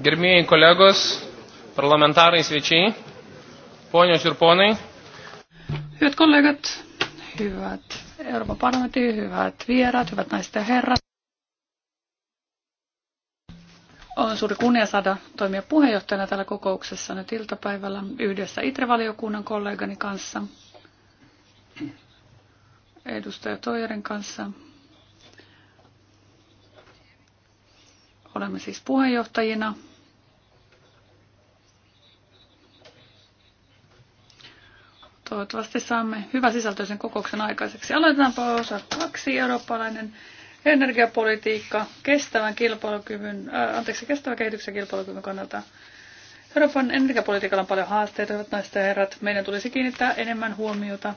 Gerbėjai kolegos, parlamentarai svečiai, ponios ir ponai. Hyvät kollegat, hyvät Euroopan parlamentti, hyvät vierat, hyvät naiset ja herrat. On suuri kunnia saada toimia puheenjohtajana täällä kokouksessa nyt iltapäivällä yhdessä ITRE-valiokunnan kollegani kanssa, edustaja Toijaren kanssa. Olemme siis puheenjohtajina Toivottavasti saamme hyvä sisältöisen kokouksen aikaiseksi. Aloitetaanpa osa kaksi, eurooppalainen energiapolitiikka kestävän kilpailukyvyn, äh, anteeksi, kestävän kehityksen kilpailukyvyn kannalta. Euroopan energiapolitiikalla on paljon haasteita, hyvät naiset ja herrat. Meidän tulisi kiinnittää enemmän huomiota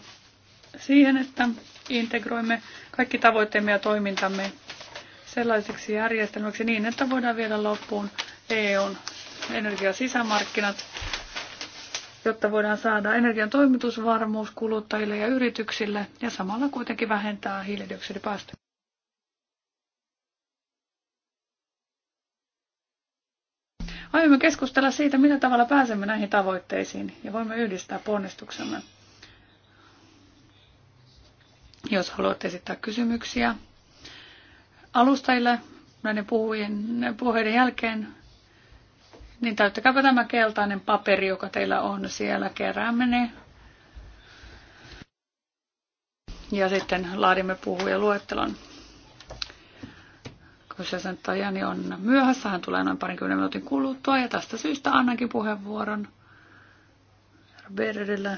siihen, että integroimme kaikki tavoitteemme ja toimintamme sellaisiksi järjestelmäksi niin, että voidaan viedä loppuun EUn energiasisämarkkinat jotta voidaan saada energian toimitusvarmuus kuluttajille ja yrityksille ja samalla kuitenkin vähentää hiilidioksidipäästöjä. Aiomme keskustella siitä, millä tavalla pääsemme näihin tavoitteisiin ja voimme yhdistää ponnistuksemme. Jos haluatte esittää kysymyksiä alustajille näiden puheiden jälkeen, niin täyttäkääpä tämä keltainen paperi, joka teillä on siellä, keräämme ne. Ja sitten laadimme puhujaluettelon. luettelon. Koska sen tajani on myöhässä, hän tulee noin parinkymmenen minuutin kuluttua ja tästä syystä annankin puheenvuoron Berderille.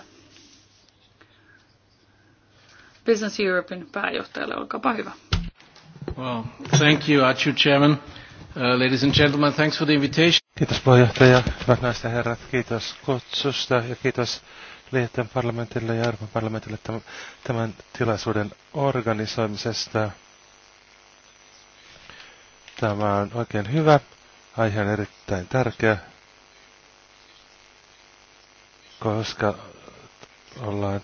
Business Europein pääjohtajalle, olkaapa hyvä. Well, thank you, Archie Chairman. Uh, ladies and gentlemen, thanks for the invitation. Kiitos puheenjohtaja, hyvät naiset ja herrat, kiitos kutsusta ja kiitos liitteen parlamentille ja Euroopan parlamentille tämän tilaisuuden organisoimisesta. Tämä on oikein hyvä, aihe on erittäin tärkeä, koska ollaan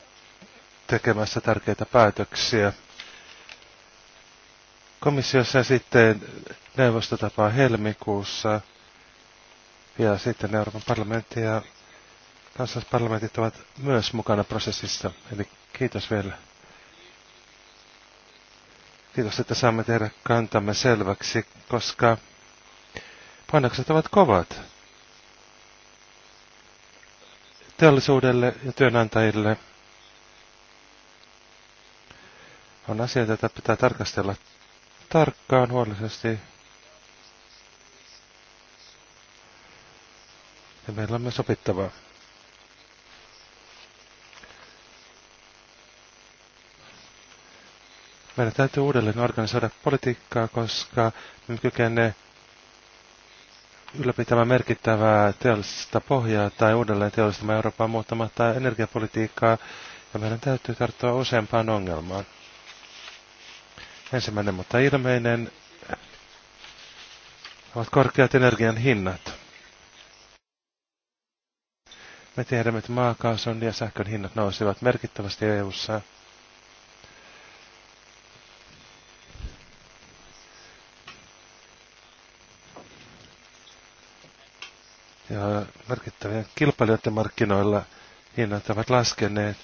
tekemässä tärkeitä päätöksiä. Komissiossa sitten neuvosto tapaa helmikuussa ja sitten Euroopan parlamentti ja kansallisparlamentit ovat myös mukana prosessissa. Eli kiitos vielä. Kiitos, että saamme tehdä kantamme selväksi, koska panokset ovat kovat teollisuudelle ja työnantajille. On asioita, joita pitää tarkastella tarkkaan, huolellisesti Ja meillä on myös opittavaa. Meidän täytyy uudelleen organisoida politiikkaa, koska me kykenee ylläpitämään merkittävää teollista pohjaa tai uudelleen teollistamaan Eurooppaa muuttamatta energiapolitiikkaa, ja meidän täytyy tarttua useampaan ongelmaan. Ensimmäinen, mutta ilmeinen, ovat korkeat energian hinnat. Me tiedämme, että maakaasun ja sähkön hinnat nousevat merkittävästi EU-ssa. Ja merkittävien kilpailijoiden markkinoilla hinnat ovat laskeneet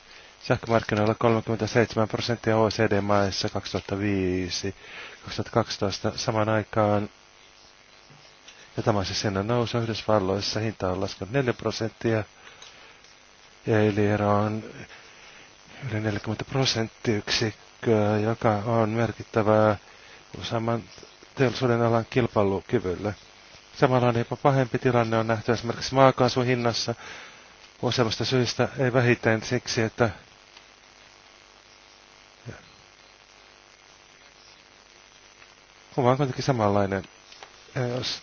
sähkömarkkinoilla 37 prosenttia OECD-maissa 2005-2012 samaan aikaan. Ja tämä siis nousu Yhdysvalloissa hinta on laskenut 4 prosenttia. Eli on yli 40 prosenttiyksikköä, joka on merkittävää useamman teollisuuden alan kilpailukyvylle. Samalla on jopa pahempi tilanne on nähty esimerkiksi maakaasun hinnassa useammasta syystä, ei vähiten siksi, että kuva on kuitenkin samanlainen. Jos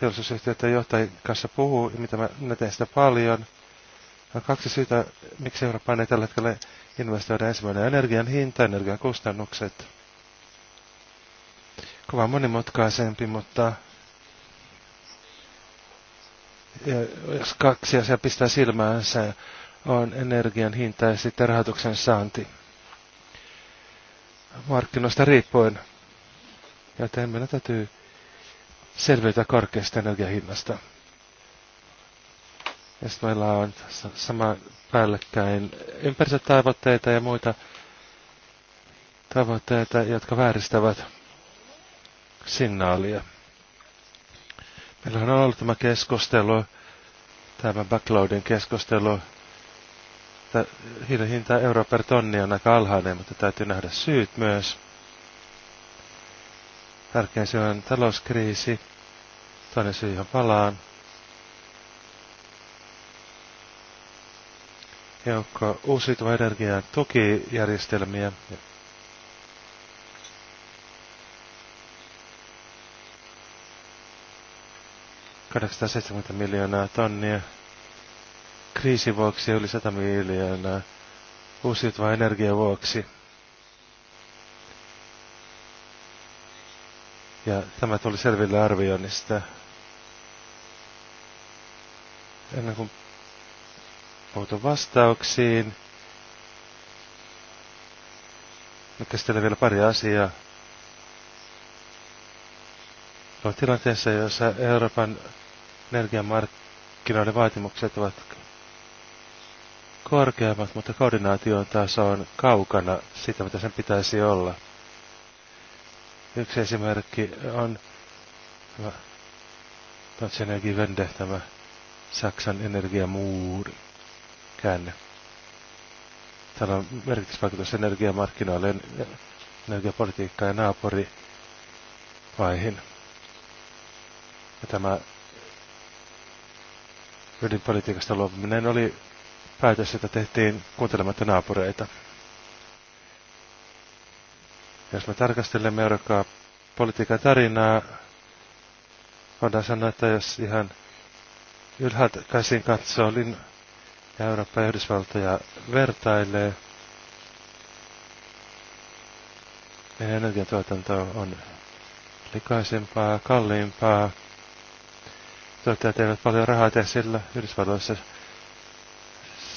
teollisuusyhtiöiden johtajien kanssa puhuu, niin mitä mä, näen sitä paljon – kaksi syytä, miksi Eurooppaan ei tällä hetkellä investoida. Ensimmäinen energian hinta, energian kustannukset. Kova monimutkaisempi, mutta ja jos kaksi asiaa pistää silmäänsä, on energian hinta ja sitten rahoituksen saanti. Markkinoista riippuen. Joten meidän täytyy selvitä korkeasta energiahinnasta. Ja sitten meillä on sama päällekkäin ympäristötavoitteita ja muita tavoitteita, jotka vääristävät signaalia. Meillä on ollut tämä keskustelu, tämä backloadin keskustelu. Hiilen hinta euro per tonni on aika alhainen, mutta täytyy nähdä syyt myös. Tärkein syy on talouskriisi, toinen syy on palaan. jotka uusiutuvan energian tukijärjestelmiä. ...870 miljoonaa tonnia. Kriisin vuoksi yli 100 miljoonaa. Uusiutuvan energian vuoksi. Ja tämä tuli selville arvioinnista. Ennen kuin auto vastauksiin. Mä käsittelen vielä pari asiaa. No, tilanteessa, jossa Euroopan energiamarkkinoiden vaatimukset ovat korkeammat, mutta koordinaation taso on kaukana siitä, mitä sen pitäisi olla. Yksi esimerkki on Tatsenegi Wende, tämä Saksan energiamuuri. Tällä on merkitysvaikutus energiamarkkinoille, energiapolitiikkaan ja naapurivaihin. Ja tämä ydinpolitiikasta luopuminen oli päätös, että tehtiin kuuntelematta naapureita. Jos me tarkastelemme Eurokaa politiikan tarinaa, voidaan sanoa, että jos ihan ylhäältä käsin katsoo, niin ja Eurooppa ja Yhdysvaltoja vertailee, meidän energiatuotanto on likaisempaa, kalliimpaa. Tuottajat eivät paljon rahaa tee sillä. Yhdysvalloissa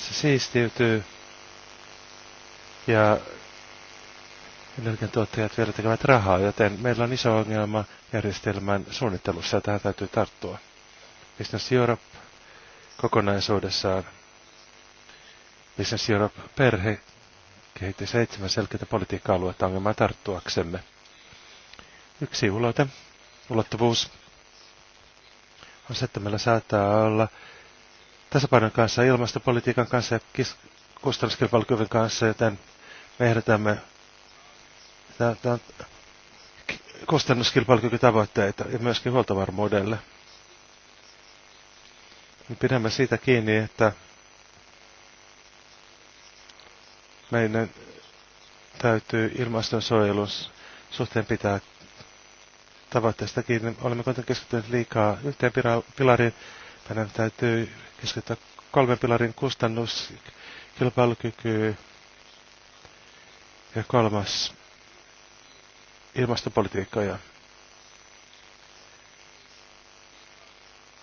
se siistiytyy. Ja energiantuottajat vielä tekevät rahaa, joten meillä on iso ongelma järjestelmän suunnittelussa ja tähän täytyy tarttua. Business Europe kokonaisuudessaan Business Europe-perhe kehitti seitsemän selkeitä politiikka-aluetta ongelmaa tarttuaksemme. Yksi ulote, ulottuvuus, on se, että meillä saattaa olla tasapainon kanssa, ilmastopolitiikan kanssa ja kustannuskilpailukyvyn kanssa, joten me ehdotamme kustannuskilpailukykytavoitteita ja myöskin huoltovarmuudelle. Me pidämme siitä kiinni, että meidän täytyy ilmastonsuojelun suhteen pitää tavoitteesta kiinni. Olemme kuitenkin keskittyneet liikaa yhteen pilariin. Meidän täytyy keskittyä kolmen pilarin kustannus, kilpailukyky ja kolmas ilmastopolitiikka. Ja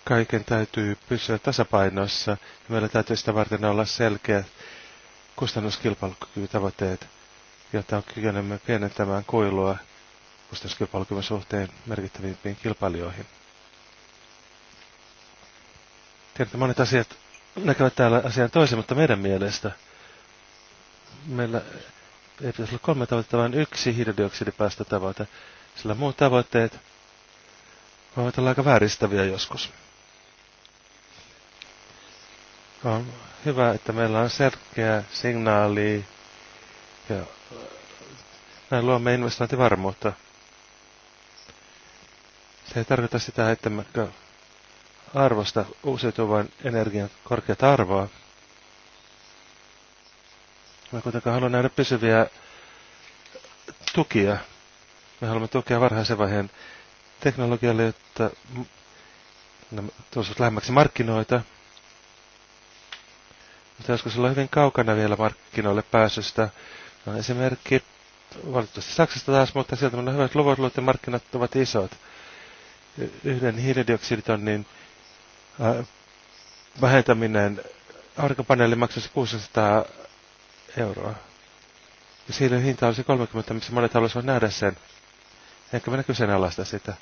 kaiken täytyy pysyä tasapainossa ja meillä täytyy sitä varten olla selkeät kustannuskilpailukykytavoitteet, jotta kykenemme pienentämään koilua kustannuskilpailukyvyn suhteen merkittävimpiin kilpailijoihin. Tiedän, että monet asiat näkevät täällä asian toisen, mutta meidän mielestä meillä ei pitäisi olla kolme tavoitetta, vaan yksi hiilidioksidipäästötavoite, sillä muut tavoitteet voivat olla aika vääristäviä joskus. On hyvä, että meillä on selkeä signaali ja näin luomme investointivarmuutta. Se ei tarkoita sitä, että me arvosta uusiutuvan energian korkeat arvoa. Me kuitenkaan haluamme nähdä pysyviä tukia. Me haluamme tukea varhaisen vaiheen teknologialle, jotta nämä lähemmäksi markkinoita mutta joskus olla hyvin kaukana vielä markkinoille pääsystä. No, esimerkki valitettavasti Saksasta taas, mutta sieltä on hyvät luvut, luotte markkinat ovat isot. Yhden hiilidioksiditonnin äh, vähentäminen aurinkopaneeli maksaisi 600 euroa. Ja siilin hinta olisi 30, missä monet haluaisivat nähdä sen. Enkä minä kyseenalaista sitä.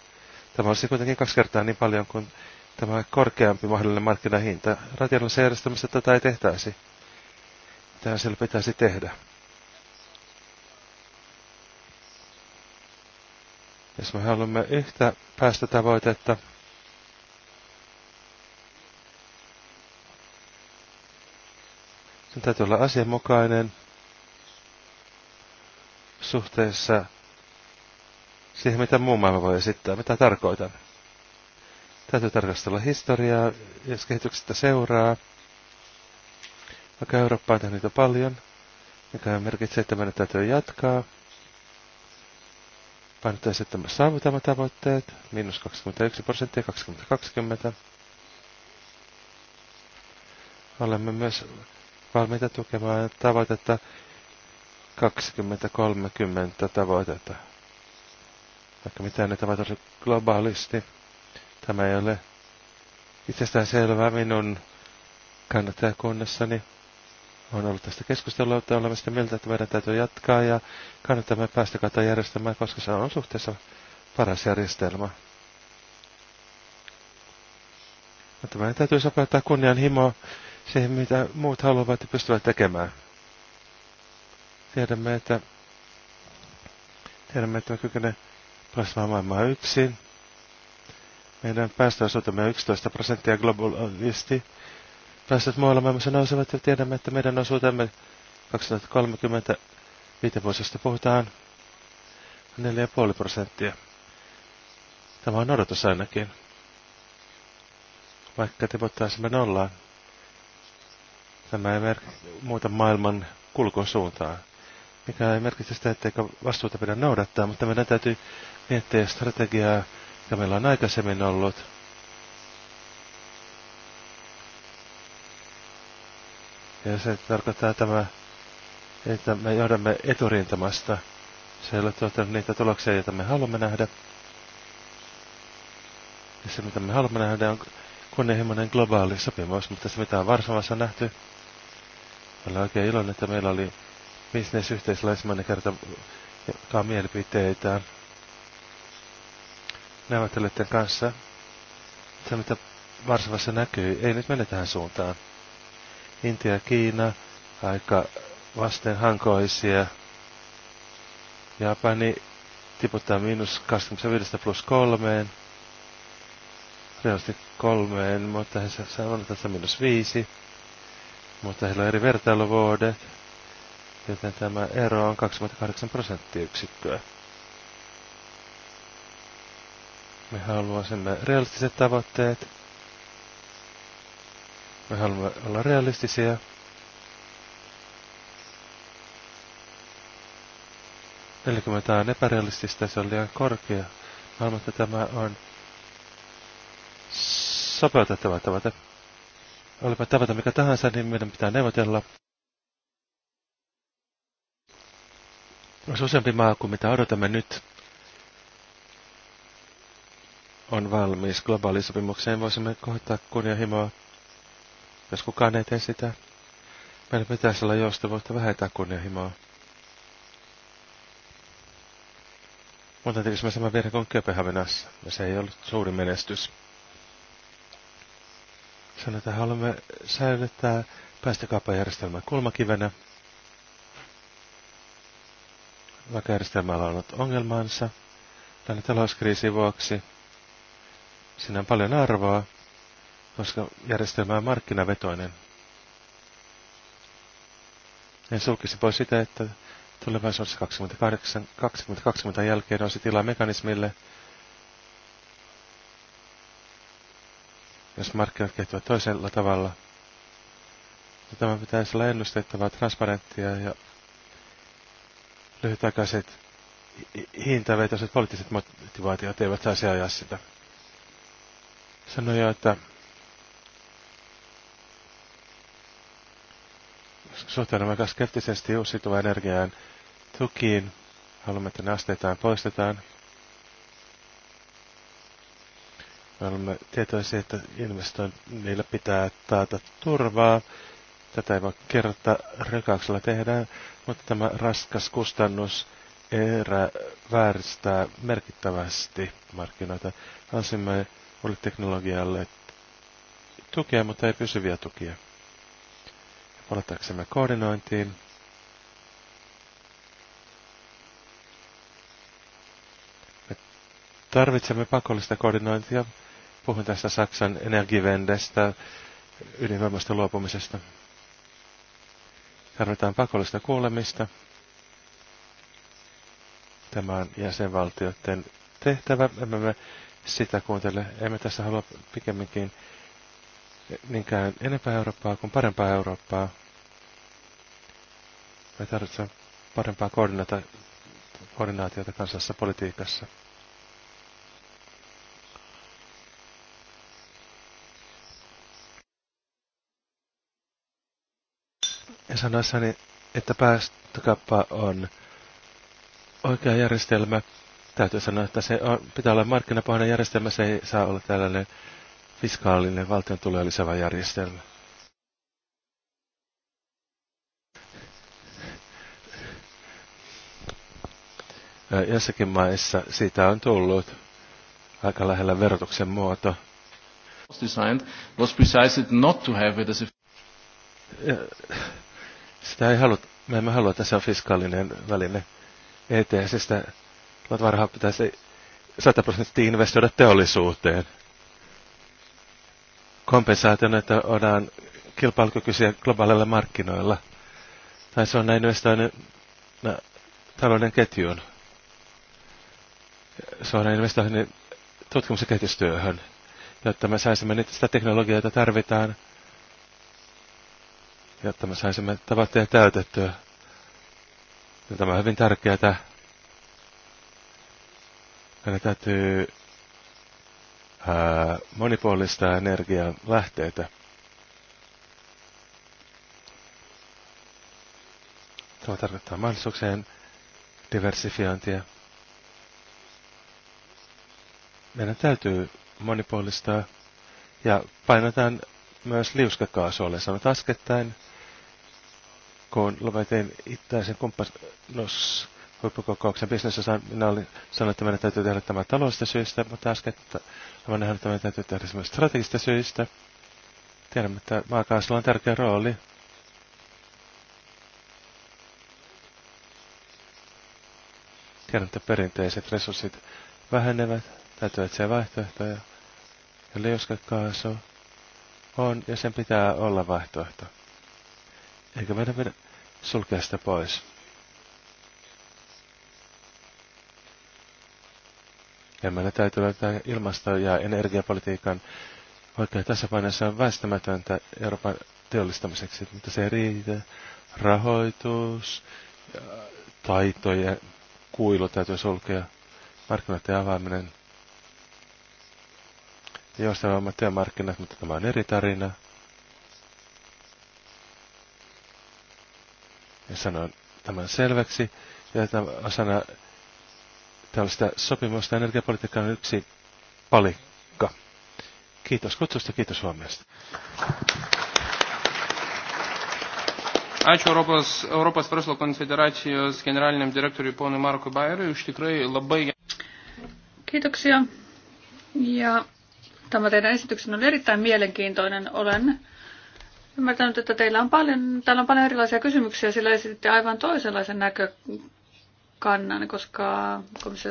Tämä olisi kuitenkin kaksi kertaa niin paljon kuin tämä korkeampi mahdollinen markkinahinta. Rationaalisessa järjestelmässä tätä ei tehtäisi. tämä siellä pitäisi tehdä? Jos me haluamme yhtä päästötavoitetta, sen täytyy olla asianmukainen suhteessa siihen, mitä muu maailma voi esittää, mitä tarkoitan. Täytyy tarkastella historiaa, jos kehityksestä seuraa. Vaikka Eurooppa on tehnyt paljon, mikä merkitsee, että meidän täytyy jatkaa. Painottaisi, että me saavutamme tavoitteet, miinus 21 prosenttia 2020. Olemme myös valmiita tukemaan tavoitetta 2030 tavoitetta. Vaikka mitään ne tavoitteet globaalisti Tämä ei ole itsestään selvää minun kannattajakunnassani. On ollut tästä keskustelua, että olemme sitä mieltä, että meidän täytyy jatkaa ja kannattamme päästä kautta järjestelmään, koska se on suhteessa paras järjestelmä. No, Mutta meidän täytyy sopeuttaa kunnianhimoa siihen, mitä muut haluavat ja pystyvät tekemään. Tiedämme, että, tiedämme, että me kykenemme plasmaa maailmaa yksin. Meidän päästöosuutemme on 11 prosenttia globaalisti. Päästöt muualla maailmassa nousevat ja tiedämme, että meidän osuutemme 2030 viitevuosista puhutaan 4,5 prosenttia. Tämä on odotus ainakin. Vaikka tiputtaisimme nollaan, tämä ei muuta maailman kulkusuuntaa, mikä ei merkitse sitä, etteikö vastuuta pidä noudattaa, mutta meidän täytyy miettiä strategiaa ja meillä on aikaisemmin ollut. Ja se tarkoittaa tämä, että me johdamme eturintamasta. Se ei ole tuottanut niitä tuloksia, joita me haluamme nähdä. Ja se, mitä me haluamme nähdä, on kunnianhimoinen globaali sopimus, mutta se, mitä on Varsovassa nähty, olen oikein iloinen, että meillä oli bisnesyhteisöllä ensimmäinen kerta jakaa mielipiteitään neuvottelijoiden kanssa. Se, mitä Varsovassa näkyy, ei nyt mene tähän suuntaan. Intia ja Kiina, aika vastenhankoisia. Japani tiputtaa miinus 25 plus kolmeen. Reilusti kolmeen, mutta he saavat tässä miinus viisi. Mutta heillä on eri vertailuvuodet, joten tämä ero on 28 prosenttiyksikköä. Me haluaisimme realistiset tavoitteet. Me haluamme olla realistisia. Eli tämä on epärealistista, se on liian korkea. Mä haluan, että tämä on sopeutettava tavoite. Olemme tavoite mikä tahansa, niin meidän pitää neuvotella. Olisi useampi maa kuin mitä odotamme nyt on valmis globaalisopimukseen, voisimme kohtaa kunnianhimoa, jos kukaan ei tee sitä. Meillä pitäisi olla joustavuutta vähentää kunnianhimoa. Mutta tietysti me saman virhe kuin Kööpenhaminassa, ja se ei ollut suuri menestys. Sanotaan, että haluamme säilyttää päästökauppajärjestelmän kulmakivenä. Vaikka järjestelmällä on ollut ongelmansa tänne talouskriisin vuoksi, Siinä on paljon arvoa, koska järjestelmä on markkinavetoinen. En sulkisi pois sitä, että tulevaisuudessa 28, 2020 jälkeen olisi tilaa mekanismille, jos markkinat kehittyvät toisella tavalla. Ja niin tämä pitäisi olla ennustettavaa, transparenttia ja lyhytaikaiset hintavetoiset poliittiset motivaatiot eivät saisi ajaa sitä sanoja, jo, että suhtaudumme aika skeptisesti uusiutuvan energiaan tukiin. Haluamme, että ne asteitaan poistetaan. Me olemme tietoisia, että niillä pitää taata turvaa. Tätä ei voi kerrota rekauksella tehdään, mutta tämä raskas kustannus erä vääristää merkittävästi markkinoita. Halusimme teknologialle tukea, mutta ei pysyviä tukia. Palataksemme koordinointiin. Me tarvitsemme pakollista koordinointia. Puhun tästä Saksan energivendestä, ydinvoimasta luopumisesta. Tarvitaan pakollista kuulemista. Tämä on jäsenvaltioiden tehtävä. Emme me sitä kuuntele. Emme tässä halua pikemminkin niinkään enempää Eurooppaa kuin parempaa Eurooppaa. Me tarvitsemme parempaa koordinaata, koordinaatiota kansallisessa politiikassa. Ja sanoessani, että päästökappa on oikea järjestelmä, Täytyy sanoa, että se on, pitää olla markkinapohjainen järjestelmä, se ei saa olla tällainen fiskaalinen valtion tulee lisävä järjestelmä. Jossakin maissa siitä on tullut aika lähellä verotuksen muoto. Sitä ei halua, me emme halua, että se on fiskaalinen väline. ETSstä varhaa pitäisi 100 prosenttia investoida teollisuuteen. Kompensaation, että odaan kilpailukykyisiä globaaleilla markkinoilla. Tai se on näin investoinut talouden ketjuun. Se on investoinut tutkimus- ja kehitystyöhön, jotta me saisimme niitä sitä teknologiaa, jota tarvitaan, jotta me saisimme tavoitteet täytettyä. Ja tämä on hyvin tärkeää meidän täytyy monipuolistaa energian lähteitä. Tämä tarkoittaa mahdollisuuksien diversifiointia. Meidän täytyy monipuolistaa ja painotan myös Olen sanonut askettain, kun lopetin itäisen kumppanuus huippukokouksen bisnesosaan. Minä olin sanonut, että meidän täytyy tehdä tämä taloudellisista syistä, mutta äsken että olen nähnyt, että meidän täytyy tehdä myös strategista syistä. Tiedämme, että maakaasulla on tärkeä rooli. Tiedän, että perinteiset resurssit vähenevät, täytyy etsiä vaihtoehtoja. Ja liuskakaasu on, ja sen pitää olla vaihtoehto. Eikä meidän pidä sulkea sitä pois. Ja meidän täytyy löytää ilmasto- ja energiapolitiikan tässä tasapainossa on väistämätöntä Euroopan teollistamiseksi, mutta se ei riitä. Rahoitus, taitojen kuilu täytyy sulkea, markkinoiden avaaminen, joustavammat työmarkkinat, mutta tämä on eri tarina. Ja sanon tämän selväksi. Ja tämä osana tällaista sopimusta. energiapolitiikkaan on yksi palikka. Kiitos kutsusta, kiitos huomiosta. Ačiū Europos, Europos verslo konfederacijos generaliniam direktoriui ponui Markui Bairiui. Iš tikrai labai... Kiitoksia. Ja tämä teidän esityksen on erittäin mielenkiintoinen. Olen ymmärtänyt, että teillä on paljon, täällä on paljon erilaisia kysymyksiä, sillä esititte aivan toisenlaisen näkö, kannan, koska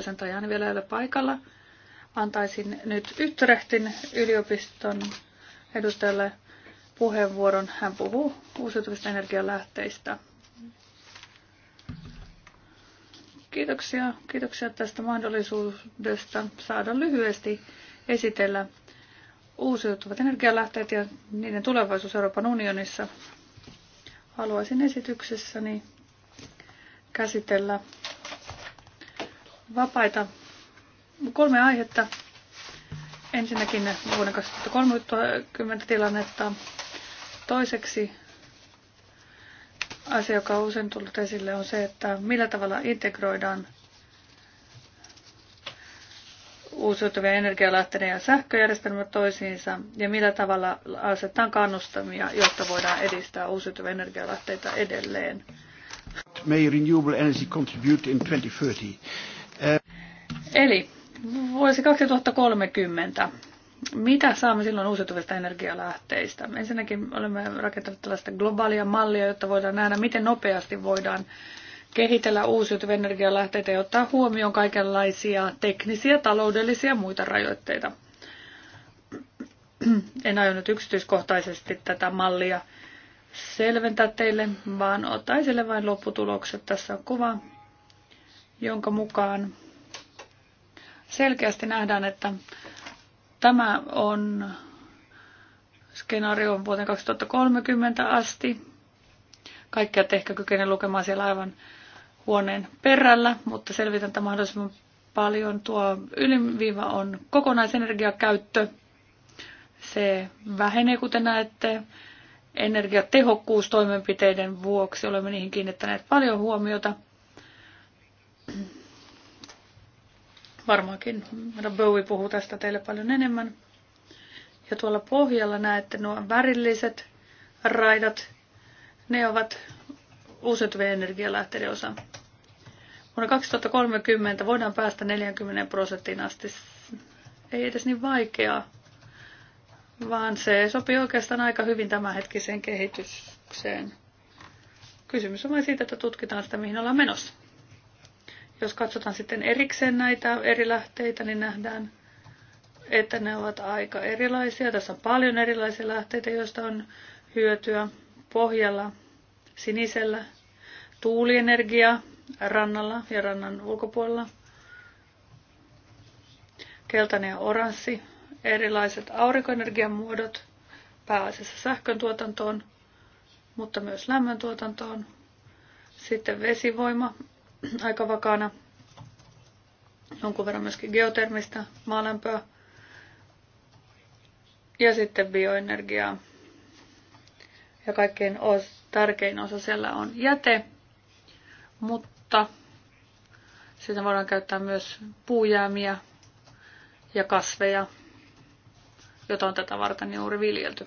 sen Tajani vielä ei ole paikalla. Antaisin nyt Yttrehtin yliopiston edustajalle puheenvuoron. Hän puhuu uusiutuvista energialähteistä. Kiitoksia, kiitoksia tästä mahdollisuudesta saada lyhyesti esitellä uusiutuvat energialähteet ja niiden tulevaisuus Euroopan unionissa. Haluaisin esityksessäni käsitellä vapaita kolme aihetta. Ensinnäkin vuoden 2030 tilannetta. Toiseksi asia, joka on usein tullut esille, on se, että millä tavalla integroidaan uusiutuvia energialähteiden ja sähköjärjestelmät toisiinsa ja millä tavalla asetetaan kannustamia, jotta voidaan edistää uusiutuvia energialähteitä edelleen. May renewable energy contribute in 2030? Eli vuosi 2030. Mitä saamme silloin uusiutuvista energialähteistä? Ensinnäkin olemme rakentaneet tällaista globaalia mallia, jotta voidaan nähdä, miten nopeasti voidaan kehitellä uusiutuvia energialähteitä ja ottaa huomioon kaikenlaisia teknisiä, taloudellisia ja muita rajoitteita. En aio nyt yksityiskohtaisesti tätä mallia selventää teille, vaan ottaisille vain lopputulokset. Tässä on kuva, jonka mukaan selkeästi nähdään, että tämä on skenaario vuoteen 2030 asti. Kaikkea et ehkä kykene lukemaan siellä aivan huoneen perällä, mutta selvitän tämän mahdollisimman paljon. Tuo ylimviiva on kokonaisenergiakäyttö. Se vähenee, kuten näette, energiatehokkuustoimenpiteiden vuoksi. Olemme niihin kiinnittäneet paljon huomiota. Varmaankin Bowie puhuu tästä teille paljon enemmän. Ja tuolla pohjalla näette nuo värilliset raidat. Ne ovat uusiutuvien energialähteiden osa. Vuonna 2030 voidaan päästä 40 prosenttiin asti. Ei edes niin vaikeaa, vaan se sopii oikeastaan aika hyvin tämänhetkiseen kehitykseen. Kysymys on vain siitä, että tutkitaan sitä, mihin ollaan menossa. Jos katsotaan sitten erikseen näitä eri lähteitä, niin nähdään, että ne ovat aika erilaisia. Tässä on paljon erilaisia lähteitä, joista on hyötyä. Pohjalla, sinisellä, tuulienergia rannalla ja rannan ulkopuolella. Keltainen ja oranssi, erilaiset aurinkoenergian muodot, pääasiassa sähkön tuotantoon, mutta myös lämmön tuotantoon. Sitten vesivoima, aika vakaana. Jonkun verran myöskin geotermistä, maalämpöä ja sitten bioenergiaa. Ja kaikkein os, tärkein osa siellä on jäte, mutta sitä voidaan käyttää myös puujäämiä ja kasveja, jota on tätä varten juuri viljelty.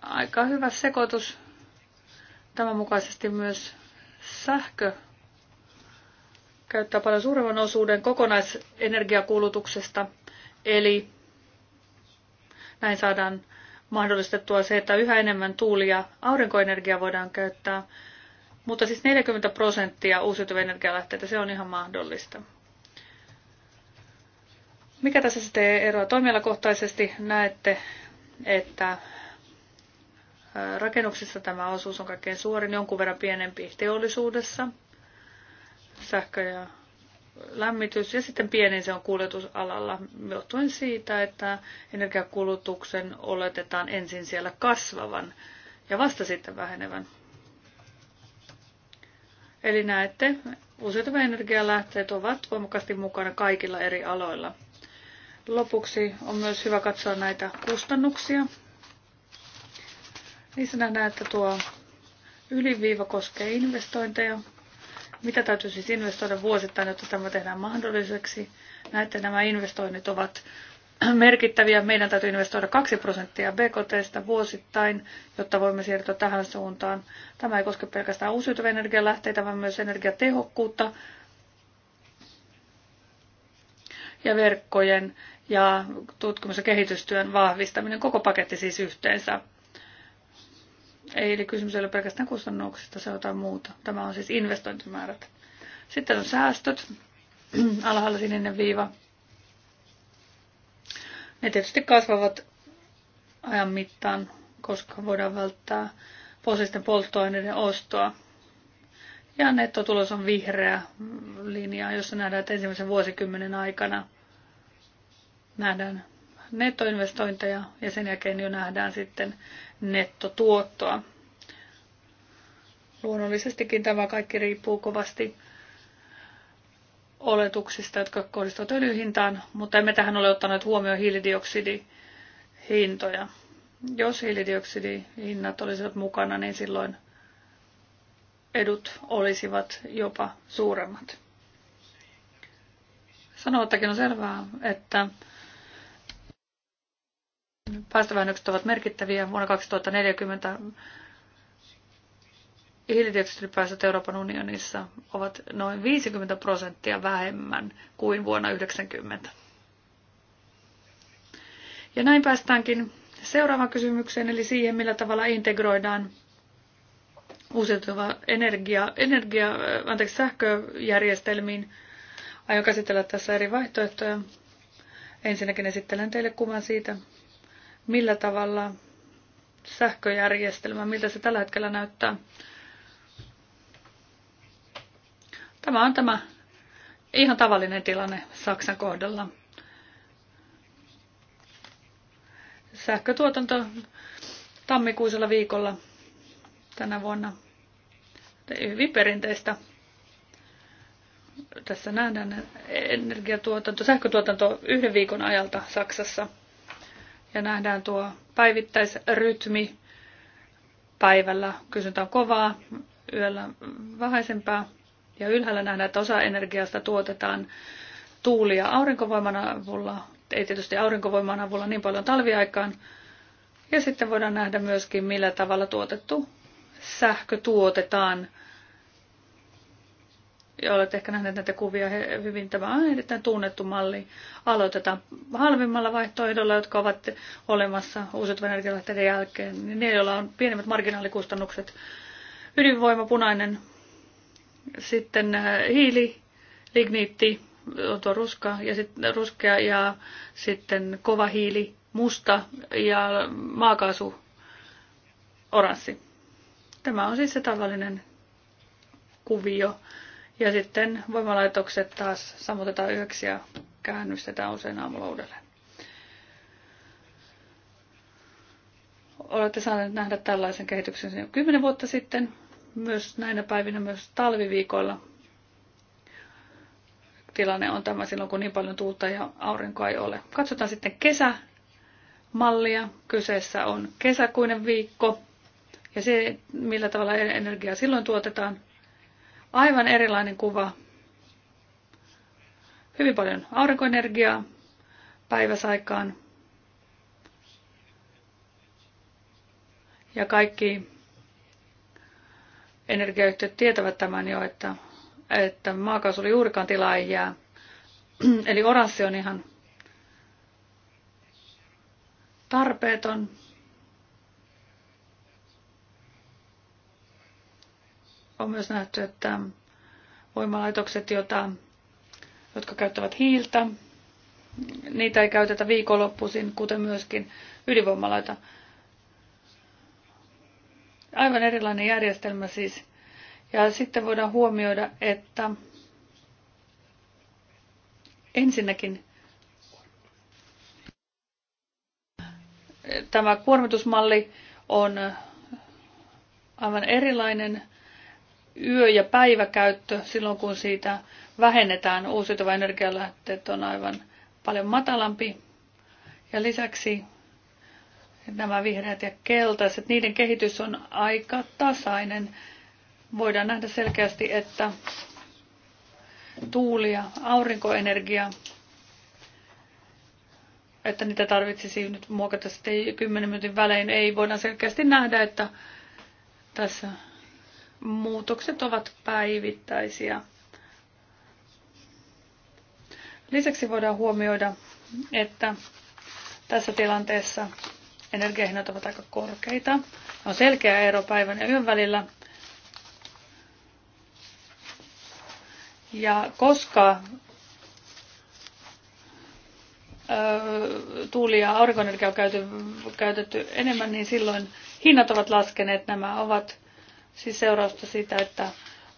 Aika hyvä sekoitus. Tämän mukaisesti myös Sähkö käyttää paljon suuremman osuuden kokonaisenergiakulutuksesta, eli näin saadaan mahdollistettua se, että yhä enemmän tuuli- ja aurinkoenergiaa voidaan käyttää, mutta siis 40 prosenttia uusiutuvia energialähteitä, se on ihan mahdollista. Mikä tässä sitten eroa toimialakohtaisesti? Näette, että Rakennuksissa tämä osuus on kaikkein suurin, jonkun verran pienempi teollisuudessa, sähkö ja lämmitys ja sitten pienin se on kuljetusalalla johtuen siitä, että energiakulutuksen oletetaan ensin siellä kasvavan ja vasta sitten vähenevän. Eli näette, uusiutuvan energialähteet ovat voimakkaasti mukana kaikilla eri aloilla. Lopuksi on myös hyvä katsoa näitä kustannuksia sinä näet, että tuo yliviiva koskee investointeja. Mitä täytyy siis investoida vuosittain, jotta tämä tehdään mahdolliseksi? Näette, nämä investoinnit ovat merkittäviä. Meidän täytyy investoida 2 prosenttia BKT vuosittain, jotta voimme siirtyä tähän suuntaan. Tämä ei koske pelkästään uusiutuvia energialähteitä, vaan myös energiatehokkuutta ja verkkojen ja tutkimus- ja kehitystyön vahvistaminen, koko paketti siis yhteensä. Ei, Eli kysymys ei ole pelkästään kustannuksista, se on jotain muuta. Tämä on siis investointimäärät. Sitten on säästöt, alhaalla sininen viiva. Ne tietysti kasvavat ajan mittaan, koska voidaan välttää fossiilisten polttoaineiden ostoa. Ja nettotulos on vihreä linja, jossa nähdään, että ensimmäisen vuosikymmenen aikana nähdään nettoinvestointeja ja sen jälkeen jo nähdään sitten nettotuottoa. Luonnollisestikin tämä kaikki riippuu kovasti oletuksista, jotka kohdistuvat öljyhintaan, mutta emme tähän ole ottaneet huomioon hiilidioksidihintoja. Jos hiilidioksidihinnat olisivat mukana, niin silloin edut olisivat jopa suuremmat. Sanomattakin on selvää, että päästövähennykset ovat merkittäviä. Vuonna 2040 hiilidioksidipäästöt Euroopan unionissa ovat noin 50 prosenttia vähemmän kuin vuonna 90. Ja näin päästäänkin seuraavaan kysymykseen, eli siihen, millä tavalla integroidaan uusiutuva energia, energia anteeksi, sähköjärjestelmiin. Aion käsitellä tässä eri vaihtoehtoja. Ensinnäkin esittelen teille kuvan siitä, millä tavalla sähköjärjestelmä, miltä se tällä hetkellä näyttää. Tämä on tämä ihan tavallinen tilanne Saksan kohdalla. Sähkötuotanto tammikuisella viikolla tänä vuonna. Hyvin perinteistä. Tässä nähdään energiatuotanto, sähkötuotanto yhden viikon ajalta Saksassa – ja nähdään tuo päivittäisrytmi. Päivällä kysyntä on kovaa, yöllä vähäisempää ja ylhäällä nähdään, että osa energiasta tuotetaan tuuli- ja aurinkovoiman avulla, ei tietysti aurinkovoiman avulla niin paljon talviaikaan. Ja sitten voidaan nähdä myöskin, millä tavalla tuotettu sähkö tuotetaan – ja olet ehkä nähneet näitä kuvia hyvin, tämä on erittäin tunnettu malli. Aloitetaan halvimmalla vaihtoehdolla, jotka ovat olemassa uusiutuvan energialähteiden jälkeen, niin ne, joilla on pienemmät marginaalikustannukset. Ydinvoima, punainen, sitten äh, hiili, ligniitti, on tuo ruska, ja sitten ruskea ja sitten kova hiili, musta ja maakaasu, oranssi. Tämä on siis se tavallinen kuvio ja sitten voimalaitokset taas sammutetaan yöksi ja käännystetään usein aamulla uudelleen. Olette saaneet nähdä tällaisen kehityksen jo kymmenen vuotta sitten, myös näinä päivinä, myös talviviikoilla. Tilanne on tämä silloin, kun niin paljon tuulta ja aurinkoa ei ole. Katsotaan sitten kesämallia. Kyseessä on kesäkuinen viikko ja se, millä tavalla energiaa silloin tuotetaan – aivan erilainen kuva. Hyvin paljon aurinkoenergiaa päiväsaikaan. Ja kaikki energiayhtiöt tietävät tämän jo, että, että oli juurikaan tilaa ei jää. Eli oranssi on ihan tarpeeton. on myös nähty, että voimalaitokset, joita, jotka käyttävät hiiltä, niitä ei käytetä viikonloppuisin, kuten myöskin ydinvoimaloita. Aivan erilainen järjestelmä siis. Ja sitten voidaan huomioida, että ensinnäkin tämä kuormitusmalli on aivan erilainen yö- ja päiväkäyttö silloin, kun siitä vähennetään uusiutuva energialähteet on aivan paljon matalampi. Ja lisäksi nämä vihreät ja keltaiset, niiden kehitys on aika tasainen. Voidaan nähdä selkeästi, että tuuli ja aurinkoenergia, että niitä tarvitsisi nyt muokata sitten 10 minuutin välein, ei voida selkeästi nähdä, että tässä muutokset ovat päivittäisiä. Lisäksi voidaan huomioida, että tässä tilanteessa energiahinnat ovat aika korkeita. On selkeä ero päivän ja yön välillä. Ja koska tuuli- ja aurinkoenergia on käytetty enemmän, niin silloin hinnat ovat laskeneet. Nämä ovat siis seurausta siitä, että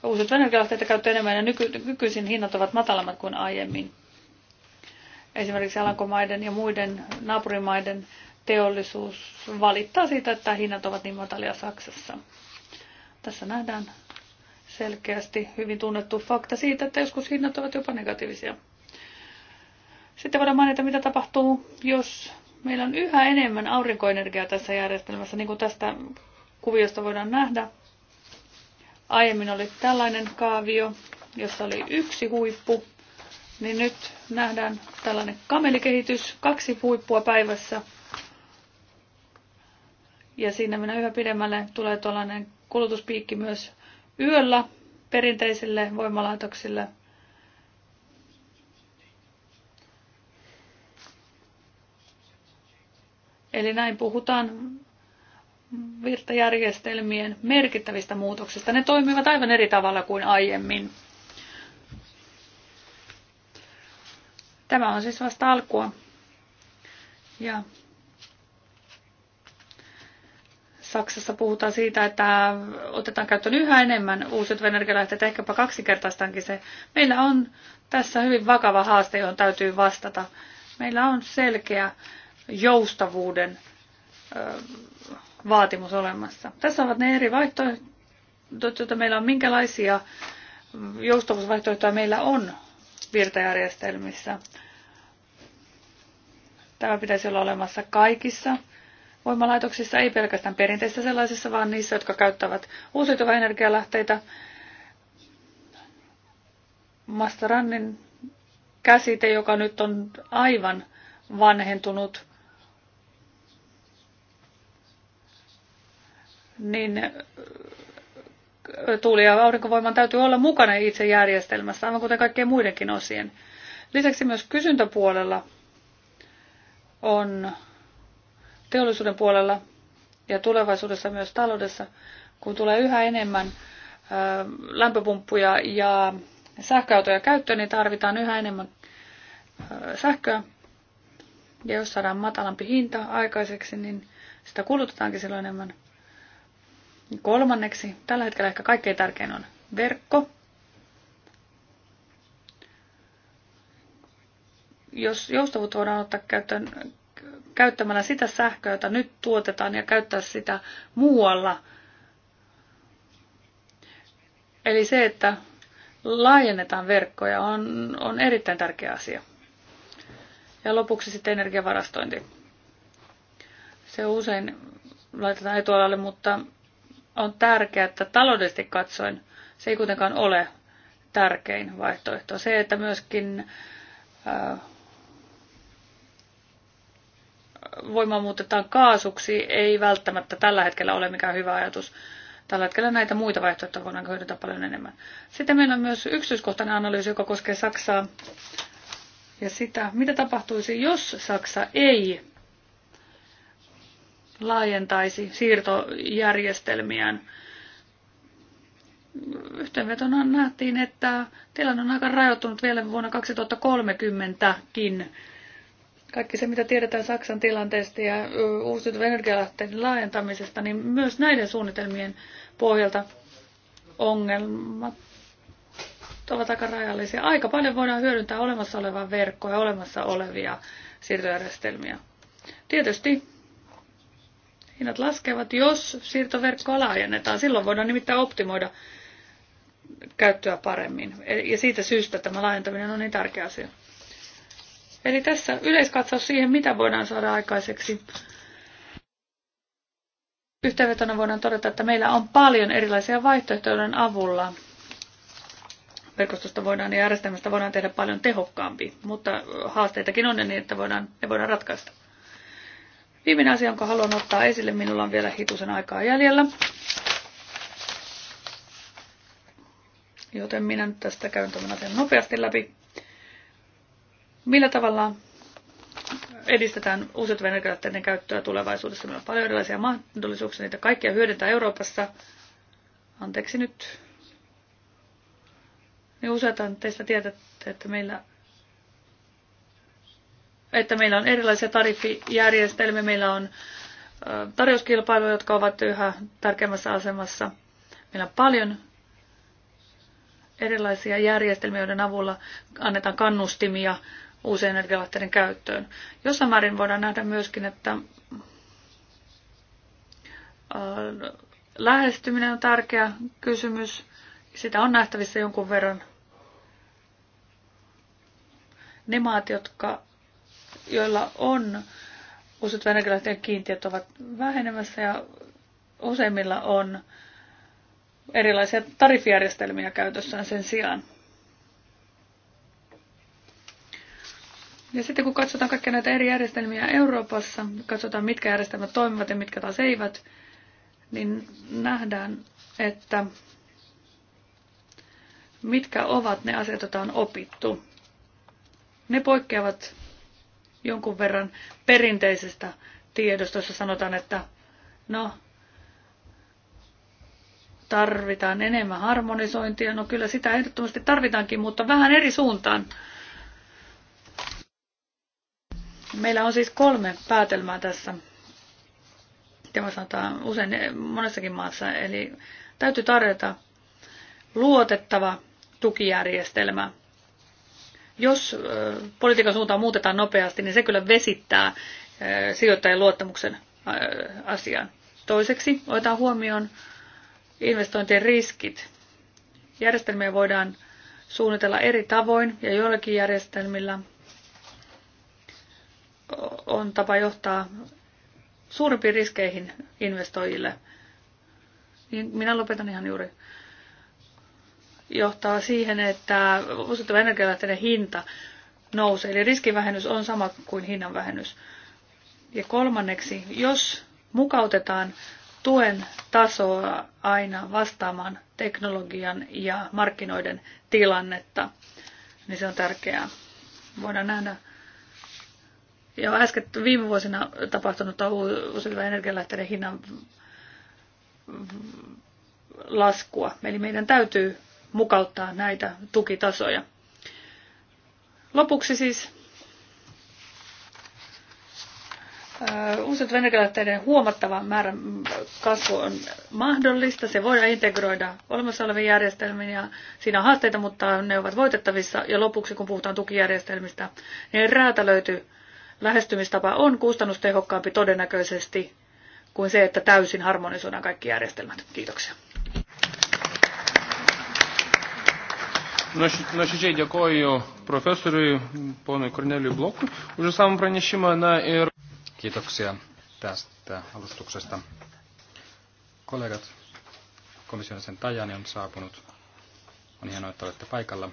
uusia energialähteitä käyttää enemmän ja nyky, nykyisin hinnat ovat matalammat kuin aiemmin. Esimerkiksi Alankomaiden ja muiden naapurimaiden teollisuus valittaa siitä, että hinnat ovat niin matalia Saksassa. Tässä nähdään selkeästi hyvin tunnettu fakta siitä, että joskus hinnat ovat jopa negatiivisia. Sitten voidaan mainita, mitä tapahtuu, jos meillä on yhä enemmän aurinkoenergiaa tässä järjestelmässä, niin kuin tästä kuviosta voidaan nähdä. Aiemmin oli tällainen kaavio, jossa oli yksi huippu, niin nyt nähdään tällainen kamelikehitys, kaksi huippua päivässä. Ja siinä mennään yhä pidemmälle, tulee tuollainen kulutuspiikki myös yöllä perinteisille voimalaitoksille. Eli näin puhutaan virtajärjestelmien merkittävistä muutoksista. Ne toimivat aivan eri tavalla kuin aiemmin. Tämä on siis vasta alkua. Ja Saksassa puhutaan siitä, että otetaan käyttöön yhä enemmän uusiut energialähteitä, ehkäpä kaksinkertaistaankin se. Meillä on tässä hyvin vakava haaste, johon täytyy vastata. Meillä on selkeä joustavuuden vaatimus olemassa. Tässä ovat ne eri vaihtoehdot, joita meillä on, minkälaisia joustavuusvaihtoehtoja meillä on virtajärjestelmissä. Tämä pitäisi olla olemassa kaikissa voimalaitoksissa, ei pelkästään perinteisissä sellaisissa, vaan niissä, jotka käyttävät uusiutuvia energialähteitä. Mastarannin käsite, joka nyt on aivan vanhentunut, niin äh, tuuli- ja aurinkovoiman täytyy olla mukana itse järjestelmässä, aivan kuten kaikkien muidenkin osien. Lisäksi myös kysyntäpuolella on teollisuuden puolella ja tulevaisuudessa myös taloudessa, kun tulee yhä enemmän äh, lämpöpumppuja ja sähköautoja käyttöön, niin tarvitaan yhä enemmän äh, sähköä. Ja jos saadaan matalampi hinta aikaiseksi, niin sitä kulutetaankin silloin enemmän. Kolmanneksi, tällä hetkellä ehkä kaikkein tärkein on verkko. Jos joustavuutta voidaan ottaa käyttöön käyttämällä sitä sähköä, jota nyt tuotetaan, ja käyttää sitä muualla. Eli se, että laajennetaan verkkoja, on, on erittäin tärkeä asia. Ja lopuksi sitten energiavarastointi. Se usein laitetaan etualalle, mutta on tärkeää, että taloudellisesti katsoen se ei kuitenkaan ole tärkein vaihtoehto. Se, että myöskin ää, voima muutetaan kaasuksi, ei välttämättä tällä hetkellä ole mikään hyvä ajatus. Tällä hetkellä näitä muita vaihtoehtoja voidaan hyödyntää paljon enemmän. Sitten meillä on myös yksityiskohtainen analyysi, joka koskee Saksaa ja sitä, mitä tapahtuisi, jos Saksa ei laajentaisi siirtojärjestelmiään. Yhteenvetona nähtiin, että tilanne on aika rajoittunut vielä vuonna 2030kin. Kaikki se, mitä tiedetään Saksan tilanteesta ja uusiutuvan energialähteiden laajentamisesta, niin myös näiden suunnitelmien pohjalta ongelmat ovat aika rajallisia. Aika paljon voidaan hyödyntää olemassa olevaa verkkoa ja olemassa olevia siirtojärjestelmiä. Tietysti hinnat laskevat, jos siirtoverkkoa laajennetaan. Silloin voidaan nimittäin optimoida käyttöä paremmin. E- ja siitä syystä tämä laajentaminen on niin tärkeä asia. Eli tässä yleiskatsaus siihen, mitä voidaan saada aikaiseksi. Yhteenvetona voidaan todeta, että meillä on paljon erilaisia vaihtoehtojen avulla. Verkostosta voidaan ja järjestelmästä voidaan tehdä paljon tehokkaampi, mutta haasteitakin on niin, että voidaan, ne voidaan ratkaista. Viimeinen asia, jonka haluan ottaa esille, minulla on vielä hitusen aikaa jäljellä. Joten minä nyt tästä käyn tämän asian nopeasti läpi. Millä tavalla edistetään uusiutuvien energialähteiden käyttöä tulevaisuudessa? Meillä on paljon erilaisia mahdollisuuksia, niitä kaikkia hyödyntää Euroopassa. Anteeksi nyt. Niin useat teistä tietävät, että meillä että meillä on erilaisia tariffijärjestelmiä, meillä on tarjouskilpailuja, jotka ovat yhä tärkeimmässä asemassa. Meillä on paljon erilaisia järjestelmiä, joiden avulla annetaan kannustimia uusien energialähteiden käyttöön. Jossain määrin voidaan nähdä myöskin, että lähestyminen on tärkeä kysymys. Sitä on nähtävissä jonkun verran. Ne maat, jotka joilla on uusiutuvien energialähteiden kiintiöt ovat vähenemässä ja useimmilla on erilaisia tarifijärjestelmiä käytössään sen sijaan. Ja sitten kun katsotaan kaikkia näitä eri järjestelmiä Euroopassa, katsotaan mitkä järjestelmät toimivat ja mitkä taas eivät, niin nähdään, että mitkä ovat ne asiat, joita on opittu. Ne poikkeavat jonkun verran perinteisestä tiedosta, jossa sanotaan, että no, tarvitaan enemmän harmonisointia. No kyllä sitä ehdottomasti tarvitaankin, mutta vähän eri suuntaan. Meillä on siis kolme päätelmää tässä. Tämä sanotaan usein monessakin maassa. Eli täytyy tarjota luotettava tukijärjestelmä jos politiikan suuntaa muutetaan nopeasti, niin se kyllä vesittää sijoittajien luottamuksen asiaan. Toiseksi otetaan huomioon investointien riskit. Järjestelmiä voidaan suunnitella eri tavoin ja joillakin järjestelmillä on tapa johtaa suurempiin riskeihin investoijille. Niin minä lopetan ihan juuri johtaa siihen, että uusiutuvan energialähteiden hinta nousee. Eli riskivähennys on sama kuin hinnanvähennys. Ja kolmanneksi, jos mukautetaan tuen tasoa aina vastaamaan teknologian ja markkinoiden tilannetta, niin se on tärkeää. Voidaan nähdä jo äsken viime vuosina tapahtunut uusiutuvan energialähteiden hinnan laskua. Eli meidän täytyy mukauttaa näitä tukitasoja. Lopuksi siis Uusiut energialähteiden huomattava määrän kasvu on mahdollista. Se voidaan integroida olemassa oleviin järjestelmiin ja siinä on haasteita, mutta ne ovat voitettavissa. Ja lopuksi, kun puhutaan tukijärjestelmistä, niin räätälöity lähestymistapa on kustannustehokkaampi todennäköisesti kuin se, että täysin harmonisoidaan kaikki järjestelmät. Kiitoksia. Nuoširdžiai dėkoju profesoriui ponui Korneliui Blokui už savo pranešimą. Na, ir... Kiitoksia tästä alustuksesta. Kollegat, komission sen Tajani on saapunut. On hienoa, että olette paikalla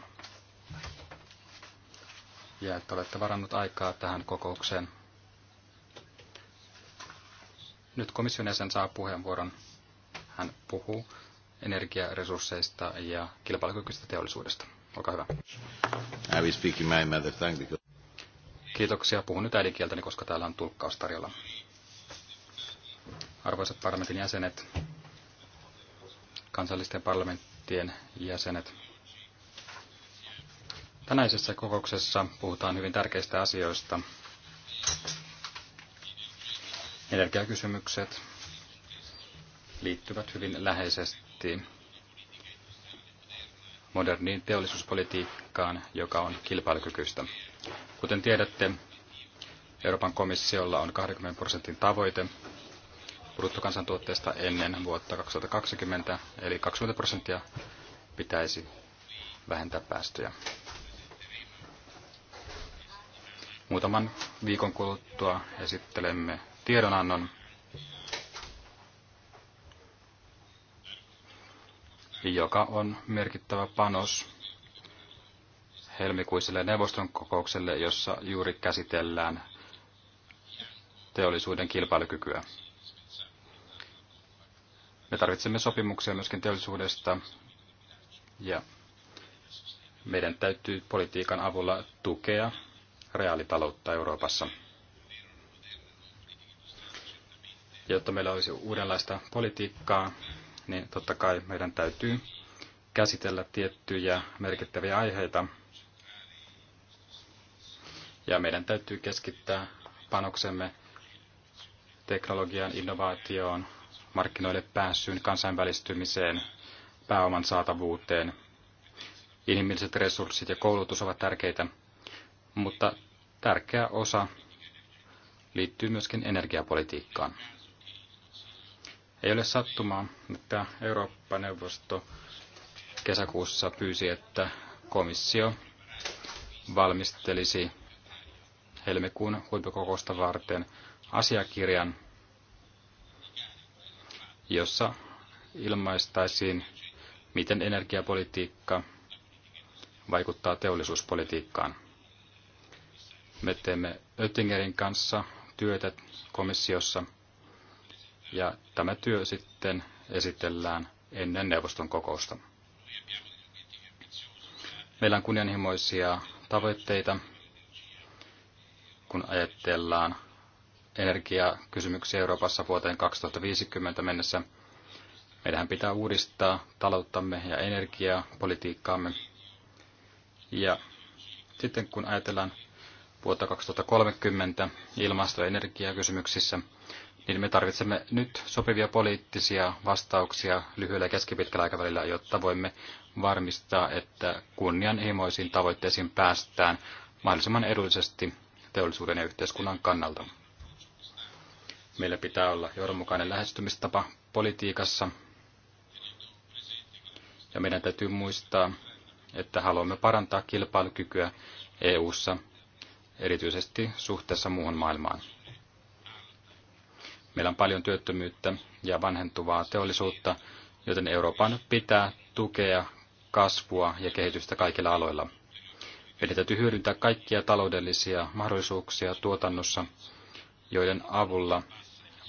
ja että olette varannut aikaa tähän kokoukseen. Nyt komission jäsen saa puheenvuoron. Hän puhuu energiaresursseista ja kilpailukykyisestä teollisuudesta. Olkaa hyvä. my because... Kiitoksia. Puhun nyt äidinkieltäni, koska täällä on tulkkaus tarjolla. Arvoisat parlamentin jäsenet, kansallisten parlamenttien jäsenet. Tänäisessä kokouksessa puhutaan hyvin tärkeistä asioista. Energiakysymykset liittyvät hyvin läheisesti investointiin moderniin teollisuuspolitiikkaan, joka on kilpailukykyistä. Kuten tiedätte, Euroopan komissiolla on 20 prosentin tavoite bruttokansantuotteesta ennen vuotta 2020, eli 20 prosenttia pitäisi vähentää päästöjä. Muutaman viikon kuluttua esittelemme tiedonannon joka on merkittävä panos helmikuiselle neuvoston kokoukselle, jossa juuri käsitellään teollisuuden kilpailukykyä. Me tarvitsemme sopimuksia myöskin teollisuudesta ja meidän täytyy politiikan avulla tukea reaalitaloutta Euroopassa. Jotta meillä olisi uudenlaista politiikkaa, niin totta kai meidän täytyy käsitellä tiettyjä merkittäviä aiheita. Ja meidän täytyy keskittää panoksemme teknologian, innovaatioon, markkinoille pääsyyn, kansainvälistymiseen, pääoman saatavuuteen. Inhimilliset resurssit ja koulutus ovat tärkeitä, mutta tärkeä osa liittyy myöskin energiapolitiikkaan. Ei ole sattumaa, että Eurooppa-neuvosto kesäkuussa pyysi, että komissio valmistelisi helmikuun huippukokousta varten asiakirjan, jossa ilmaistaisiin, miten energiapolitiikka vaikuttaa teollisuuspolitiikkaan. Me teemme Oettingerin kanssa työtä komissiossa – ja tämä työ sitten esitellään ennen neuvoston kokousta. Meillä on kunnianhimoisia tavoitteita, kun ajatellaan energiakysymyksiä Euroopassa vuoteen 2050 mennessä. Meidän pitää uudistaa talouttamme ja energiapolitiikkaamme. Ja sitten kun ajatellaan vuotta 2030 ilmasto- ja energiakysymyksissä, niin me tarvitsemme nyt sopivia poliittisia vastauksia lyhyellä ja keskipitkällä aikavälillä, jotta voimme varmistaa, että kunnianhimoisiin tavoitteisiin päästään mahdollisimman edullisesti teollisuuden ja yhteiskunnan kannalta. Meillä pitää olla johdonmukainen lähestymistapa politiikassa, ja meidän täytyy muistaa, että haluamme parantaa kilpailukykyä EU:ssa erityisesti suhteessa muuhun maailmaan. Meillä on paljon työttömyyttä ja vanhentuvaa teollisuutta, joten Euroopan pitää tukea kasvua ja kehitystä kaikilla aloilla. Meidän täytyy hyödyntää kaikkia taloudellisia mahdollisuuksia tuotannossa, joiden avulla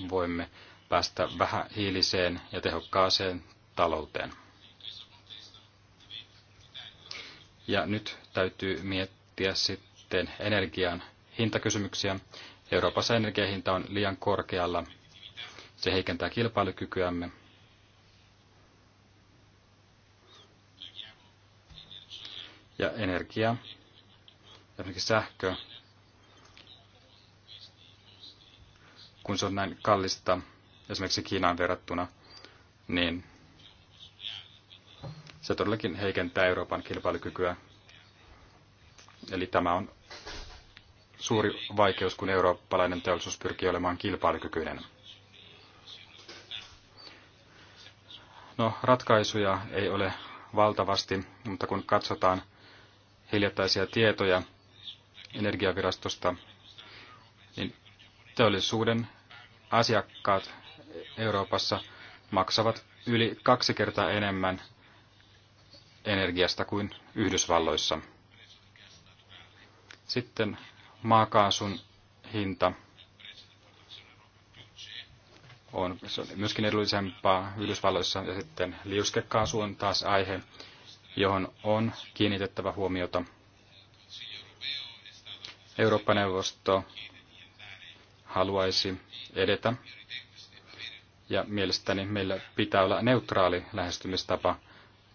voimme päästä vähähiiliseen ja tehokkaaseen talouteen. Ja nyt täytyy miettiä sitten energian hintakysymyksiä. Euroopassa energiahinta on liian korkealla. Se heikentää kilpailukykyämme. Ja energia, esimerkiksi sähkö, kun se on näin kallista, esimerkiksi Kiinaan verrattuna, niin se todellakin heikentää Euroopan kilpailukykyä. Eli tämä on suuri vaikeus, kun eurooppalainen teollisuus pyrkii olemaan kilpailukykyinen. No, ratkaisuja ei ole valtavasti, mutta kun katsotaan hiljattaisia tietoja energiavirastosta, niin teollisuuden asiakkaat Euroopassa maksavat yli kaksi kertaa enemmän energiasta kuin Yhdysvalloissa. Sitten maakaasun hinta on, se on myöskin edullisempaa Yhdysvalloissa ja sitten liuskekaasu on taas aihe, johon on kiinnitettävä huomiota. Eurooppa-neuvosto haluaisi edetä ja mielestäni meillä pitää olla neutraali lähestymistapa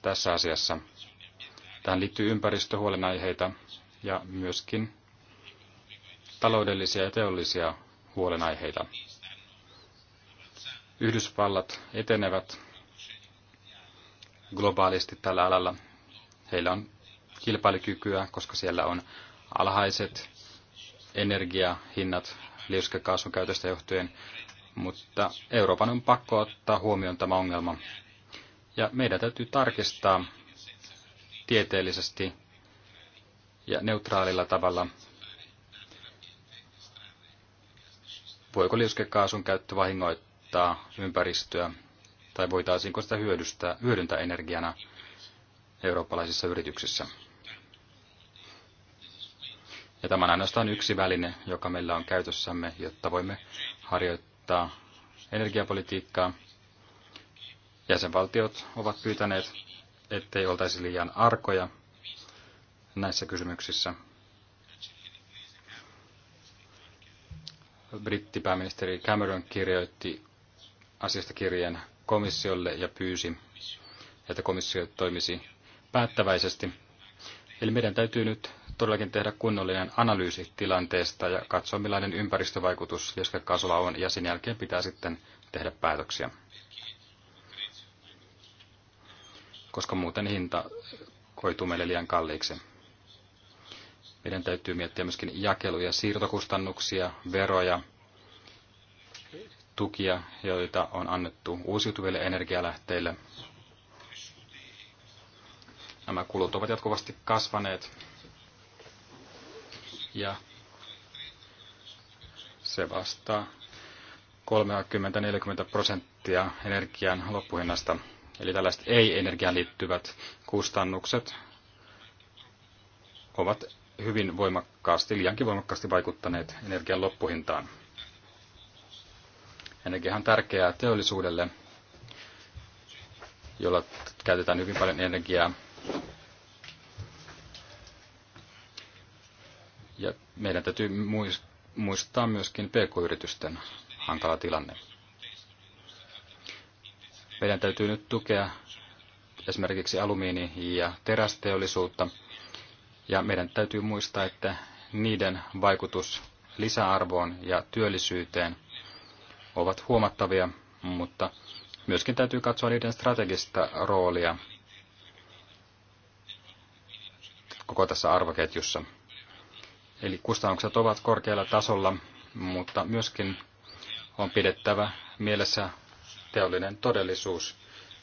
tässä asiassa. Tähän liittyy ympäristöhuolenaiheita ja myöskin taloudellisia ja teollisia huolenaiheita. Yhdysvallat etenevät globaalisti tällä alalla. Heillä on kilpailukykyä, koska siellä on alhaiset energiahinnat liuskekaasun käytöstä johtuen, mutta Euroopan on pakko ottaa huomioon tämä ongelma. Ja meidän täytyy tarkistaa tieteellisesti ja neutraalilla tavalla voiko liuskekaasun käyttö vahingoittaa ympäristöä tai voitaisiinko sitä hyödystää, hyödyntää energiana eurooppalaisissa yrityksissä. Ja tämä on ainoastaan yksi väline, joka meillä on käytössämme, jotta voimme harjoittaa energiapolitiikkaa. Jäsenvaltiot ovat pyytäneet, ettei oltaisi liian arkoja näissä kysymyksissä, brittipääministeri Cameron kirjoitti asiasta kirjeen komissiolle ja pyysi, että komissio toimisi päättäväisesti. Eli meidän täytyy nyt todellakin tehdä kunnollinen analyysi tilanteesta ja katsoa, millainen ympäristövaikutus lieskekaasulla on, ja sen jälkeen pitää sitten tehdä päätöksiä. Koska muuten hinta koituu meille liian kalliiksi. Meidän täytyy miettiä myöskin jakelu- ja siirtokustannuksia, veroja, tukia, joita on annettu uusiutuville energialähteille. Nämä kulut ovat jatkuvasti kasvaneet ja se vastaa 30-40 prosenttia energian loppuhinnasta. Eli tällaiset ei-energiaan liittyvät kustannukset ovat hyvin voimakkaasti, liiankin voimakkaasti vaikuttaneet energian loppuhintaan. Energia on tärkeää teollisuudelle, jolla käytetään hyvin paljon energiaa. Ja meidän täytyy muistaa myöskin pk-yritysten hankala tilanne. Meidän täytyy nyt tukea esimerkiksi alumiini- ja terästeollisuutta, ja meidän täytyy muistaa, että niiden vaikutus lisäarvoon ja työllisyyteen ovat huomattavia, mutta myöskin täytyy katsoa niiden strategista roolia koko tässä arvoketjussa. Eli kustannukset ovat korkealla tasolla, mutta myöskin on pidettävä mielessä teollinen todellisuus,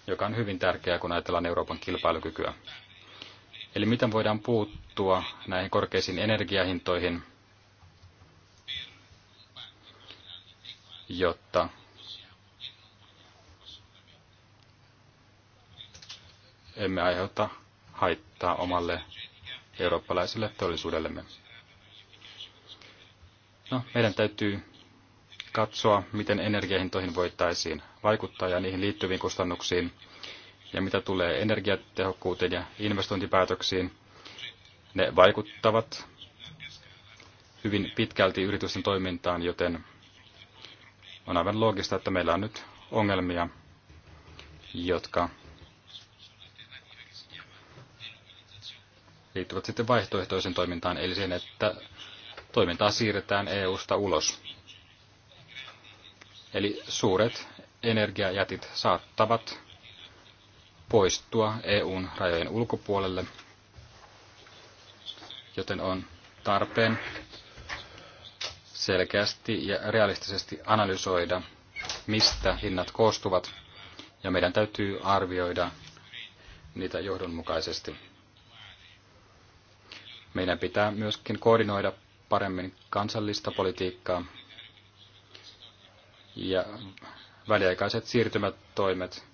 joka on hyvin tärkeää, kun ajatellaan Euroopan kilpailukykyä. Eli miten voidaan puuttua näihin korkeisiin energiahintoihin, jotta emme aiheuta haittaa omalle eurooppalaiselle teollisuudellemme. No, meidän täytyy katsoa, miten energiahintoihin voitaisiin vaikuttaa ja niihin liittyviin kustannuksiin, ja mitä tulee energiatehokkuuteen ja investointipäätöksiin, ne vaikuttavat hyvin pitkälti yritysten toimintaan, joten on aivan loogista, että meillä on nyt ongelmia, jotka liittyvät sitten vaihtoehtoisen toimintaan, eli sen, että toimintaa siirretään EU-sta ulos. Eli suuret energiajätit saattavat poistua EUn rajojen ulkopuolelle, joten on tarpeen selkeästi ja realistisesti analysoida, mistä hinnat koostuvat, ja meidän täytyy arvioida niitä johdonmukaisesti. Meidän pitää myöskin koordinoida paremmin kansallista politiikkaa ja väliaikaiset siirtymätoimet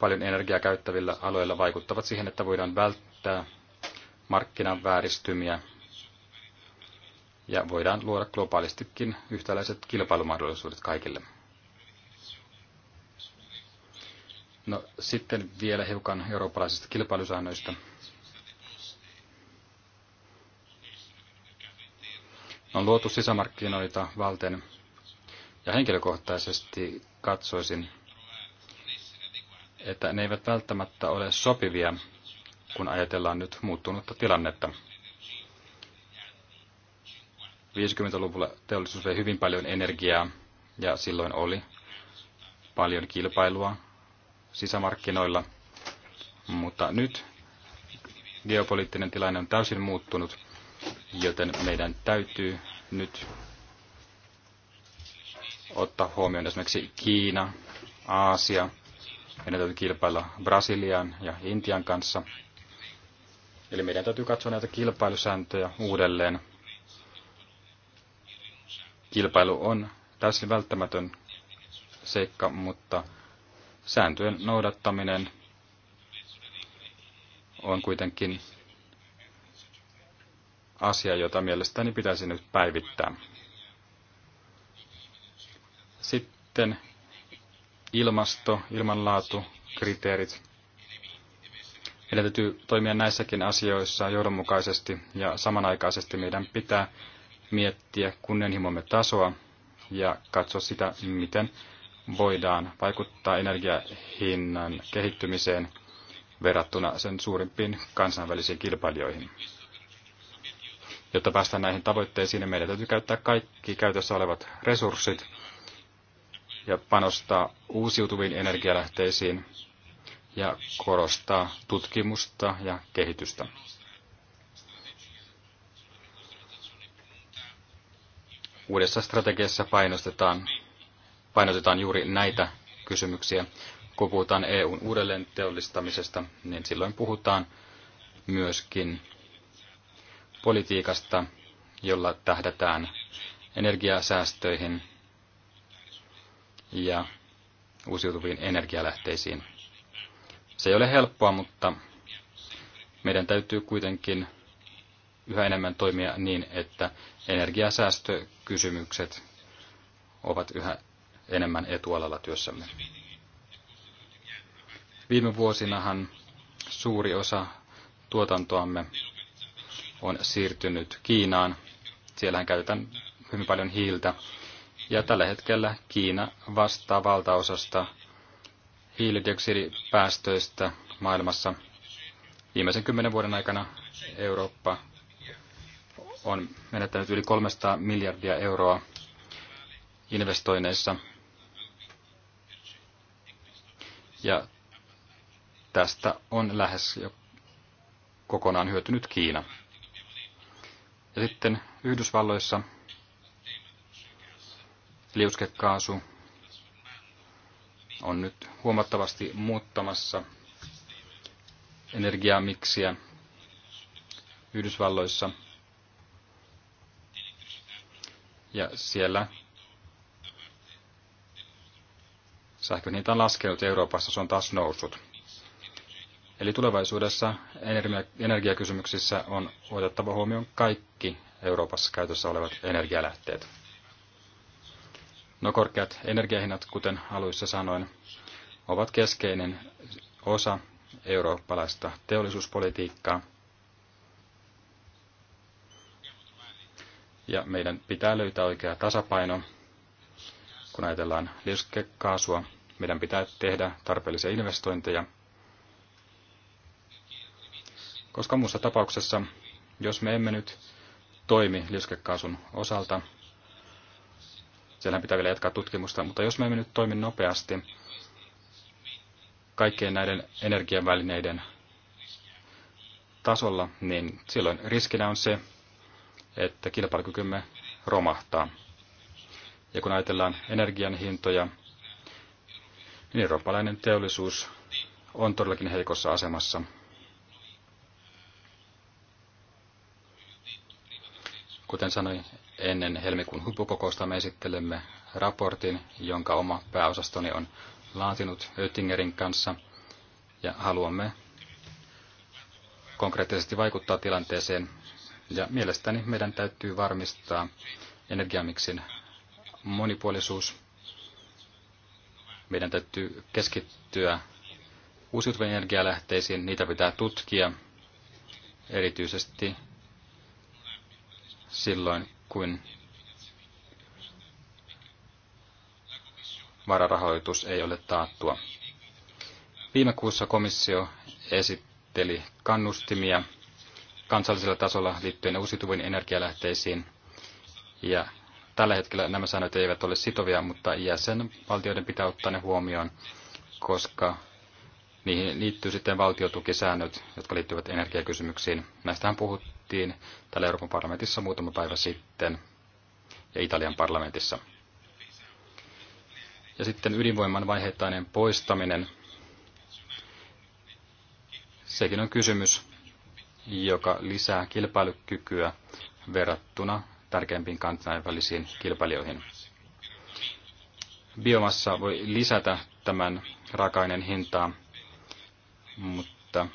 paljon energiaa käyttävillä aloilla vaikuttavat siihen, että voidaan välttää markkinan vääristymiä ja voidaan luoda globaalistikin yhtäläiset kilpailumahdollisuudet kaikille. No sitten vielä hiukan eurooppalaisista kilpailusäännöistä. On luotu sisämarkkinoita valten ja henkilökohtaisesti katsoisin, että ne eivät välttämättä ole sopivia, kun ajatellaan nyt muuttunutta tilannetta. 50-luvulla teollisuus vei hyvin paljon energiaa ja silloin oli paljon kilpailua sisämarkkinoilla, mutta nyt geopoliittinen tilanne on täysin muuttunut, joten meidän täytyy nyt ottaa huomioon esimerkiksi Kiina, Aasia, meidän täytyy kilpailla Brasilian ja Intian kanssa. Eli meidän täytyy katsoa näitä kilpailusääntöjä uudelleen. Kilpailu on täysin välttämätön seikka, mutta sääntöjen noudattaminen on kuitenkin asia, jota mielestäni pitäisi nyt päivittää. Sitten ilmasto, ilmanlaatu, kriteerit. Meidän täytyy toimia näissäkin asioissa johdonmukaisesti ja samanaikaisesti meidän pitää miettiä kunnianhimomme tasoa ja katsoa sitä, miten voidaan vaikuttaa energiahinnan kehittymiseen verrattuna sen suurimpiin kansainvälisiin kilpailijoihin. Jotta päästään näihin tavoitteisiin, niin meidän täytyy käyttää kaikki käytössä olevat resurssit ja panostaa uusiutuviin energialähteisiin ja korostaa tutkimusta ja kehitystä. Uudessa strategiassa painostetaan, painotetaan juuri näitä kysymyksiä. Kun puhutaan EUn uudelleen teollistamisesta, niin silloin puhutaan myöskin politiikasta, jolla tähdätään energiasäästöihin – ja uusiutuviin energialähteisiin. Se ei ole helppoa, mutta meidän täytyy kuitenkin yhä enemmän toimia niin, että energiasäästökysymykset ovat yhä enemmän etualalla työssämme. Viime vuosinahan suuri osa tuotantoamme on siirtynyt Kiinaan. Siellähän käytetään hyvin paljon hiiltä ja tällä hetkellä Kiina vastaa valtaosasta hiilidioksidipäästöistä maailmassa. Viimeisen kymmenen vuoden aikana Eurooppa on menettänyt yli 300 miljardia euroa investoinneissa. Ja tästä on lähes jo kokonaan hyötynyt Kiina. Ja sitten Yhdysvalloissa liuskekaasu on nyt huomattavasti muuttamassa energiamiksiä Yhdysvalloissa. Ja siellä sähkön hinta on laskenut Euroopassa, se on taas noussut. Eli tulevaisuudessa energiakysymyksissä on otettava huomioon kaikki Euroopassa käytössä olevat energialähteet. No korkeat energiahinnat, kuten aluissa sanoin, ovat keskeinen osa eurooppalaista teollisuuspolitiikkaa. Ja meidän pitää löytää oikea tasapaino, kun ajatellaan liuskekaasua. Meidän pitää tehdä tarpeellisia investointeja, koska muussa tapauksessa, jos me emme nyt toimi liuskekaasun osalta, siellä pitää vielä jatkaa tutkimusta, mutta jos me emme nyt toimi nopeasti kaikkien näiden energiavälineiden tasolla, niin silloin riskinä on se, että kilpailukykymme romahtaa. Ja kun ajatellaan energian hintoja, niin eurooppalainen teollisuus on todellakin heikossa asemassa. Kuten sanoin, ennen helmikuun huippukokousta me esittelemme raportin, jonka oma pääosastoni on laatinut Oettingerin kanssa, ja haluamme konkreettisesti vaikuttaa tilanteeseen. Ja mielestäni meidän täytyy varmistaa energiamiksin monipuolisuus. Meidän täytyy keskittyä uusiutuvien energialähteisiin, niitä pitää tutkia erityisesti silloin, kuin vararahoitus ei ole taattua. Viime kuussa komissio esitteli kannustimia kansallisella tasolla liittyen uusiutuviin energialähteisiin. Ja tällä hetkellä nämä säännöt eivät ole sitovia, mutta jäsenvaltioiden pitää ottaa ne huomioon, koska niihin liittyy sitten valtiotukisäännöt, jotka liittyvät energiakysymyksiin. Näistähän puhuttiin tehtiin täällä Euroopan parlamentissa muutama päivä sitten ja Italian parlamentissa. Ja sitten ydinvoiman vaiheittainen poistaminen. Sekin on kysymys, joka lisää kilpailukykyä verrattuna tärkeimpiin kansainvälisiin kilpailijoihin. Biomassa voi lisätä tämän raaka-aineen hintaa, mutta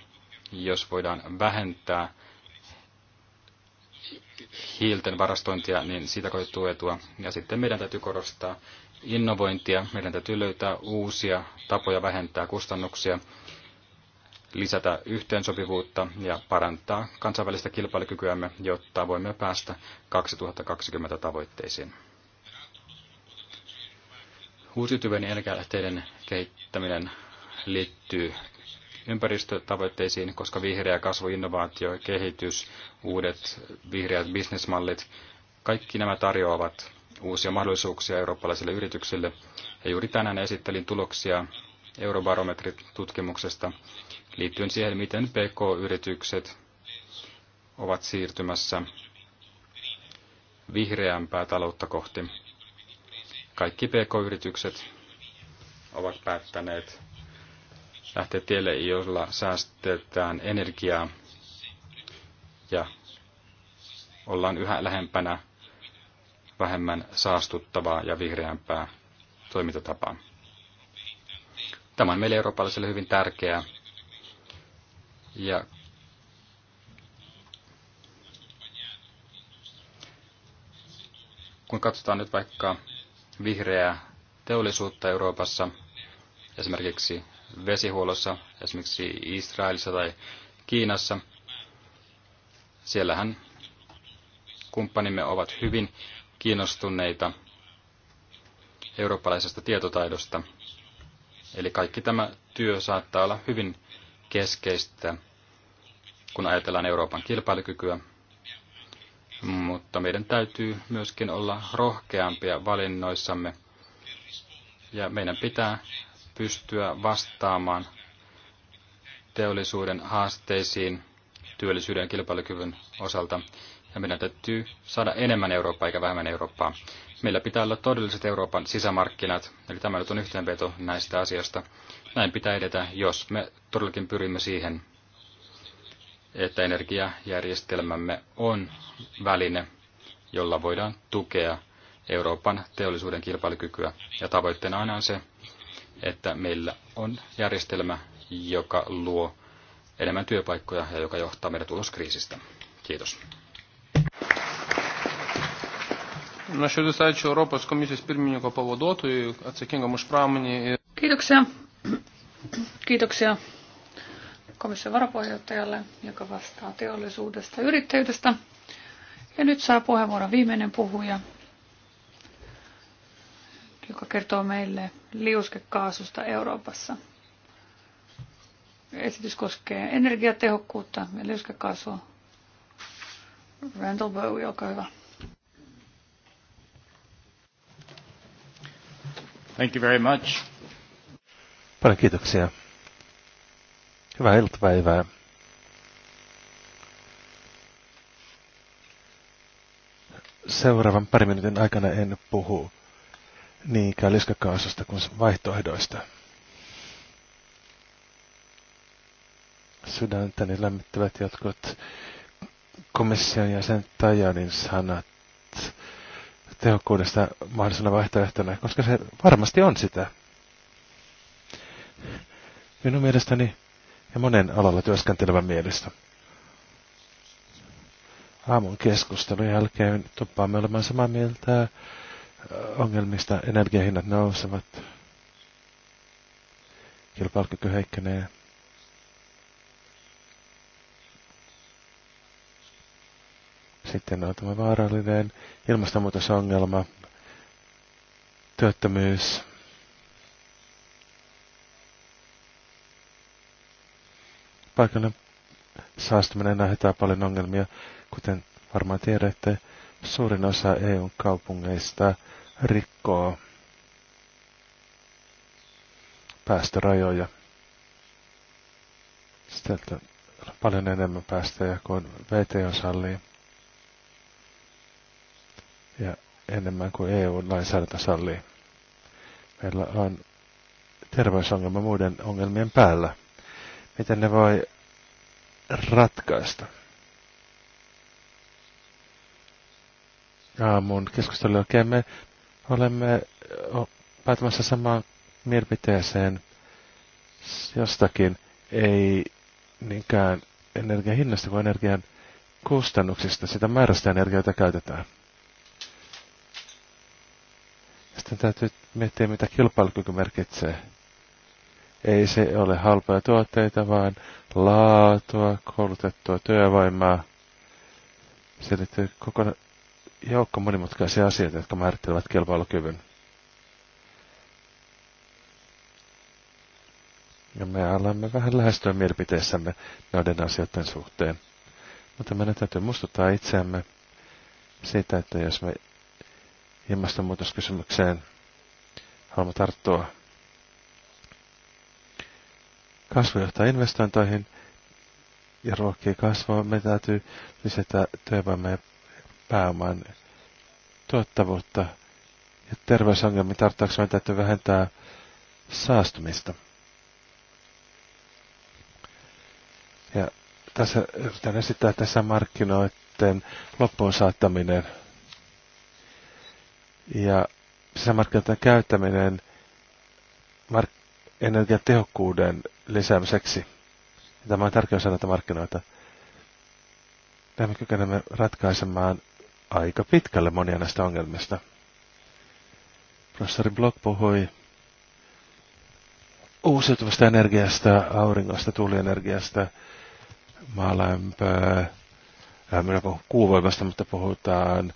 jos voidaan vähentää hiilten varastointia, niin siitä koituu etua. Ja sitten meidän täytyy korostaa innovointia, meidän täytyy löytää uusia tapoja vähentää kustannuksia, lisätä yhteensopivuutta ja parantaa kansainvälistä kilpailukykyämme, jotta voimme päästä 2020 tavoitteisiin. Uusiutuvien energialähteiden kehittäminen liittyy ympäristötavoitteisiin, koska vihreä kasvu, innovaatio, kehitys, uudet vihreät bisnesmallit, kaikki nämä tarjoavat uusia mahdollisuuksia eurooppalaisille yrityksille. Ja juuri tänään esittelin tuloksia eurobarometritutkimuksesta liittyen siihen, miten PK-yritykset ovat siirtymässä vihreämpää taloutta kohti. Kaikki PK-yritykset ovat päättäneet lähtee tielle, jolla säästetään energiaa ja ollaan yhä lähempänä vähemmän saastuttavaa ja vihreämpää toimintatapaa. Tämä on meille eurooppalaisille hyvin tärkeää. Ja kun katsotaan nyt vaikka vihreää teollisuutta Euroopassa, esimerkiksi vesihuollossa, esimerkiksi Israelissa tai Kiinassa. Siellähän kumppanimme ovat hyvin kiinnostuneita eurooppalaisesta tietotaidosta. Eli kaikki tämä työ saattaa olla hyvin keskeistä, kun ajatellaan Euroopan kilpailukykyä. Mutta meidän täytyy myöskin olla rohkeampia valinnoissamme ja meidän pitää pystyä vastaamaan teollisuuden haasteisiin työllisyyden ja kilpailukyvyn osalta. Ja meidän täytyy saada enemmän Eurooppaa eikä vähemmän Eurooppaa. Meillä pitää olla todelliset Euroopan sisämarkkinat, eli tämä nyt on yhteenveto näistä asioista. Näin pitää edetä, jos me todellakin pyrimme siihen, että energiajärjestelmämme on väline, jolla voidaan tukea Euroopan teollisuuden kilpailukykyä. Ja tavoitteena aina on se, että meillä on järjestelmä, joka luo enemmän työpaikkoja ja joka johtaa meidät ulos kriisistä. Kiitos. E- Kiitoksia. Kiitoksia komission varapuheenjohtajalle, joka vastaa teollisuudesta ja yrittäjyydestä. Ja nyt saa puheenvuoron viimeinen puhuja, joka kertoo meille liuskekaasusta Euroopassa. Esitys koskee energiatehokkuutta ja liuskekaasua. Randall Bowie, olkaa hyvä. Thank you very much. Paljon kiitoksia. Hyvää iltapäivää. Seuraavan parin minuutin aikana en puhu niinkään liskakaasusta kuin vaihtoehdoista. Sydäntäni lämmittävät jotkut komission jäsen Tajanin sanat tehokkuudesta mahdollisena vaihtoehtona, koska se varmasti on sitä. Minun mielestäni ja monen alalla työskentelevän mielestä. Aamun keskustelun jälkeen tuppaamme olemaan samaa mieltä ongelmista energiahinnat nousevat, kilpailukyky heikkenee. Sitten on tämä vaarallinen ilmastonmuutosongelma, työttömyys, paikallinen saastuminen aiheuttaa paljon ongelmia, kuten varmaan tiedätte, suurin osa eu kaupungeista rikkoo päästörajoja. Sieltä paljon enemmän päästöjä kuin VTO sallii ja enemmän kuin EU-lainsäädäntö sallii. Meillä on terveysongelma muiden ongelmien päällä. Miten ne voi ratkaista? aamun keskustelun jälkeen me Olemme päätämässä samaan mielipiteeseen jostakin, ei niinkään energian hinnasta kuin energian kustannuksista, sitä määrästä energiaa, jota käytetään. Sitten täytyy miettiä, mitä kilpailukyky merkitsee. Ei se ole halpoja tuotteita, vaan laatua, koulutettua työvoimaa. Se liittyy kokonaan joukko monimutkaisia asioita, jotka määrittelevät kilpailukyvyn. Ja me alamme vähän lähestyä mielipiteissämme noiden asioiden suhteen. Mutta meidän täytyy muistuttaa itseämme siitä, että jos me ilmastonmuutoskysymykseen haluamme tarttua, kasvu johtaa investointoihin ja ruokkii kasvua. Me täytyy lisätä työvoimaa ja pääoman tuottavuutta ja terveysongelmiin meidän täytyy vähentää saastumista. Ja tässä yritän esittää tässä markkinoiden loppuun saattaminen ja sisämarkkinoiden käyttäminen mark- energiatehokkuuden lisäämiseksi. Tämä on tärkeä osa näitä markkinoita. Näin me kykenemme ratkaisemaan aika pitkälle monia näistä ongelmista. Professori Block puhui uusiutuvasta energiasta, auringosta, tuulienergiasta, maalämpöä, minä puhun kuuvoimasta, mutta puhutaan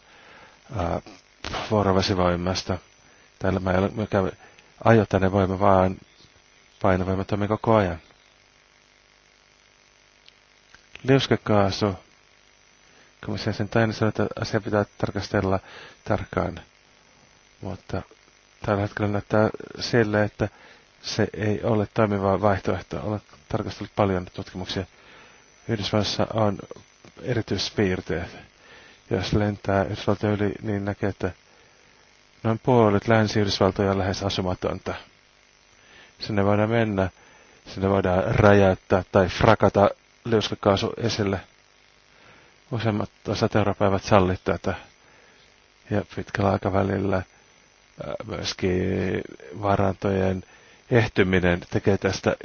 ää, vuorovesivoimasta. Täällä mä ei ole mikään ajoittainen voima, vaan painovoima toimii koko ajan. Liuskekaasu, komission sen taina niin sanoi, että asia pitää tarkastella tarkkaan. Mutta tällä hetkellä näyttää sille, että se ei ole toimiva vaihtoehto. Olen tarkastellut paljon tutkimuksia. Yhdysvalloissa on erityispiirteet. Jos lentää Yhdysvaltojen yli, niin näkee, että noin puolet Länsi-Yhdysvaltoja on lähes asumatonta. Sinne voidaan mennä, sinne voidaan räjäyttää tai frakata liuskakaasu esille – Useimmat osat Euroopan eivät salli tätä. Ja pitkällä aikavälillä myöskin varantojen ehtyminen tekee tästä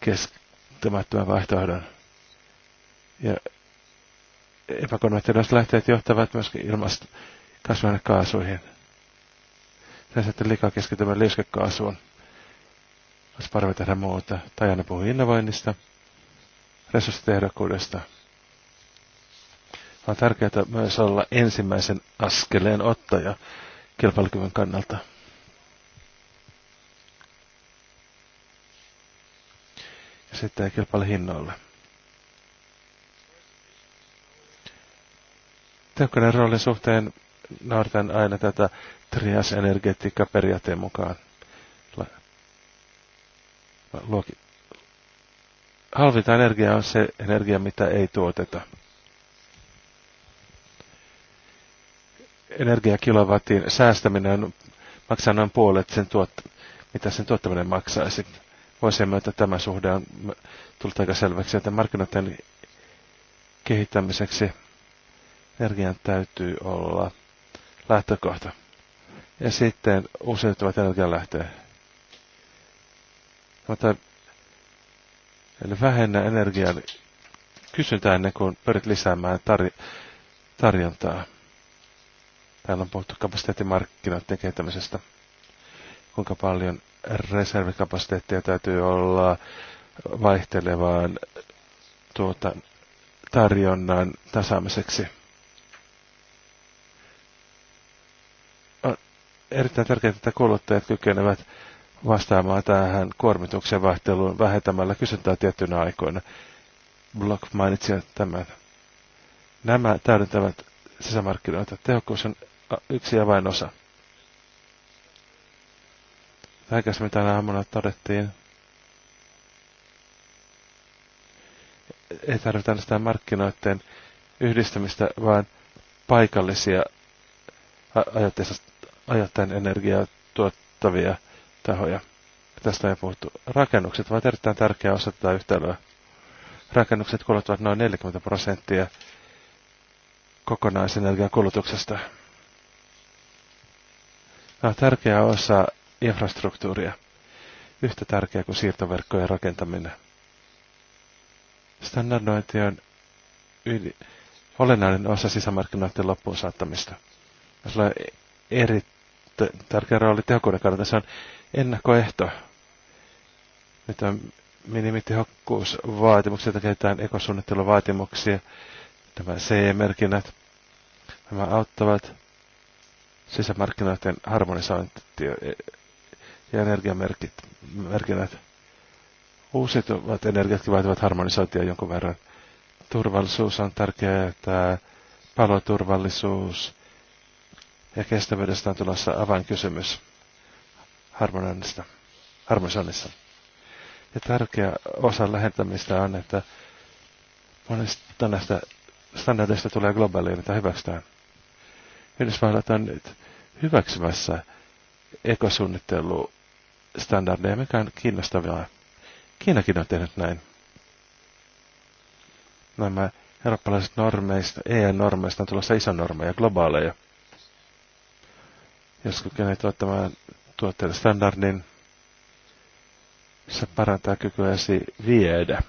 keskittymättömän vaihtoehdon. Ja epäkonventionaaliset lähteet johtavat myöskin ilmasta kaasuihin. Sen sitten liikaa keskittymään liuskekaasuun. Olisi parempi tehdä muuta. Tajana puhuu innovoinnista, resurssitehdokkuudesta – on tärkeää myös olla ensimmäisen askeleen ottaja kilpailukyvyn kannalta. Ja sitten ei kilpaile hinnoilla. Tehokkaiden roolin suhteen noudatan aina tätä trias energetiikka periaatteen mukaan. Halvinta energia on se energia, mitä ei tuoteta. energiakilowattiin säästäminen maksaa noin puolet sen tuot, mitä sen tuottaminen maksaisi. Vuosien myötä tämä suhde on tullut aika selväksi, että markkinoiden kehittämiseksi energian täytyy olla lähtökohta. Ja sitten uusiutuvat energialähteet. Mutta, eli vähennä energian kysyntää ennen kuin pyrit lisäämään tar- tarjontaa. Täällä on puhuttu kapasiteettimarkkinoiden kehittämisestä. Kuinka paljon reservikapasiteettia täytyy olla vaihtelevaan tuota, tarjonnan tasaamiseksi. On erittäin tärkeää, että kuluttajat kykenevät vastaamaan tähän kuormituksen vaihteluun vähentämällä kysyntää tiettynä aikoina. Block mainitsi tämän. Nämä täydentävät sisämarkkinoita. Tehokkuus on yksi avainosa. mitä tänä aamuna todettiin, ei tarvita sitä markkinoiden yhdistämistä, vaan paikallisia ajoittain energiaa tuottavia tahoja. Tästä on puhuttu. Rakennukset ovat erittäin tärkeä osa tätä yhtälöä. Rakennukset kuluttavat noin 40 prosenttia kokonaisenergian kulutuksesta. Tämä on tärkeä osa infrastruktuuria, yhtä tärkeä kuin siirtoverkkojen rakentaminen. Standardointi on yli, olennainen osa sisämarkkinoiden loppuun saattamista. Se on erittäin tärkeä rooli tehokkuuden kannalta. Se on ennakkoehto. Nyt on minimitehokkuusvaatimuksia, joita käytetään ekosuunnitteluvaatimuksia, nämä CE-merkinnät, nämä auttavat sisämarkkinoiden harmonisointi ja energiamerkit, merkinnät. Uusiutuvat energiatkin vaativat harmonisointia jonkun verran. Turvallisuus on tärkeää, että paloturvallisuus ja kestävyydestä on tulossa avainkysymys harmonioinnista. harmonisoinnissa. Ja tärkeä osa lähentämistä on, että monista näistä standardeista tulee globaaliin, mitä hyväksytään. Yhdysvallat on nyt hyväksymässä ekosuunnittelustandardeja, mikä on kiinnostavaa. Kiinakin on tehnyt näin. Nämä eurooppalaiset normeista, EU-normeista on tulossa iso normeja, globaaleja. Jos kykenee tuottamaan tuotteelle standardin, se parantaa kykyäsi viedä,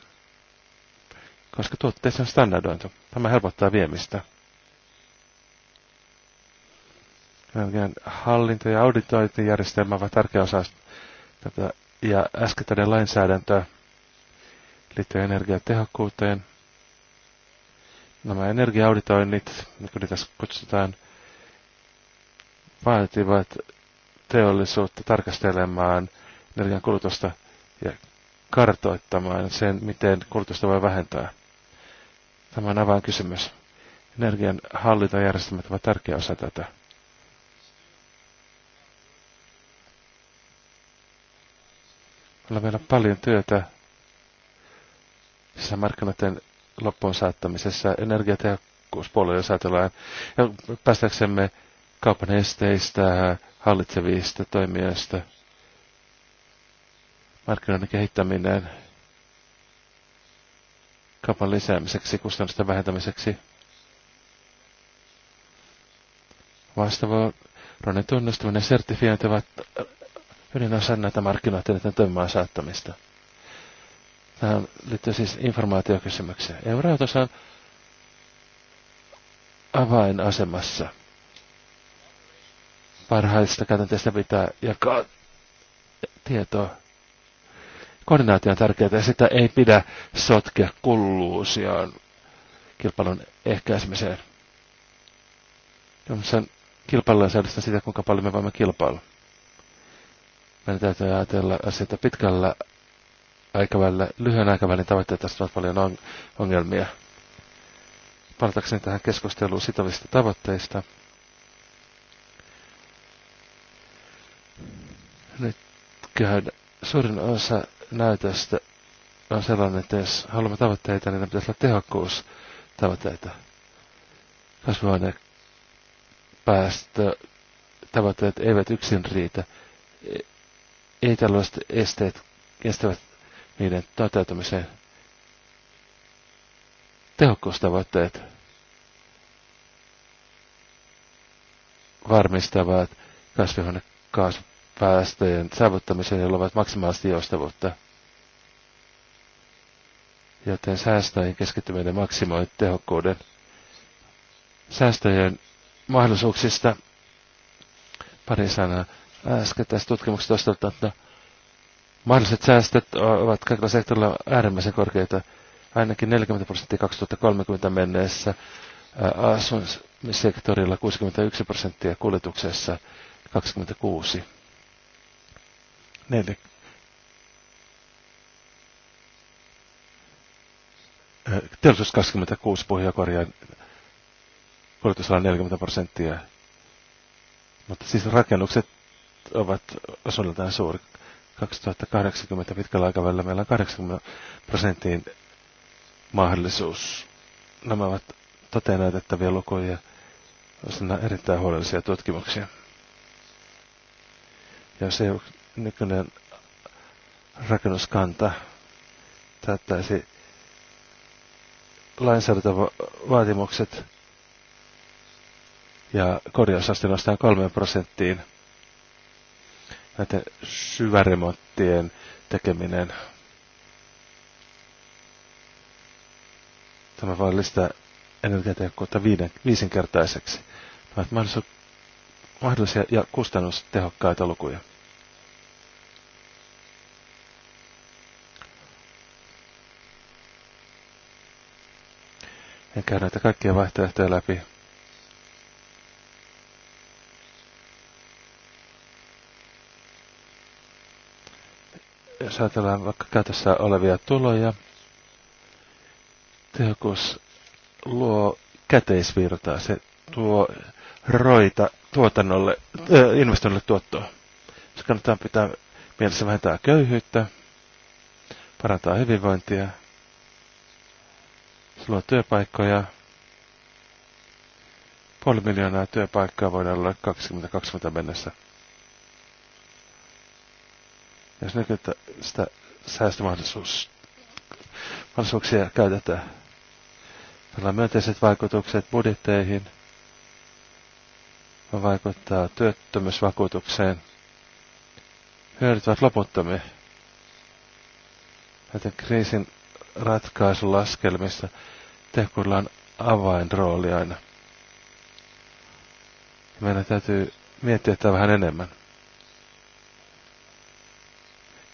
koska tuotteessa on standardointu. Tämä helpottaa viemistä. Energian hallinto- ja auditointijärjestelmä on tärkeä osa tätä ja äskettäinen lainsäädäntöä liittyen energiatehokkuuteen. Nämä energiaauditoinnit, niin kuin niitä kutsutaan, vaativat teollisuutta tarkastelemaan energian kulutusta ja kartoittamaan sen, miten kulutusta voi vähentää. Tämä on avainkysymys. Energian hallintajärjestelmät ovat tärkeä osa tätä. Meillä on vielä paljon työtä markkinoiden loppuun saattamisessa energiatehokkuuspuolella, jos ajatellaan, ja päästäksemme kaupan esteistä, hallitsevista toimijoista, markkinoiden kehittäminen kaupan lisäämiseksi, kustannusten vähentämiseksi. Vastavuoroinen tunnustaminen ja sertifiointi ovat ydin osa näitä markkinoiden toimimaan saattamista. Tähän liittyy siis informaatiokysymykseen. Euroautos on avainasemassa. Parhaista käytänteistä pitää jakaa tietoa. Koordinaatio on tärkeää ja sitä ei pidä sotkea kulluusiaan kilpailun ehkäisemiseen. Jonkun kilpailua säädöstä sitä, kuinka paljon me voimme kilpailla. Meidän täytyy ajatella asioita pitkällä aikavälillä. Lyhyen aikavälin tavoitteet tästä on paljon ongelmia. Palatakseni tähän keskusteluun sitovista tavoitteista. Nyt käydä. Suurin osa näytöstä on sellainen, että jos haluamme tavoitteita, niin ne pitäisi olla tehokkuustavoitteita. Kasvuhuonepäästötavoitteet tavoitteet eivät yksin riitä ei tällaiset esteet kestävät niiden toteutumiseen. Tehokkuustavoitteet varmistavat kasvihuonekaasupäästöjen saavuttamisen, jolla ovat maksimaalisesti joustavuutta. Joten säästöjen keskittyminen maksimoi tehokkuuden. Säästöjen mahdollisuuksista pari sanaa äskettäiset tutkimuksessa osoittavat, että mahdolliset säästöt ovat kaikilla sektorilla äärimmäisen korkeita, ainakin 40 prosenttia 2030 mennessä, asumissektorilla 61 prosenttia, kuljetuksessa 26. Neljä. Teollisuus 26 pohjakorjaan, kuljetusala 40 prosenttia, mutta siis rakennukset ovat osuudeltaan suuri. 2080 pitkällä aikavälillä meillä on 80 prosentin mahdollisuus. Nämä ovat toteen näytettäviä lukuja, osana erittäin huolellisia tutkimuksia. Ja se nykyinen rakennuskanta täyttäisi lainsäädäntövaatimukset ja korjausaste nostaa kolmeen prosenttiin – näiden syväremonttien tekeminen. Tämä voi lisää energiatehokkuutta viiden, viisinkertaiseksi. Nämä mahdollisia ja kustannustehokkaita lukuja. En käy näitä kaikkia vaihtoehtoja läpi. Jos ajatellaan vaikka käytössä olevia tuloja, tehokkuus luo käteisvirtaa, se tuo roita tuotannolle, äh, investoinnille tuottoa. Se kannattaa pitää mielessä vähentää köyhyyttä, parantaa hyvinvointia, se luo työpaikkoja. Puoli miljoonaa työpaikkaa voidaan olla 2020 mennessä jos nykyistä säästömahdollisuuksia käytetään. Tällä on myönteiset vaikutukset budjetteihin, vaikuttaa työttömyysvakuutukseen. Hyödyt ovat loputtomia. Näiden kriisin laskelmissa tehkuilla on avainrooli aina. Meidän täytyy miettiä tätä vähän enemmän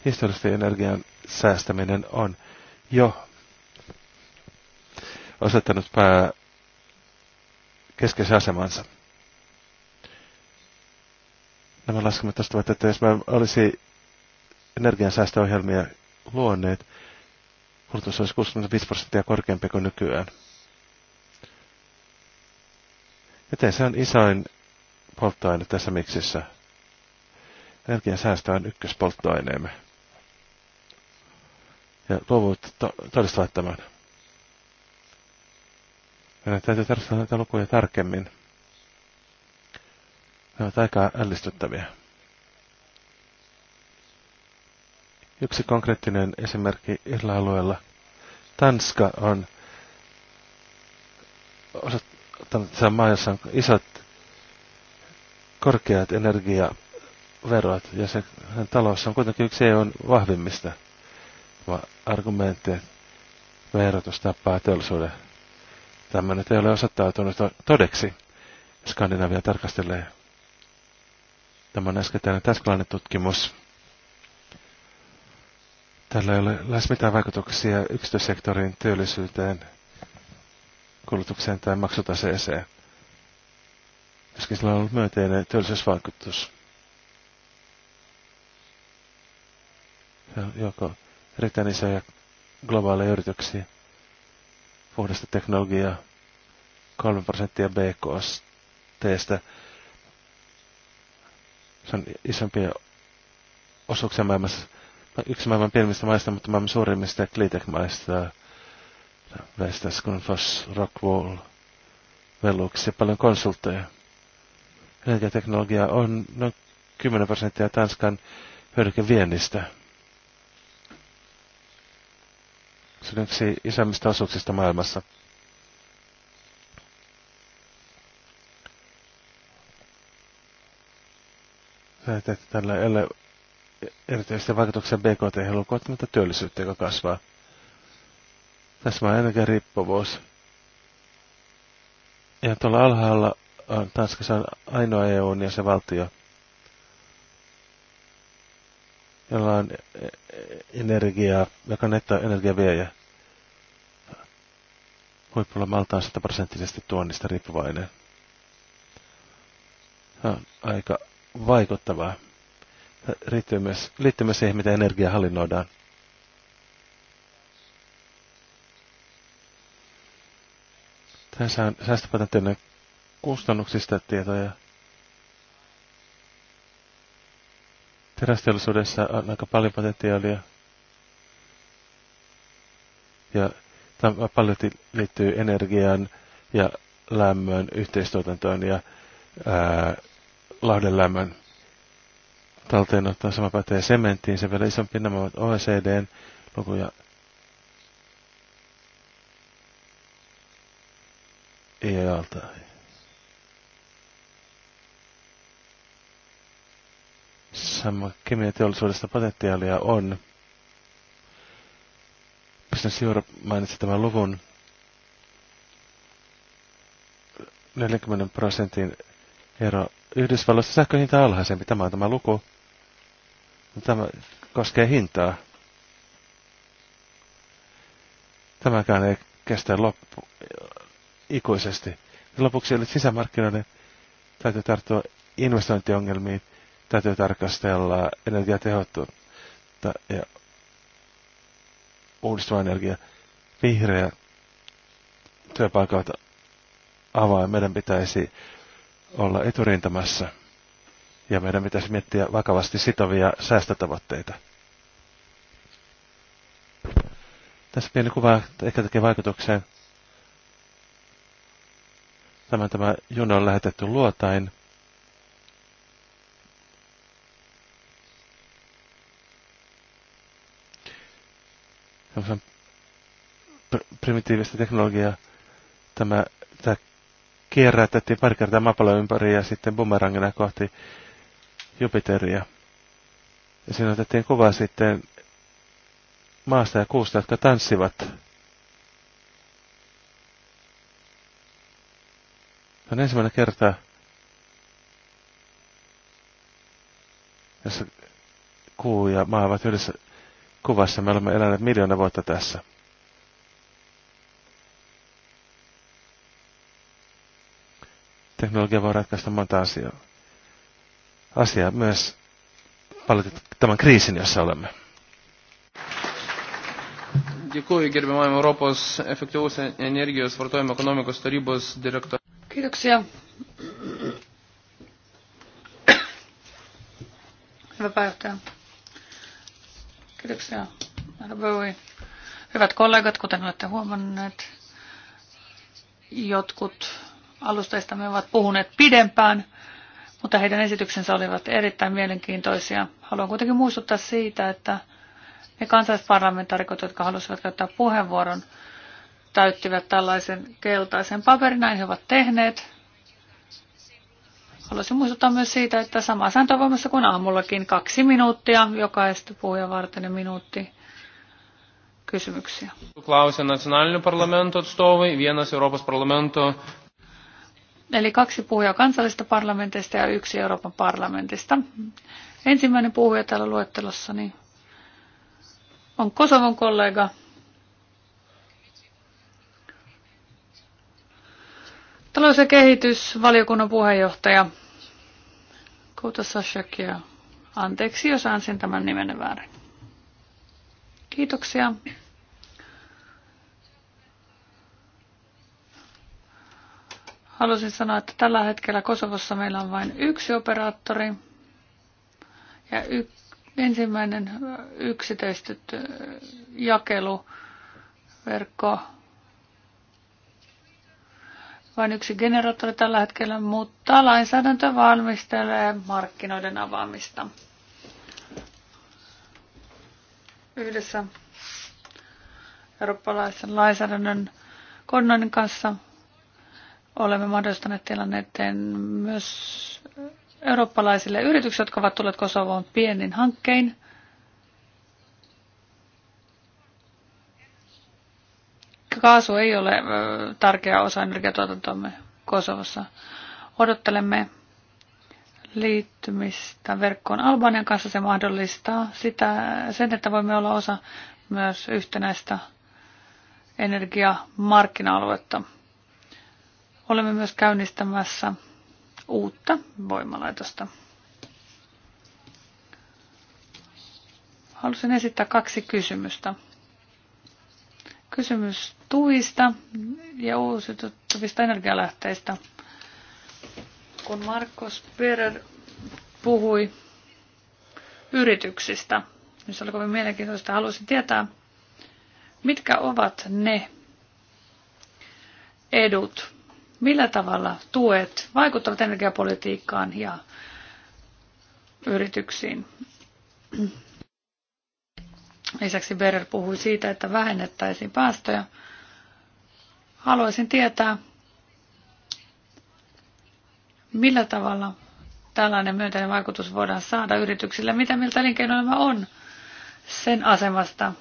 historiallisesti energian säästäminen on jo osoittanut pää keskeisen asemansa. Nämä laskelmat ostavat, että jos mä olisi energiansäästöohjelmia luonneet, kulutus olisi 65 prosenttia korkeampi kuin nykyään. Joten se on isoin polttoaine tässä miksissä. Energiansäästö on ykköspolttoaineemme ja luvut to todistavat tämän. Meidän täytyy tarkistaa näitä lukuja tarkemmin. Ne ovat aika ällistyttäviä. Yksi konkreettinen esimerkki yhdellä alueella. Tanska on osoittanut sen maa, on isot korkeat energiaverot ja se, sen talous on kuitenkin yksi EUn vahvimmista argumentti, että verotus tappaa teollisuuden. Tämmöinen ei ole osoittautunut todeksi. Skandinavia tarkastelee. Tämä on äskettäinen täskalainen tutkimus. Tällä ei ole lähes mitään vaikutuksia yksityissektorin työllisyyteen, kulutukseen tai maksutaseeseen. Joskin sillä on ollut myönteinen työllisyysvaikutus. Se joko erittäin isoja globaaleja yrityksiä, puhdasta teknologiaa, 3 prosenttia BKSTstä. Se on isompia osuuksia maailmassa. No, yksi maailman pienimmistä maista, mutta maailman suurimmista cleetech maista Vestas, Kunfos, Rockwall, Velux ja paljon konsultteja. Energiateknologia on noin 10 prosenttia Tanskan hyödykeviennistä. viennistä Se on yksi osuuksista maailmassa. Näet, että tällä ei ole erityisesti vaikutuksia bkt lukuun, mutta työllisyyttä, joka kasvaa. Tässä on ennenkin riippuvuus. Ja tuolla alhaalla on äh, Tanskassa on ainoa EU ja se valtio, jolla on eh, eh, energiaa, joka on ja Huipulla Malta on prosenttisesti tuonnista riippuvainen. Se on aika vaikuttavaa. Liittyy myös, liittyy myös siihen, miten energiaa hallinnoidaan. Tässä on säästöpatenttien kustannuksista tietoja. Terästeollisuudessa on aika paljon potentiaalia. Ja tämä paljon liittyy energiaan ja lämmön yhteistuotantoon ja ää, lämmön talteenottoon. Sama pätee sementtiin, se vielä isompi nämä ovat OECDn lukuja. Ei altaa. kemian teollisuudesta potentiaalia on. Business Europe mainitsi tämän luvun 40 prosentin ero. Yhdysvalloissa sähköhinta on alhaisempi, tämä on tämä luku. Tämä koskee hintaa. Tämäkään ei kestä loppu ikuisesti. lopuksi eli sisämarkkinoiden täytyy tarttua investointiongelmiin Täytyy tarkastella energiatehottuutta ja uudistuva energia. Vihreä työpaikat avaa. Meidän pitäisi olla eturintamassa ja meidän pitäisi miettiä vakavasti sitovia säästötavoitteita. Tässä pieni kuva ehkä tekee vaikutukseen. Tämä, tämä juna on lähetetty luotain. primitiivistä teknologiaa. Tämä, tämä kierrätettiin pari kertaa maapalloa ympäri ja sitten bumerangina kohti Jupiteria. Ja siinä otettiin kuva sitten maasta ja kuusta, jotka tanssivat. Se on ensimmäinen kerta, jossa kuu ja maa ovat yhdessä kuvassa. Me olemme eläneet miljoona vuotta tässä. Teknologia voi ratkaista monta asiaa. Asia myös paljon tämän kriisin, jossa olemme. Kiitoksia. Hyvä päivä. Kiitoksia. Hyvät kollegat, kuten olette huomanneet, jotkut alustajista ovat puhuneet pidempään, mutta heidän esityksensä olivat erittäin mielenkiintoisia. Haluan kuitenkin muistuttaa siitä, että ne kansallisparlamentaarikot, jotka halusivat käyttää puheenvuoron, täyttivät tällaisen keltaisen paperin, näin he ovat tehneet. Haluaisin muistuttaa myös siitä, että sama sääntö on voimassa kuin aamullakin. Kaksi minuuttia, jokaista puhuja varten minuutti kysymyksiä. Klausen nacionalinių parlamento atstovai, vienas Europos parlamento. Eli kaksi puhujaa kansallista parlamentista ja yksi Euroopan parlamentista. Ensimmäinen puhuja täällä luettelossa niin on Kosovon kollega Talous- ja kehitysvaliokunnan puheenjohtaja Kuutosashakia. Anteeksi, jos ansin tämän nimen väärin. Kiitoksia. Haluaisin sanoa, että tällä hetkellä Kosovossa meillä on vain yksi operaattori ja y- ensimmäinen yksityistetty jakeluverkko vain yksi generaattori tällä hetkellä, mutta lainsäädäntö valmistelee markkinoiden avaamista. Yhdessä eurooppalaisen lainsäädännön koordinoinnin kanssa olemme mahdollistaneet tilanneiden myös eurooppalaisille yrityksille, jotka ovat tulleet Kosovoon pienin hankkein. kaasu ei ole tärkeä osa energiatuotantoamme Kosovossa. Odottelemme liittymistä verkkoon Albanian kanssa. Se mahdollistaa sitä, sen, että voimme olla osa myös yhtenäistä energiamarkkina-aluetta. Olemme myös käynnistämässä uutta voimalaitosta. Halusin esittää kaksi kysymystä. Kysymys tuista ja uusiutuvista energialähteistä. Kun Markus Sperer puhui yrityksistä, niin se oli kovin mielenkiintoista. Haluaisin tietää, mitkä ovat ne edut, millä tavalla tuet vaikuttavat energiapolitiikkaan ja yrityksiin. Lisäksi Berger puhui siitä, että vähennettäisiin päästöjä. Haluaisin tietää, millä tavalla tällainen myönteinen vaikutus voidaan saada yrityksille. Mitä mieltä elinkeinoelämä on sen asemasta?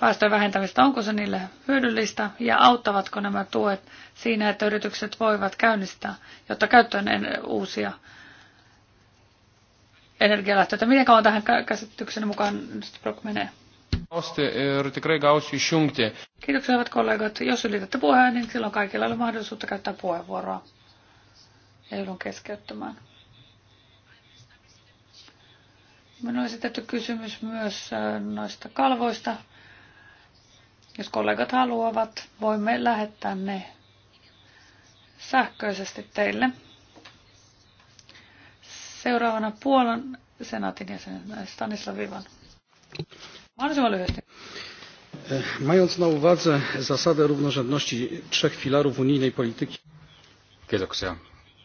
Päästöjen vähentämistä, onko se niille hyödyllistä ja auttavatko nämä tuet siinä, että yritykset voivat käynnistää, jotta käyttöön uusia energialähtöitä. Miten kauan tähän käsityksen mukaan Stockbrook menee? Eh, Kiitoksia hyvät kollegat. Jos ylitätte puheen, niin silloin kaikilla on mahdollisuutta käyttää puheenvuoroa. Ei joudun keskeyttämään. Minulla on esitetty kysymys myös eh, noista kalvoista. Jos kollegat haluavat, voimme lähettää ne sähköisesti teille. Seuraavana Puolan senaatin jäsen äh, Stanislav Ivan. Mahdollisimman lyhyesti. Eh, mając na uwadze zasadę równorzędności trzech filarów unijnej polityki. Kiitoksia,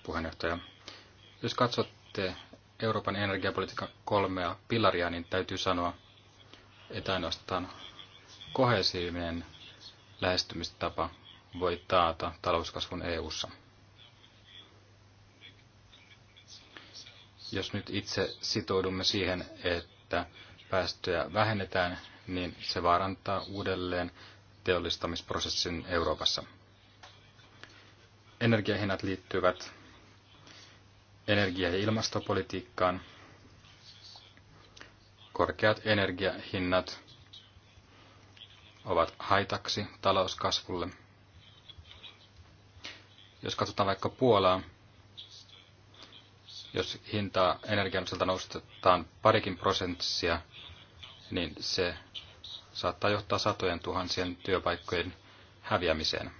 puheenjohtaja. Jos katsotte Euroopan energiapolitiikan kolmea pilaria, niin täytyy sanoa, että ainoastaan kohesiivinen lähestymistapa voi taata talouskasvun EU:ssa. ssa Jos nyt itse sitoudumme siihen, että päästöjä vähennetään, niin se vaarantaa uudelleen teollistamisprosessin Euroopassa. Energiahinnat liittyvät energia- ja ilmastopolitiikkaan. Korkeat energiahinnat ovat haitaksi talouskasvulle. Jos katsotaan vaikka Puolaa, jos hintaa osalta nostetaan parikin prosenttia, niin se saattaa johtaa satojen tuhansien työpaikkojen häviämiseen.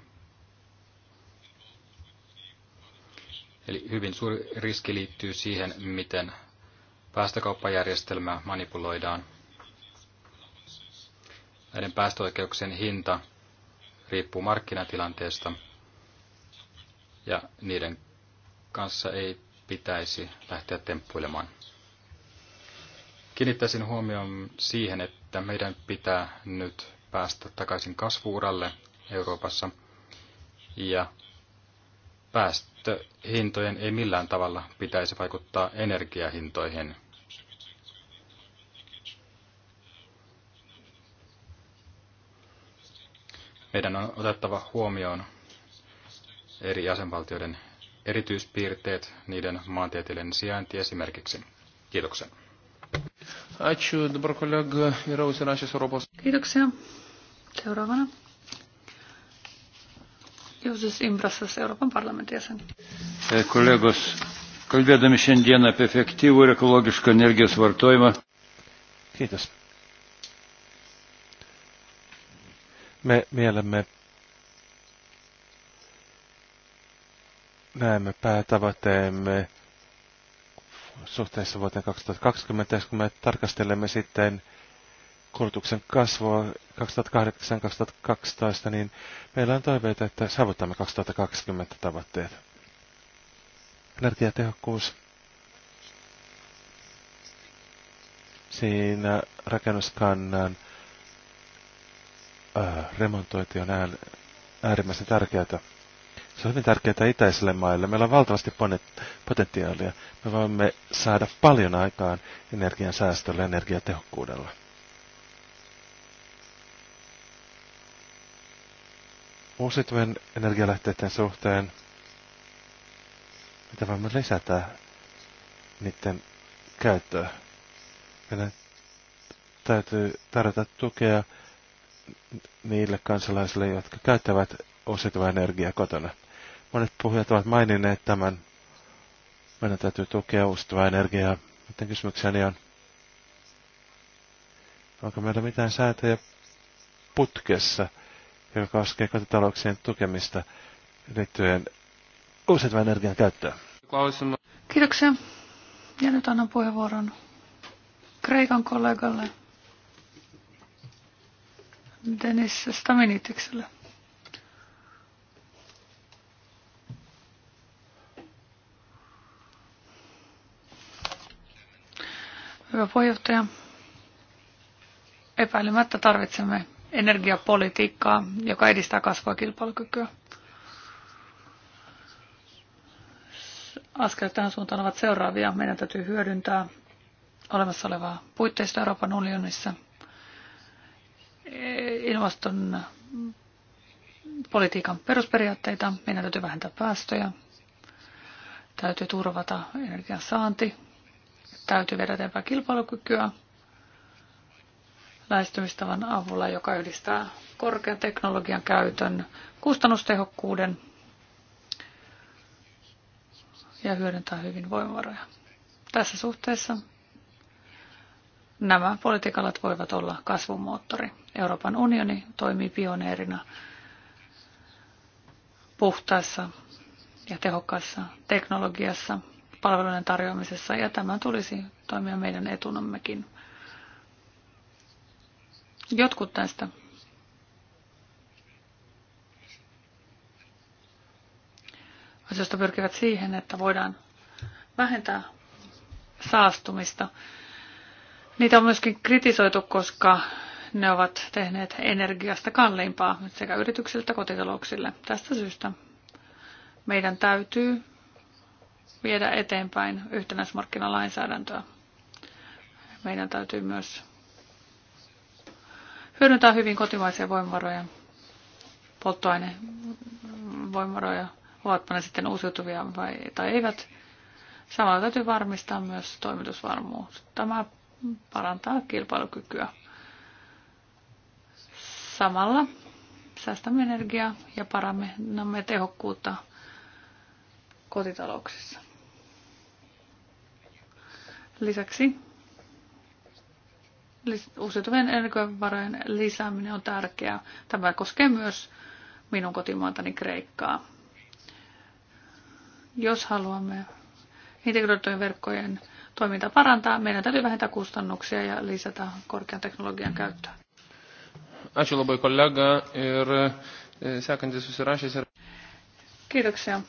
Eli hyvin suuri riski liittyy siihen, miten päästökauppajärjestelmää manipuloidaan. Näiden päästöoikeuksien hinta riippuu markkinatilanteesta ja niiden kanssa ei pitäisi lähteä temppuilemaan. Kiinnittäisin huomioon siihen, että meidän pitää nyt päästä takaisin kasvuuralle Euroopassa ja päästöhintojen ei millään tavalla pitäisi vaikuttaa energiahintoihin. Meidän on otettava huomioon eri jäsenvaltioiden erityispiirteet, niiden maantieteellinen sijainti esimerkiksi. Kiitoksia. Kiitoksia. Seuraavana. Jūzis Imbrasas, Euroopan parlamentin jäsen. E, Kollegos, kalbėdami šiandien apie efektyvų ir ekologišką energijos vartojimą. Kiitos. Me mielemme näemme päätavoitteemme suhteessa vuoteen 2020, kun me tarkastelemme sitten kulutuksen kasvua 2008-2012, niin meillä on toiveita, että saavutamme 2020 tavoitteet. Energiatehokkuus. Siinä rakennuskannan ää, äh, remontointi on äärimmäisen tärkeää. Se on hyvin tärkeää itäisille maille. Meillä on valtavasti potentiaalia. Me voimme saada paljon aikaan energian säästöllä ja energiatehokkuudella. Uusiutuvien energialähteiden suhteen, mitä voimme lisätä niiden käyttöä. Meidän täytyy tarjota tukea niille kansalaisille, jotka käyttävät uusiutuvaa energiaa kotona. Monet puhujat ovat maininneet tämän. Meidän täytyy tukea uusiutuvaa energiaa. Miten kysymykseni on? Onko meillä mitään sääntöjä putkessa, joka koskee kotitalouksien tukemista liittyen uusiutuvan energian käyttöön? Kiitoksia. Ja nyt annan puheenvuoron Kreikan kollegalle Denis Staminitikselle. Hyvä puheenjohtaja. Epäilemättä tarvitsemme energiapolitiikkaa, joka edistää kasvua ja kilpailukykyä. Askelet tähän suuntaan ovat seuraavia. Meidän täytyy hyödyntää olemassa olevaa puitteista Euroopan unionissa ilmaston politiikan perusperiaatteita. Meidän täytyy vähentää päästöjä, täytyy turvata energian saanti täytyy viedä eteenpäin kilpailukykyä lähestymistavan avulla, joka yhdistää korkean teknologian käytön, kustannustehokkuuden ja hyödyntää hyvin voimavaroja. Tässä suhteessa nämä politiikalat voivat olla kasvumoottori. Euroopan unioni toimii pioneerina puhtaassa ja tehokkaassa teknologiassa – palvelujen tarjoamisessa ja tämä tulisi toimia meidän etunammekin. Jotkut tästä asioista pyrkivät siihen, että voidaan vähentää saastumista. Niitä on myöskin kritisoitu, koska ne ovat tehneet energiasta kalliimpaa sekä yrityksiltä kotitalouksille. Tästä syystä meidän täytyy viedä eteenpäin yhtenäismarkkinalainsäädäntöä. Meidän täytyy myös hyödyntää hyvin kotimaisia voimavaroja, polttoainevoimavaroja, ovatpa ne sitten uusiutuvia vai, tai eivät. Samalla täytyy varmistaa myös toimitusvarmuus. Tämä parantaa kilpailukykyä. Samalla säästämme energiaa ja parannamme tehokkuutta kotitalouksissa. Lisäksi uusiutuvien energiavarojen lisääminen on tärkeää. Tämä koskee myös minun kotimaantani Kreikkaa. Jos haluamme integroitujen verkkojen toimintaa parantaa, meidän täytyy vähentää kustannuksia ja lisätä korkean teknologian käyttöä. Ačiū labai kollega ir e, sekantis susirašys. Kiitoksia.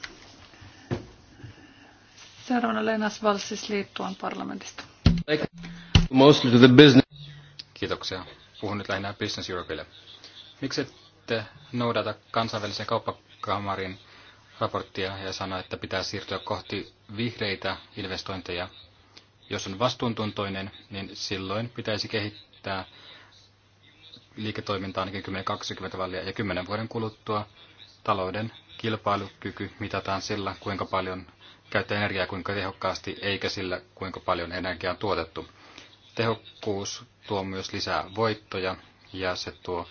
Seuraavana Lenas Valsis Liittuan parlamentista. Mostly to the business. Kiitoksia. Puhun nyt lähinnä Business Europeille. Miksi ette noudata kansainvälisen kauppakamarin raporttia ja sanoa, että pitää siirtyä kohti vihreitä investointeja? Jos on vastuuntuntoinen, niin silloin pitäisi kehittää liiketoimintaa ainakin 10-20 väliä ja 10 vuoden kuluttua talouden kilpailukyky mitataan sillä, kuinka paljon käyttää energiaa kuinka tehokkaasti, eikä sillä kuinka paljon energiaa on tuotettu. Tehokkuus tuo myös lisää voittoja ja se tuo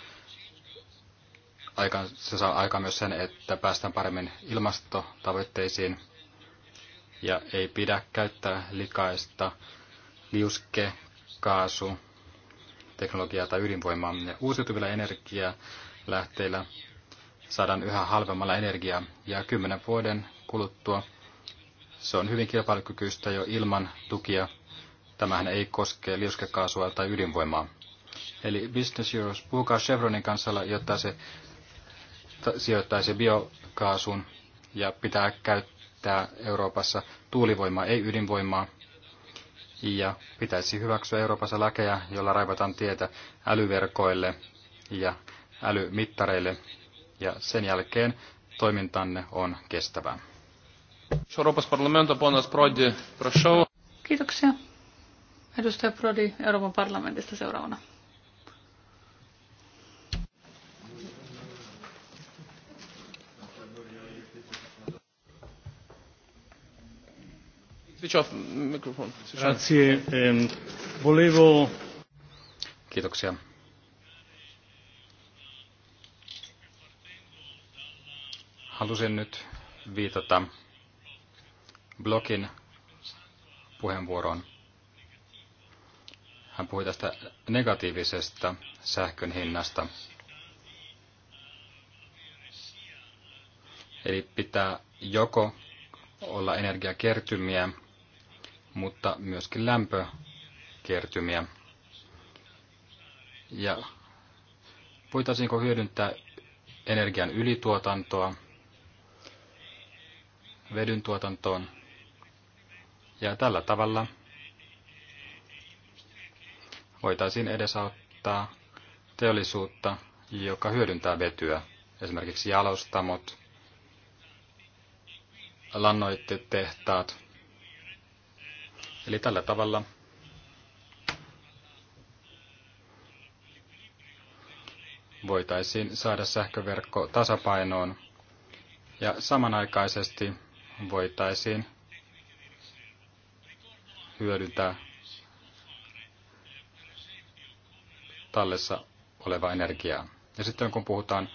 aikaan, se saa aikaan myös sen, että päästään paremmin ilmastotavoitteisiin ja ei pidä käyttää likaista liuske, kaasu, teknologiaa tai ydinvoimaa. Ja uusiutuvilla energialähteillä saadaan yhä halvemmalla energiaa ja kymmenen vuoden kuluttua se on hyvin kilpailukykyistä jo ilman tukia. Tämähän ei koske liuskekaasua tai ydinvoimaa. Eli Business Euros puhukaa Chevronin kanssa, jotta se sijoittaisi biokaasun ja pitää käyttää Euroopassa tuulivoimaa, ei ydinvoimaa. Ja pitäisi hyväksyä Euroopassa lakeja, joilla raivataan tietä älyverkoille ja älymittareille. Ja sen jälkeen toimintanne on kestävää. Euroopan parlamento ponas Prodi, prosau. Kiitoksia. Edustaja Prodi Euroopan parlamentista seuraavana. Ehm, Kiitoksia. Halusin nyt viitata Blokin puheenvuoroon. Hän puhui tästä negatiivisesta sähkön hinnasta. Eli pitää joko olla energiakertymiä, mutta myöskin lämpökertymiä. Ja voitaisiinko hyödyntää energian ylituotantoa vedyn tuotantoon ja tällä tavalla voitaisiin edesauttaa teollisuutta, joka hyödyntää vetyä, esimerkiksi jalostamot, lannoitetehtaat. Eli tällä tavalla voitaisiin saada sähköverkko tasapainoon ja samanaikaisesti voitaisiin hyödyntää tallessa olevaa energiaa. Ja sitten kun puhutaan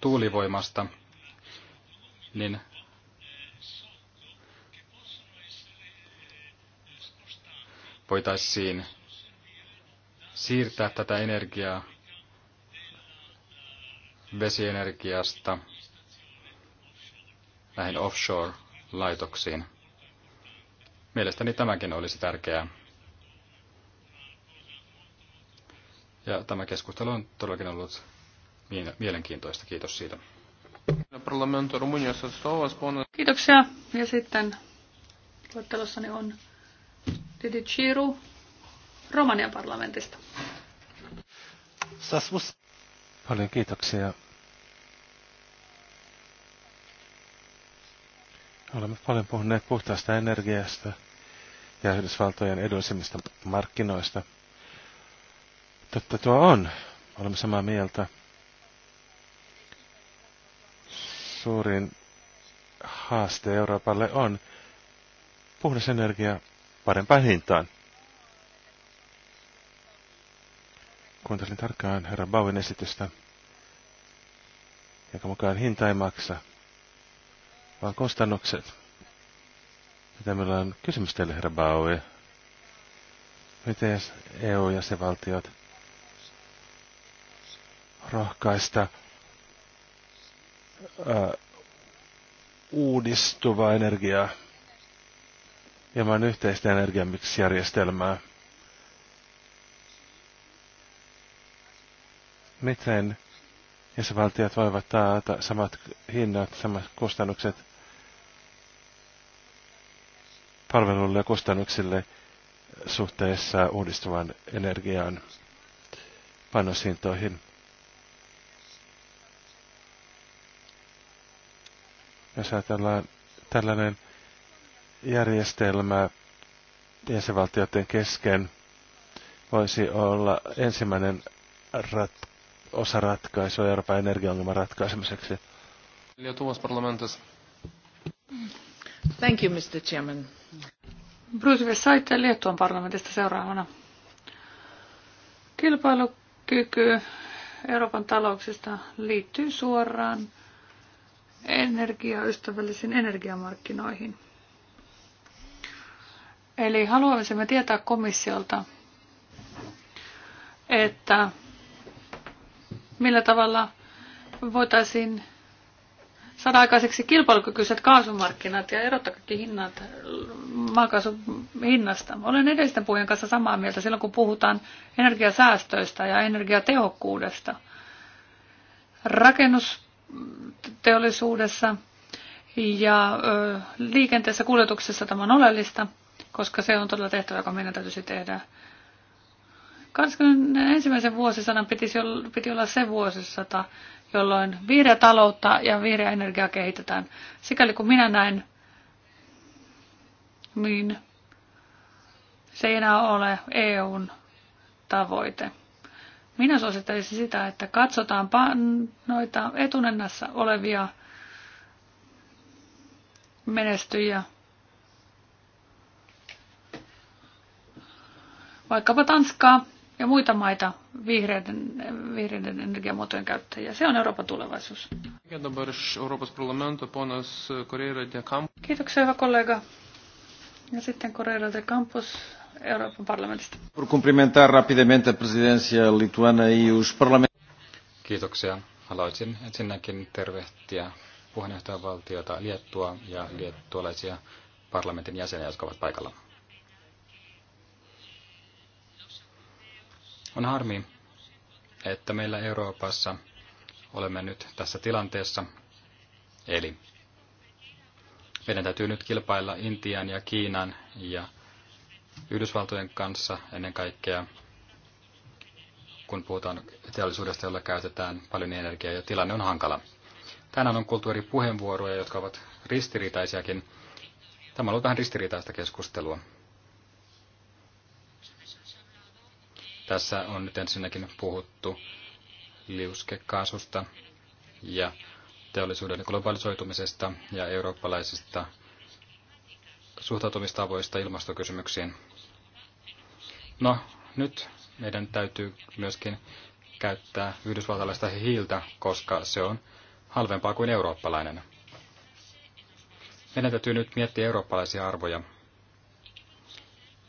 tuulivoimasta, niin voitaisiin siirtää tätä energiaa vesienergiasta näihin offshore-laitoksiin. Mielestäni tämäkin olisi tärkeää. Ja tämä keskustelu on todellakin ollut mielenkiintoista. Kiitos siitä. Kiitoksia. Ja sitten luettelossani on Didi Chiru Romanian parlamentista. Paljon kiitoksia. Olemme paljon puhuneet puhtaasta energiasta – ja Yhdysvaltojen edullisimmista markkinoista. Totta tuo on. Olemme samaa mieltä. Suurin haaste Euroopalle on puhdas energia parempaan hintaan. Kuuntelin tarkkaan herra Bauin esitystä, joka mukaan hinta ei maksa, vaan kustannukset. Mitä meillä on kysymys teille, herra Baue? Miten EU-jäsenvaltiot rohkaista ää, uudistuvaa energiaa ilman yhteistä energiamiksijärjestelmää. Miten jäsenvaltiot voivat taata samat hinnat, samat kustannukset palveluille ja kustannuksille suhteessa uudistuvan energian panoshintoihin. Jos ajatellaan tällainen järjestelmä jäsenvaltioiden kesken, voisi olla ensimmäinen rat- osa ratkaisua Euroopan energiaongelman ratkaisemiseksi. Thank you, Mr. Chairman. Bruce Vesaite Liettuan parlamentista seuraavana. Kilpailukyky Euroopan talouksista liittyy suoraan energiaystävällisiin energiamarkkinoihin. Eli haluaisimme tietää komissiolta, että millä tavalla voitaisiin saada aikaiseksi kilpailukykyiset kaasumarkkinat ja erottaa kaikki hinnat maakaasun hinnasta. Olen edellisten puhujen kanssa samaa mieltä silloin, kun puhutaan energiasäästöistä ja energiatehokkuudesta. Rakennusteollisuudessa ja ö, liikenteessä kuljetuksessa tämä on oleellista, koska se on todella tehtävä, joka meidän täytyisi tehdä. 21. vuosisadan piti, piti olla se vuosisata, jolloin vihreä taloutta ja vihreä energiaa kehitetään. Sikäli kun minä näen, niin se ei enää ole EUn tavoite. Minä suosittelisin sitä, että katsotaan noita etunennässä olevia menestyjiä. Vaikkapa Tanskaa, ja muita maita vihreiden, vihreiden energiamuotojen käyttäjiä. Se on Euroopan tulevaisuus. Kiitoksia, hyvä kollega. Ja sitten Correira de Campos Euroopan parlamentista. Por cumprimentar rapidamente a presidencia lituana e os Kiitoksia. Haluaisin ensinnäkin tervehtiä puheenjohtajavaltiota Liettua ja liettualaisia parlamentin jäseniä, jotka ovat paikalla. On harmi, että meillä Euroopassa olemme nyt tässä tilanteessa. Eli meidän täytyy nyt kilpailla Intian ja Kiinan ja Yhdysvaltojen kanssa ennen kaikkea, kun puhutaan teollisuudesta, jolla käytetään paljon energiaa ja tilanne on hankala. Tänään on kuultu eri puheenvuoroja, jotka ovat ristiriitaisiakin. Tämä on ollut vähän ristiriitaista keskustelua. Tässä on nyt ensinnäkin puhuttu liuskekaasusta ja teollisuuden globalisoitumisesta ja eurooppalaisista suhtautumistavoista ilmastokysymyksiin. No, nyt meidän täytyy myöskin käyttää yhdysvaltalaista hiiltä, koska se on halvempaa kuin eurooppalainen. Meidän täytyy nyt miettiä eurooppalaisia arvoja.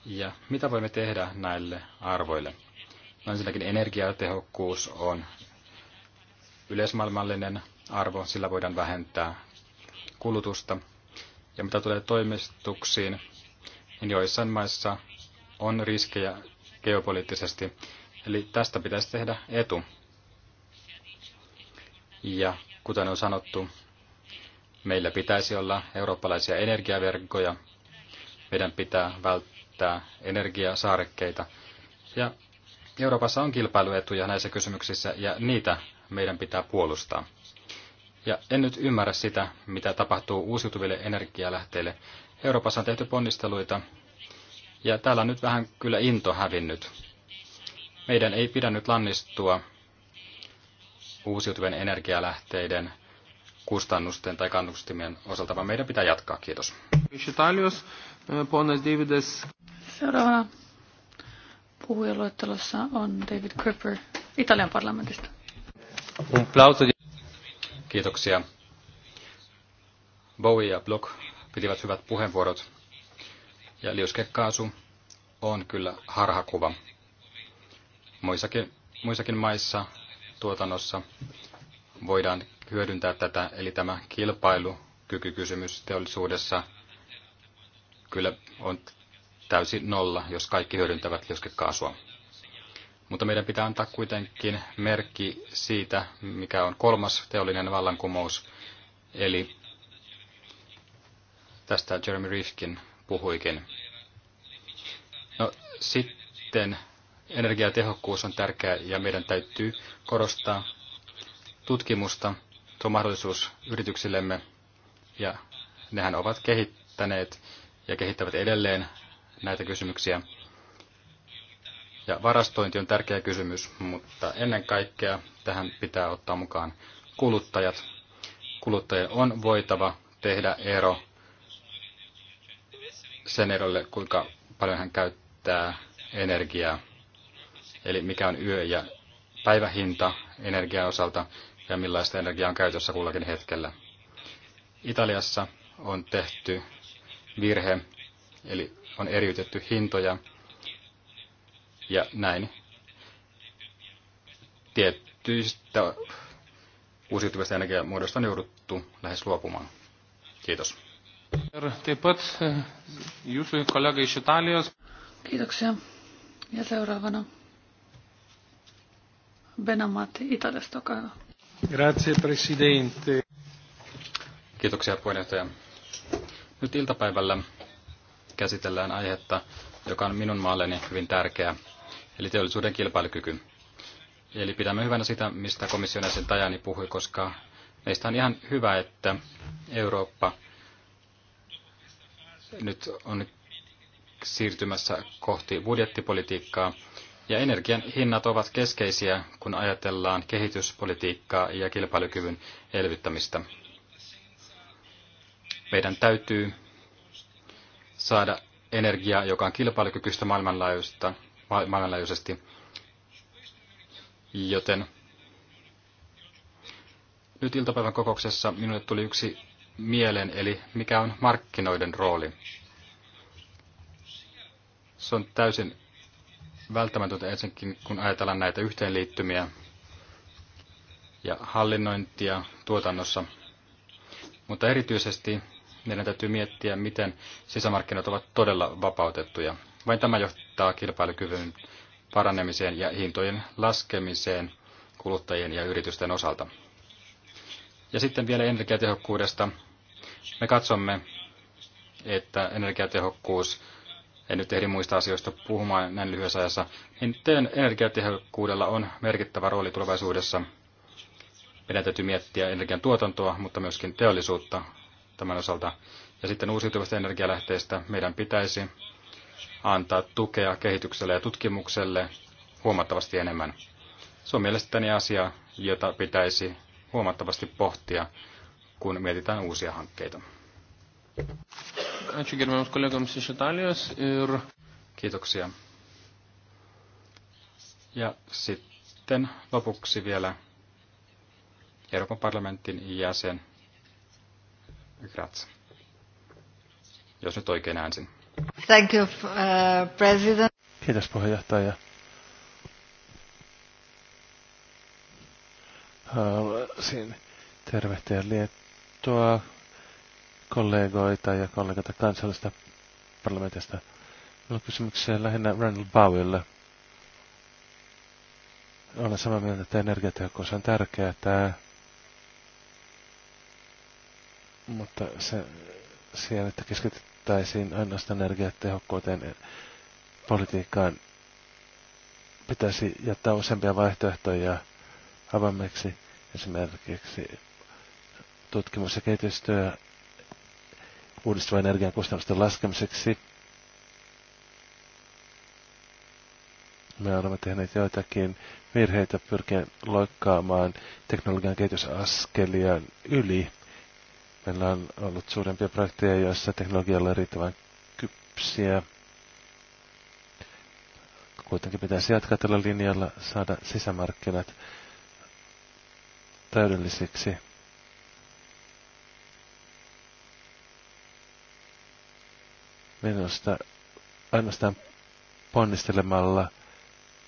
Ja mitä voimme tehdä näille arvoille? No ensinnäkin energiatehokkuus on yleismaailmallinen arvo, sillä voidaan vähentää kulutusta. Ja mitä tulee toimistuksiin, niin joissain maissa on riskejä geopoliittisesti. Eli tästä pitäisi tehdä etu. Ja kuten on sanottu, meillä pitäisi olla eurooppalaisia energiaverkkoja, meidän pitää välttää energiasaarekkeita ja Euroopassa on kilpailuetuja näissä kysymyksissä ja niitä meidän pitää puolustaa. Ja en nyt ymmärrä sitä, mitä tapahtuu uusiutuville energialähteille. Euroopassa on tehty ponnisteluita ja täällä on nyt vähän kyllä into hävinnyt. Meidän ei pidä nyt lannistua uusiutuvien energialähteiden kustannusten tai kannustimien osalta, vaan meidän pitää jatkaa. Kiitos. E, Seuraavana Puhujaluettelossa on David Gripper Italian parlamentista. Kiitoksia. Bowie ja Block pitivät hyvät puheenvuorot. Ja liuskekaasu on kyllä harhakuva. Muissakin, muissakin maissa tuotannossa voidaan hyödyntää tätä, eli tämä kilpailukykykysymys teollisuudessa kyllä on täysin nolla, jos kaikki hyödyntävät liuskekaasua. Mutta meidän pitää antaa kuitenkin merkki siitä, mikä on kolmas teollinen vallankumous. Eli tästä Jeremy Rifkin puhuikin. No, sitten energiatehokkuus on tärkeä ja meidän täytyy korostaa tutkimusta. Tuo mahdollisuus yrityksillemme ja nehän ovat kehittäneet ja kehittävät edelleen näitä kysymyksiä. Ja varastointi on tärkeä kysymys, mutta ennen kaikkea tähän pitää ottaa mukaan kuluttajat. Kuluttajien on voitava tehdä ero sen erolle, kuinka paljon hän käyttää energiaa. Eli mikä on yö- ja päivähinta energian osalta ja millaista energiaa on käytössä kullakin hetkellä. Italiassa on tehty virhe, eli on eriytetty hintoja ja näin tietyistä uusiutuvista energiamuodoista on jouduttu lähes luopumaan. Kiitos. Kiitoksia. Ja seuraavana Benamati Italiasta, olkaa Grazie, Presidente. Kiitoksia puheenjohtaja. Nyt iltapäivällä käsitellään aihetta, joka on minun maalleni hyvin tärkeä, eli teollisuuden kilpailukyky. Eli pidämme hyvänä sitä, mistä komission jäsen Tajani puhui, koska meistä on ihan hyvä, että Eurooppa nyt on siirtymässä kohti budjettipolitiikkaa, ja energian hinnat ovat keskeisiä, kun ajatellaan kehityspolitiikkaa ja kilpailukyvyn elvyttämistä. Meidän täytyy saada energiaa, joka on kilpailukykyistä maailmanlaajuista, maailmanlaajuisesti. Joten nyt iltapäivän kokouksessa minulle tuli yksi mieleen, eli mikä on markkinoiden rooli. Se on täysin välttämätöntä ensinnäkin, kun ajatellaan näitä yhteenliittymiä ja hallinnointia tuotannossa. Mutta erityisesti meidän täytyy miettiä, miten sisämarkkinat ovat todella vapautettuja. Vain tämä johtaa kilpailukyvyn paranemiseen ja hintojen laskemiseen kuluttajien ja yritysten osalta. Ja sitten vielä energiatehokkuudesta. Me katsomme, että energiatehokkuus, en nyt ehdi muista asioista puhumaan näin lyhyessä ajassa, niin teidän energiatehokkuudella on merkittävä rooli tulevaisuudessa. Meidän täytyy miettiä energian tuotantoa, mutta myöskin teollisuutta, tämän osalta. Ja sitten uusiutuvista energialähteistä meidän pitäisi antaa tukea kehitykselle ja tutkimukselle huomattavasti enemmän. Se on mielestäni asia, jota pitäisi huomattavasti pohtia, kun mietitään uusia hankkeita. Kiitoksia. Ja sitten lopuksi vielä Euroopan parlamentin jäsen Grazie. Jos nyt oikein äänsin. Thank you, uh, President. Kiitos puheenjohtaja. Haluaisin tervehtiä Liettua kollegoita ja kollegoita kansallisesta parlamentista. Minulla on kysymyksiä lähinnä Randall Bowille. Olen samaa mieltä, että energiatehokkuus on tärkeää. Tämä mutta se, siellä, että keskityttäisiin ainoastaan energiatehokkuuteen eh, politiikkaan, pitäisi jättää useampia vaihtoehtoja avammeksi Esimerkiksi tutkimus- ja kehitystyö uudistuvan energian kustannusten laskemiseksi. Me olemme tehneet joitakin virheitä pyrkien loikkaamaan teknologian kehitysaskelia yli. Meillä on ollut suurempia projekteja, joissa teknologialla on riittävän kypsiä. Kuitenkin pitäisi jatkaa tällä linjalla, saada sisämarkkinat täydellisiksi. Minusta ainoastaan ponnistelemalla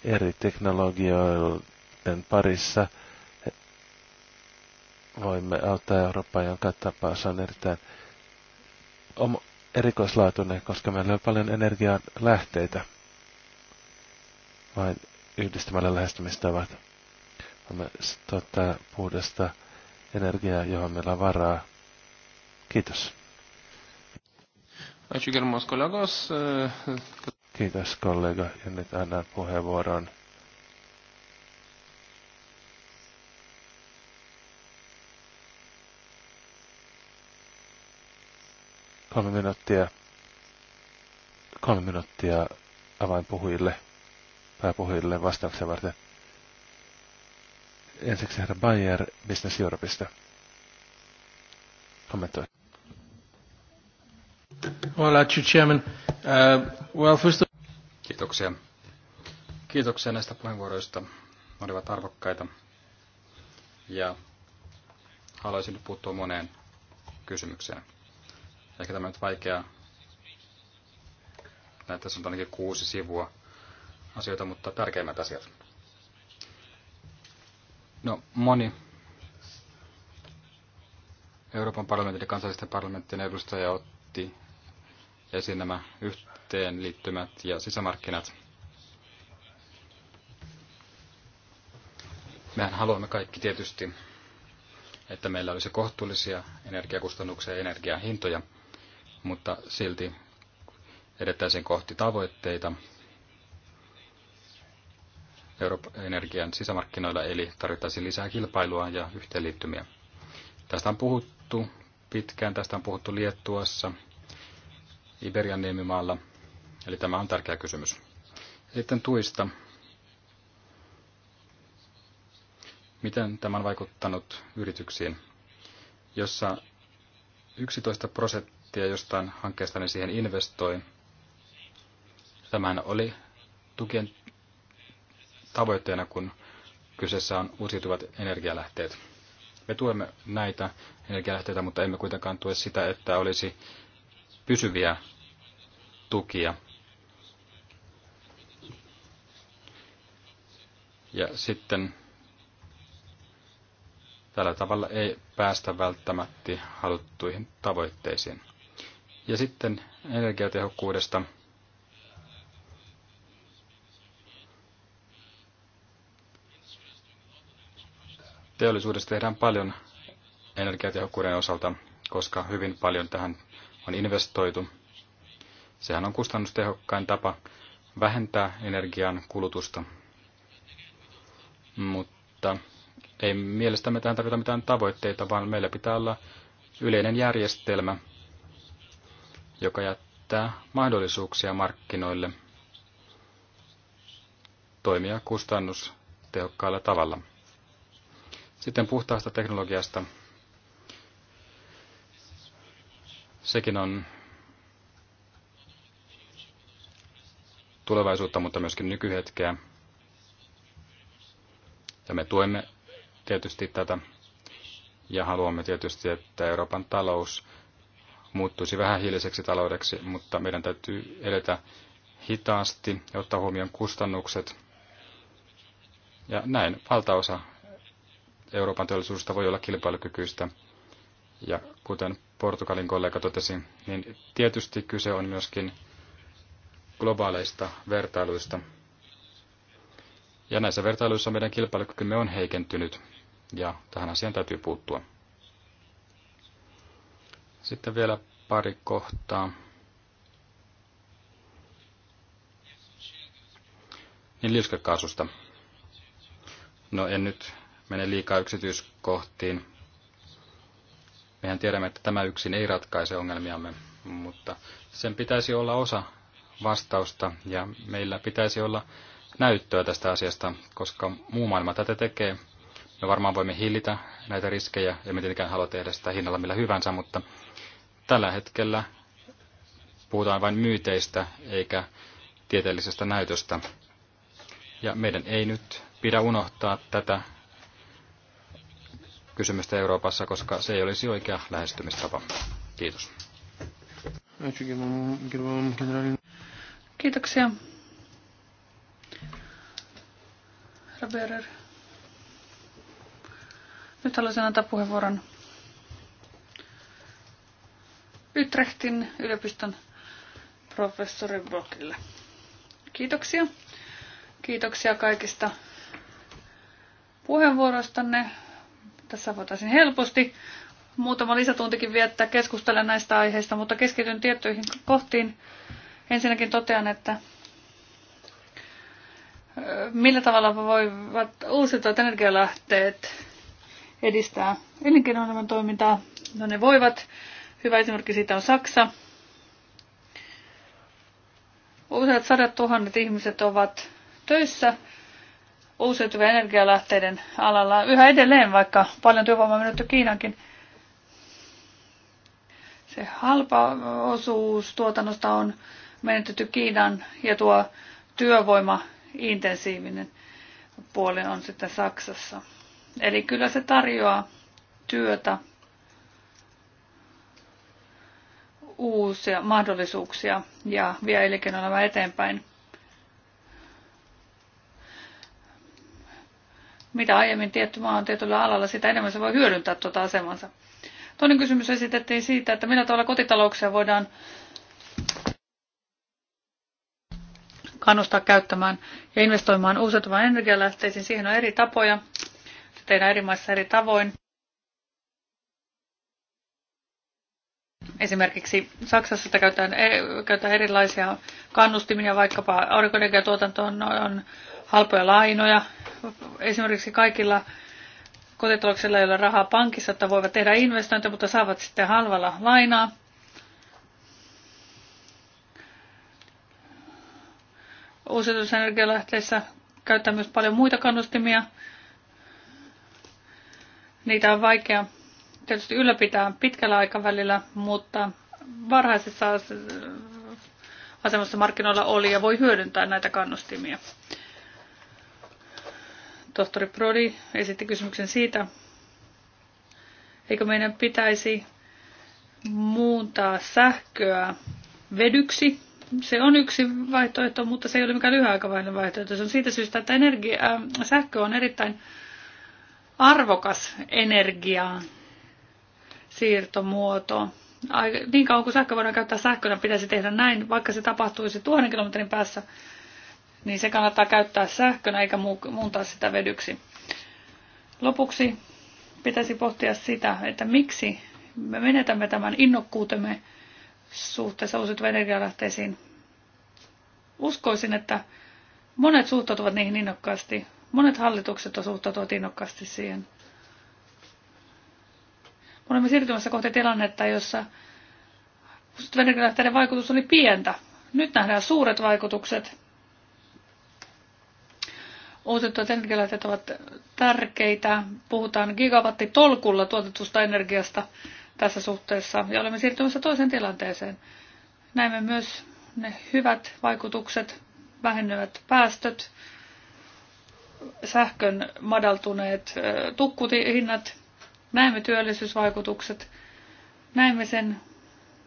eri teknologioiden parissa – voimme auttaa Eurooppaa, jonka tapaus on erittäin erikoislaatuinen, koska meillä on paljon energian lähteitä vain yhdistämällä lähestymistavat. Voimme tuottaa puhdasta energiaa, johon meillä on varaa. Kiitos. Kiitos kollega ja nyt annan puheenvuoron Kolme minuuttia, kolme minuuttia avainpuhujille, pääpuhujille vastauksia varten. Ensiksi herra Bayer Business Europeista. Kommentoi. Well, Chairman. Uh, well, first of... Kiitoksia. Kiitoksia näistä puheenvuoroista. Ne olivat arvokkaita. Ja haluaisin nyt puuttua moneen kysymykseen. Ehkä tämä on nyt vaikea, näin tässä on ainakin kuusi sivua asioita, mutta tärkeimmät asiat. No, moni Euroopan parlamentin ja kansallisten parlamenttien edustaja otti esiin nämä yhteenliittymät ja sisämarkkinat. Mehän haluamme kaikki tietysti, että meillä olisi kohtuullisia energiakustannuksia ja energiahintoja. hintoja mutta silti edettäisiin kohti tavoitteita Euroopan energian sisämarkkinoilla, eli tarvittaisiin lisää kilpailua ja yhteenliittymiä. Tästä on puhuttu pitkään, tästä on puhuttu Liettuassa, Iberian niemimaalla, eli tämä on tärkeä kysymys. Sitten tuista. Miten tämä on vaikuttanut yrityksiin, jossa 11 prosenttia prosenttia jostain hankkeesta, niin siihen investoi. Tämän oli tukien tavoitteena, kun kyseessä on uusiutuvat energialähteet. Me tuemme näitä energialähteitä, mutta emme kuitenkaan tue sitä, että olisi pysyviä tukia. Ja sitten tällä tavalla ei päästä välttämättä haluttuihin tavoitteisiin. Ja sitten energiatehokkuudesta. Teollisuudessa tehdään paljon energiatehokkuuden osalta, koska hyvin paljon tähän on investoitu. Sehän on kustannustehokkain tapa vähentää energian kulutusta. Mutta ei mielestämme tähän tarvita mitään tavoitteita, vaan meillä pitää olla yleinen järjestelmä – joka jättää mahdollisuuksia markkinoille toimia kustannustehokkaalla tavalla. Sitten puhtaasta teknologiasta. Sekin on tulevaisuutta, mutta myöskin nykyhetkeä. Ja me tuemme tietysti tätä ja haluamme tietysti, että Euroopan talous muuttuisi vähähiiliseksi taloudeksi, mutta meidän täytyy edetä hitaasti ja ottaa huomioon kustannukset. Ja näin valtaosa Euroopan teollisuudesta voi olla kilpailukykyistä. Ja kuten Portugalin kollega totesi, niin tietysti kyse on myöskin globaaleista vertailuista. Ja näissä vertailuissa meidän kilpailukykymme on heikentynyt, ja tähän asiaan täytyy puuttua. Sitten vielä pari kohtaa. Niin liuskekaasusta. No en nyt mene liikaa yksityiskohtiin. Mehän tiedämme, että tämä yksin ei ratkaise ongelmiamme, mutta sen pitäisi olla osa vastausta ja meillä pitäisi olla näyttöä tästä asiasta, koska muu maailma tätä tekee. Me varmaan voimme hillitä näitä riskejä. Emme tietenkään halua tehdä sitä hinnalla millä hyvänsä, mutta tällä hetkellä puhutaan vain myyteistä eikä tieteellisestä näytöstä. Ja meidän ei nyt pidä unohtaa tätä kysymystä Euroopassa, koska se ei olisi oikea lähestymistapa. Kiitos. Kiitoksia. Herra nyt haluaisin antaa puheenvuoron Utrechtin yliopiston professori Brockille. Kiitoksia. Kiitoksia kaikista puheenvuoroistanne. Tässä voitaisiin helposti muutama lisätuntikin viettää keskustella näistä aiheista, mutta keskityn tiettyihin kohtiin. Ensinnäkin totean, että millä tavalla voivat uusiutuvat energialähteet edistää elinkeinoelämän toimintaa. No ne voivat. Hyvä esimerkki siitä on Saksa. Useat sadat tuhannet ihmiset ovat töissä uusiutuvien energialähteiden alalla yhä edelleen, vaikka paljon työvoimaa on mennyt Kiinankin. Se halpa osuus tuotannosta on menetetty Kiinan ja tuo työvoima intensiivinen puoli on sitten Saksassa. Eli kyllä se tarjoaa työtä, uusia mahdollisuuksia ja vie elinkeinoelämää eteenpäin. Mitä aiemmin tietty maa on tietyllä alalla, sitä enemmän se voi hyödyntää tuota asemansa. Toinen kysymys esitettiin siitä, että millä tavalla kotitalouksia voidaan kannustaa käyttämään ja investoimaan uusiutuvan energialähteisiin. Siihen on eri tapoja tehdään eri maissa eri tavoin. Esimerkiksi Saksassa sitä käytetään, e- käytetään erilaisia kannustimia, vaikkapa aurinkoenergiatuotanto on, on halpoja lainoja. Esimerkiksi kaikilla kotitalouksilla ei ole rahaa pankissa, että voivat tehdä investointeja, mutta saavat sitten halvalla lainaa. Uusiutusenergialähteissä käyttää myös paljon muita kannustimia, Niitä on vaikea tietysti ylläpitää pitkällä aikavälillä, mutta varhaisessa äh, asemassa markkinoilla oli ja voi hyödyntää näitä kannustimia. Tohtori Prodi esitti kysymyksen siitä, eikö meidän pitäisi muuntaa sähköä vedyksi. Se on yksi vaihtoehto, mutta se ei ole mikään lyhyaikavainen vaihtoehto. Se on siitä syystä, että energia, äh, sähkö on erittäin arvokas energia siirtomuoto. Niin kauan kuin sähkö voidaan käyttää sähkönä, pitäisi tehdä näin, vaikka se tapahtuisi tuhannen kilometrin päässä, niin se kannattaa käyttää sähkönä eikä muuntaa sitä vedyksi. Lopuksi pitäisi pohtia sitä, että miksi me menetämme tämän innokkuutemme suhteessa uusiutuviin energialähteisiin. Uskoisin, että monet suhtautuvat niihin innokkaasti, Monet hallitukset on suhtautuvat tuota innokkaasti siihen. Me olemme siirtymässä kohti tilannetta, jossa vedenlähteiden vaikutus oli pientä. Nyt nähdään suuret vaikutukset. Uusiutuvat energialähteet ovat tärkeitä. Puhutaan gigawattitolkulla tuotetusta energiasta tässä suhteessa ja olemme siirtymässä toiseen tilanteeseen. Näemme myös ne hyvät vaikutukset, vähennyvät päästöt, sähkön madaltuneet tukkuhinnat, näemme työllisyysvaikutukset, näemme sen,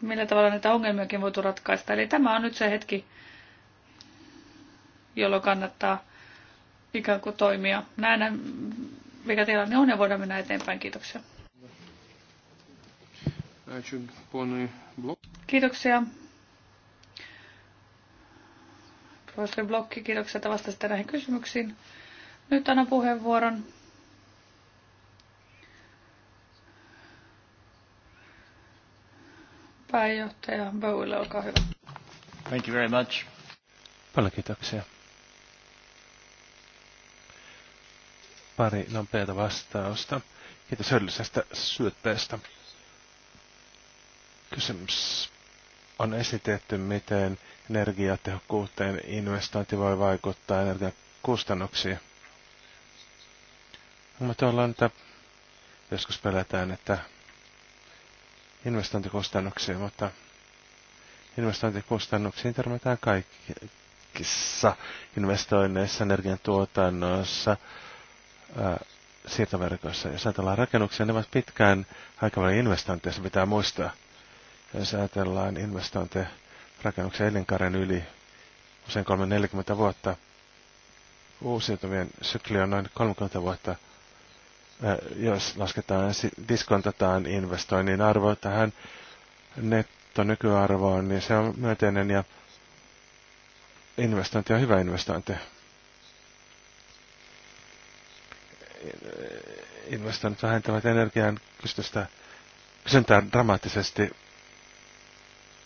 millä tavalla näitä ongelmiakin voitu ratkaista. Eli tämä on nyt se hetki, jolloin kannattaa ikään kuin toimia. Nähdä, mikä tilanne on ja voidaan mennä eteenpäin. Kiitoksia. Kiitoksia. Professori Blokki, kiitoksia, että vastasitte näihin kysymyksiin. Nyt annan puheenvuoron pääjohtaja Bowille, olkaa hyvä. Thank you very much. Paljon kiitoksia. Pari nopeata vastausta. Kiitos höllisestä syötteestä. Kysymys on esitetty, miten energiatehokkuuteen investointi voi vaikuttaa energian kustannuksiin. Mä ollaan, että joskus pelätään, että investointikustannuksia, mutta investointikustannuksiin törmätään kaikissa investoinneissa, energiantuotannossa, siirtoverkoissa. Jos ajatellaan rakennuksia, ne ovat pitkään aikavälin investointeja, se pitää muistaa. Jos ajatellaan investointeja rakennuksen elinkaaren yli usein 30-40 vuotta, uusiutuvien sykli on noin 30 vuotta – Äh, jos lasketaan, diskontataan investoinnin arvo tähän netto-nykyarvoon, niin se on myönteinen ja investointi on hyvä investointi. Investoinnit vähentävät energian kysystä, kysyntää dramaattisesti.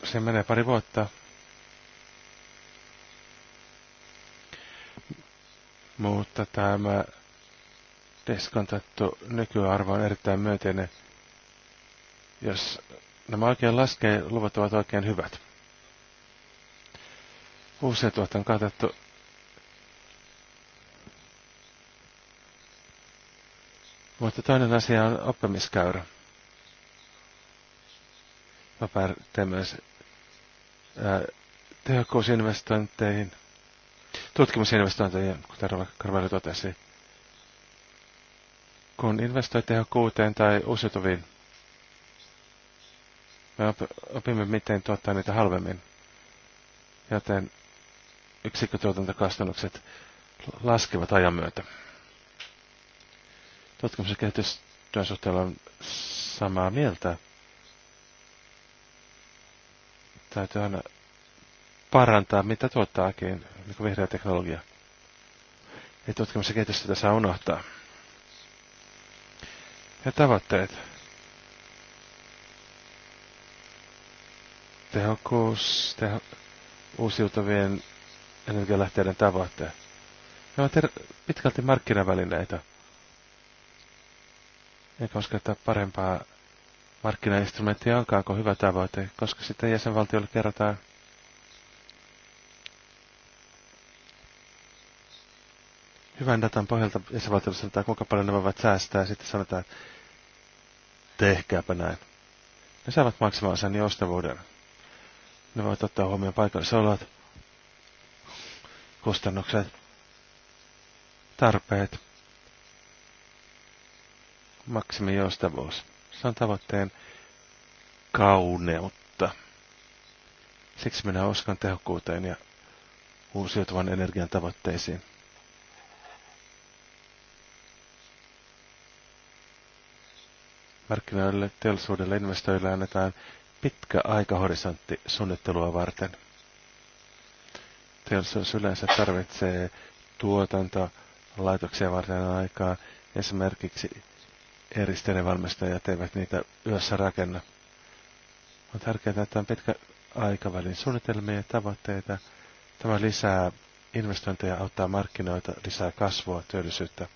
Se menee pari vuotta. Mutta tämä diskontattu nykyarvo on erittäin myönteinen. Jos nämä oikein laskee, luvat ovat oikein hyvät. Uusia tuota on katettu Mutta toinen asia on oppimiskäyrä. Mä päätän myös tehokkuusinvestointeihin, tutkimusinvestointeihin, kuten Karvali totesi kun investoi tehokkuuteen tai uusiutuviin. Me opimme, miten tuottaa niitä halvemmin. Joten yksikkötuotantokustannukset laskevat ajan myötä. Tutkimus- ja kehitystyön suhteella on samaa mieltä. Täytyy aina parantaa, mitä tuottaakin, niin kuin vihreä teknologia. Ei tutkimus- ja kehitystyötä saa unohtaa ja tavoitteet. Tehokkuus, teho, uusiutuvien energialähteiden tavoitteet. Ne ovat er-, pitkälti markkinavälineitä. Enkä usko, että parempaa markkinainstrumenttia onkaan kuin hyvä tavoite, koska sitten jäsenvaltiolle kerrotaan, hyvän datan pohjalta jäsenvaltiolla sanotaan, kuinka paljon ne voivat säästää, ja sitten sanotaan, että tehkääpä näin. Ne saavat maksimaalisen joustavuuden. Niin ne voivat ottaa huomioon paikallisolot, kustannukset, tarpeet, maksimijoustavuus. Se on tavoitteen kauneutta. Siksi minä uskon tehokkuuteen ja uusiutuvan energian tavoitteisiin. markkinoille, teollisuudelle, investoijille annetaan pitkä aikahorisontti suunnittelua varten. Teollisuus yleensä tarvitsee tuotantolaitoksia varten aikaa. Esimerkiksi eristeiden valmistajat eivät niitä yössä rakenna. On tärkeää, että on pitkä aikavälin suunnitelmia ja tavoitteita. Tämä lisää investointeja, auttaa markkinoita, lisää kasvua, työllisyyttä.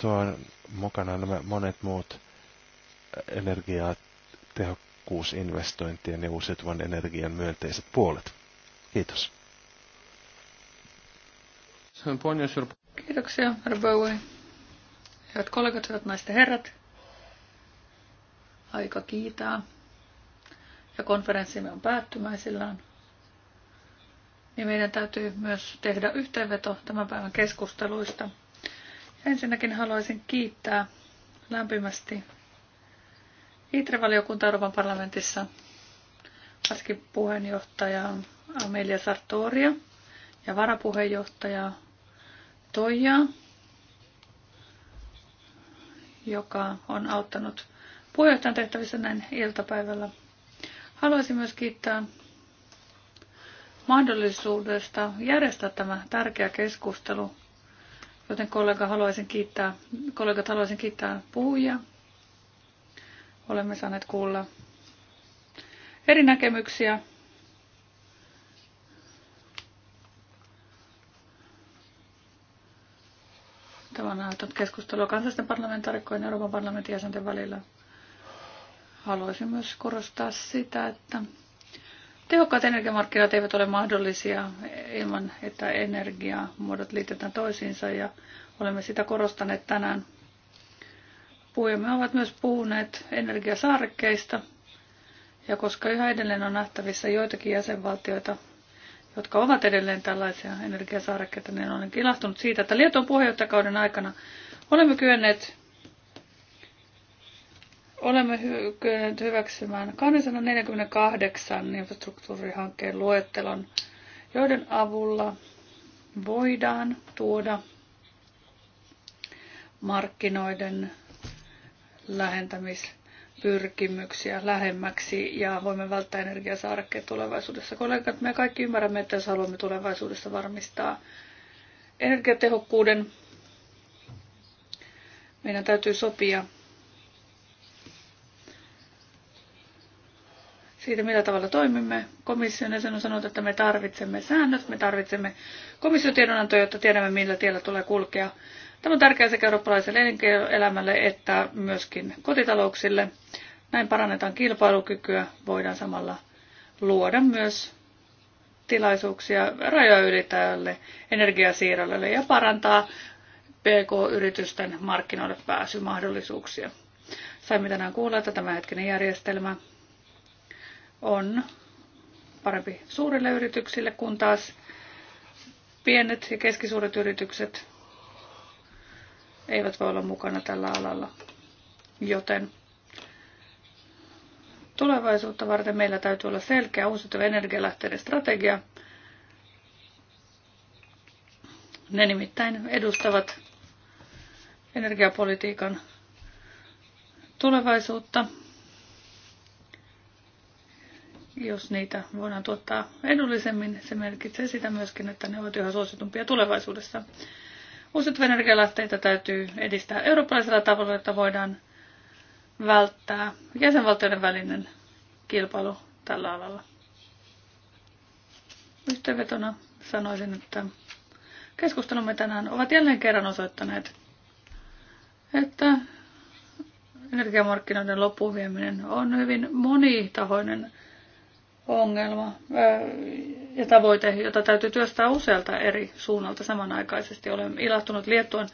Tuo on mukana nämä monet muut energiatehokkuusinvestointien ja uusiutuvan energian myönteiset puolet. Kiitos. Kiitoksia, herra Bowie. Hyvät kollegat, hyvät naiset ja herrat. Aika kiitää. Ja konferenssimme on päättymäisillään. Ja meidän täytyy myös tehdä yhteenveto tämän päivän keskusteluista – Ensinnäkin haluaisin kiittää lämpimästi ITRE-valiokunta Euroopan parlamentissa varsinkin puheenjohtaja Amelia Sartoria ja varapuheenjohtaja Toija, joka on auttanut puheenjohtajan tehtävissä näin iltapäivällä. Haluaisin myös kiittää mahdollisuudesta järjestää tämä tärkeä keskustelu Joten kollega haluaisin kiittää, kollegat haluaisin kiittää puhujia. Olemme saaneet kuulla eri näkemyksiä. Tämä on aiheuttanut keskustelua kansallisten parlamentaarikkojen ja Euroopan parlamentin jäsenten välillä. Haluaisin myös korostaa sitä, että Tehokkaat energiamarkkinat eivät ole mahdollisia ilman, että energiamuodot liitetään toisiinsa ja olemme sitä korostaneet tänään. Puhujamme ovat myös puhuneet energiasaarekkeista ja koska yhä edelleen on nähtävissä joitakin jäsenvaltioita, jotka ovat edelleen tällaisia energiasaarekkeita, niin olen kilahtunut siitä, että Lieton puheenjohtajakauden aikana olemme kyenneet olemme kyenneet hyväksymään 248 infrastruktuurihankkeen luettelon, joiden avulla voidaan tuoda markkinoiden lähentämispyrkimyksiä lähemmäksi ja voimme välttää energiasaarekkeet tulevaisuudessa. Kollegat, me kaikki ymmärrämme, että jos haluamme tulevaisuudessa varmistaa energiatehokkuuden, meidän täytyy sopia siitä, millä tavalla toimimme. Komission jäsen on sanonut, että me tarvitsemme säännöt, me tarvitsemme komissiotiedonantoja, jotta tiedämme, millä tiellä tulee kulkea. Tämä on tärkeää sekä eurooppalaiselle elinkeinoelämälle että myöskin kotitalouksille. Näin parannetaan kilpailukykyä, voidaan samalla luoda myös tilaisuuksia rajoylittäjälle, energiasiirrolle ja parantaa PK-yritysten markkinoille pääsymahdollisuuksia. Saimme tänään kuulla, että tämänhetkinen järjestelmä on parempi suurille yrityksille, kun taas pienet ja keskisuuret yritykset eivät voi olla mukana tällä alalla. Joten tulevaisuutta varten meillä täytyy olla selkeä uusiutuvien energialähteiden strategia. Ne nimittäin edustavat energiapolitiikan tulevaisuutta jos niitä voidaan tuottaa edullisemmin, se merkitsee sitä myöskin, että ne ovat yhä suositumpia tulevaisuudessa. Uusiutuvia energialähteitä täytyy edistää eurooppalaisella tavalla, että voidaan välttää jäsenvaltioiden välinen kilpailu tällä alalla. Yhteenvetona sanoisin, että keskustelumme tänään ovat jälleen kerran osoittaneet, että energiamarkkinoiden vieminen on hyvin monitahoinen ongelma ja tavoite, jota täytyy työstää usealta eri suunnalta samanaikaisesti. Olen ilahtunut Liettuan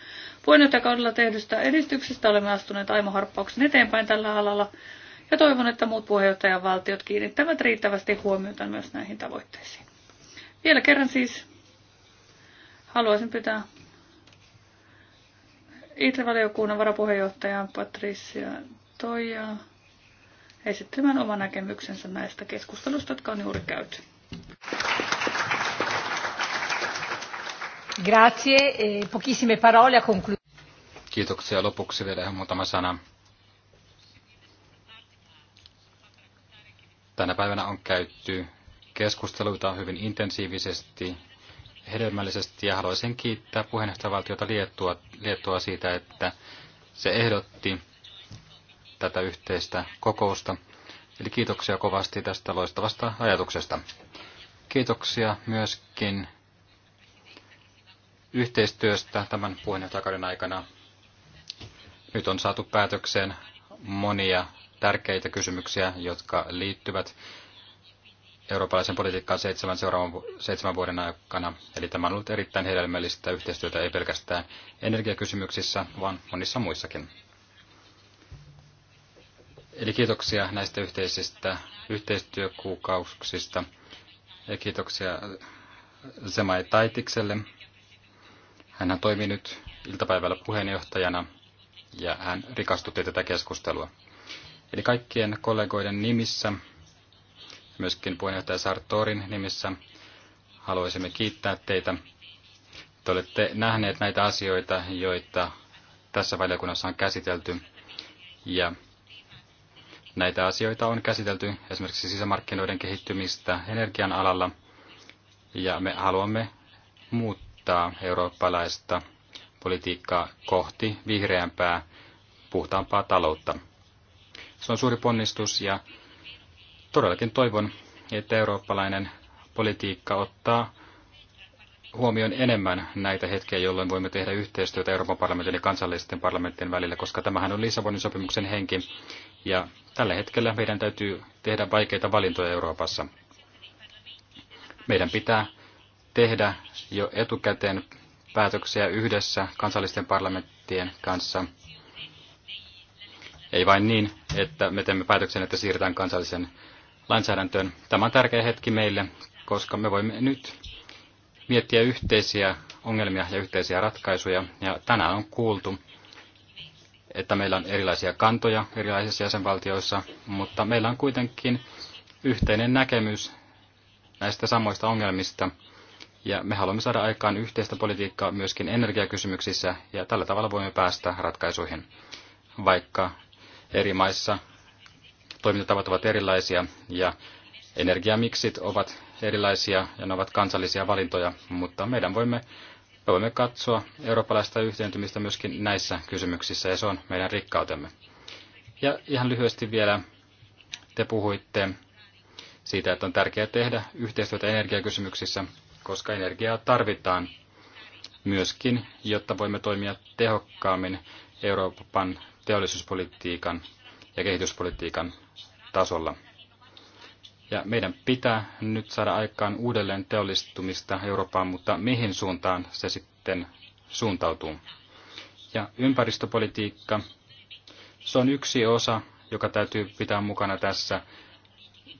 puheenjohtajakaudella tehdystä edistyksestä. Olemme astuneet Harppauksen eteenpäin tällä alalla ja toivon, että muut valtiot kiinnittävät riittävästi huomiota myös näihin tavoitteisiin. Vielä kerran siis haluaisin pitää IT-valiokunnan varapuheenjohtaja Patricia Toijaa esittämään oman näkemyksensä näistä keskustelusta, jotka on juuri käyty. Grazie, e pochissime parole a Kiitoksia. Lopuksi vielä ihan muutama sana. Tänä päivänä on käyty keskusteluita hyvin intensiivisesti, hedelmällisesti ja haluaisin kiittää puheenjohtajavaltiota Liettua, Liettua siitä, että se ehdotti tätä yhteistä kokousta. Eli kiitoksia kovasti tästä loistavasta ajatuksesta. Kiitoksia myöskin yhteistyöstä tämän puheenjohtajakauden aikana. Nyt on saatu päätökseen monia tärkeitä kysymyksiä, jotka liittyvät eurooppalaisen politiikkaan seitsemän seuraavan seitsemän vuoden aikana. Eli tämä on ollut erittäin hedelmällistä yhteistyötä ei pelkästään energiakysymyksissä, vaan monissa muissakin. Eli kiitoksia näistä yhteisistä yhteistyökuukauksista ja kiitoksia Semai Taitikselle. Hän toimi nyt iltapäivällä puheenjohtajana ja hän rikastutti tätä keskustelua. Eli kaikkien kollegoiden nimissä, myöskin puheenjohtaja Sartorin nimissä, haluaisimme kiittää teitä. Te olette nähneet näitä asioita, joita tässä valiokunnassa on käsitelty, ja Näitä asioita on käsitelty esimerkiksi sisämarkkinoiden kehittymistä energian alalla, ja me haluamme muuttaa eurooppalaista politiikkaa kohti vihreämpää, puhtaampaa taloutta. Se on suuri ponnistus ja todellakin toivon, että eurooppalainen politiikka ottaa huomioon enemmän näitä hetkiä, jolloin voimme tehdä yhteistyötä Euroopan parlamentin ja kansallisten parlamenttien välillä, koska tämähän on Lissabonin sopimuksen henki, ja tällä hetkellä meidän täytyy tehdä vaikeita valintoja Euroopassa. Meidän pitää tehdä jo etukäteen päätöksiä yhdessä kansallisten parlamenttien kanssa. Ei vain niin, että me teemme päätöksen, että siirretään kansallisen lainsäädäntöön. Tämä on tärkeä hetki meille, koska me voimme nyt miettiä yhteisiä ongelmia ja yhteisiä ratkaisuja. Ja tänään on kuultu, että meillä on erilaisia kantoja erilaisissa jäsenvaltioissa, mutta meillä on kuitenkin yhteinen näkemys näistä samoista ongelmista. Ja me haluamme saada aikaan yhteistä politiikkaa myöskin energiakysymyksissä, ja tällä tavalla voimme päästä ratkaisuihin. Vaikka eri maissa toimintatavat ovat erilaisia, ja energiamiksit ovat erilaisia, ja ne ovat kansallisia valintoja, mutta meidän voimme me voimme katsoa eurooppalaista yhteentymistä myöskin näissä kysymyksissä, ja se on meidän rikkautemme. Ja ihan lyhyesti vielä te puhuitte siitä, että on tärkeää tehdä yhteistyötä energiakysymyksissä, koska energiaa tarvitaan myöskin, jotta voimme toimia tehokkaammin Euroopan teollisuuspolitiikan ja kehityspolitiikan tasolla. Ja meidän pitää nyt saada aikaan uudelleen teollistumista Eurooppaan, mutta mihin suuntaan se sitten suuntautuu? Ja ympäristöpolitiikka, se on yksi osa, joka täytyy pitää mukana tässä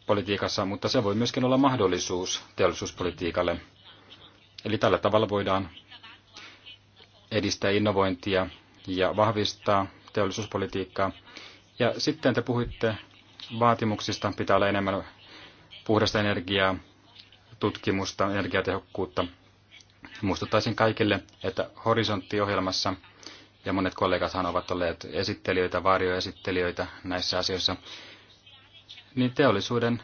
politiikassa, mutta se voi myöskin olla mahdollisuus teollisuuspolitiikalle. Eli tällä tavalla voidaan edistää innovointia ja vahvistaa teollisuuspolitiikkaa. Ja sitten te puhuitte vaatimuksista, pitää olla enemmän puhdasta energiaa, tutkimusta, energiatehokkuutta. Muistuttaisin kaikille, että horisonttiohjelmassa, ja monet kollegathan ovat olleet esittelijöitä, varjoesittelijöitä näissä asioissa, niin teollisuuden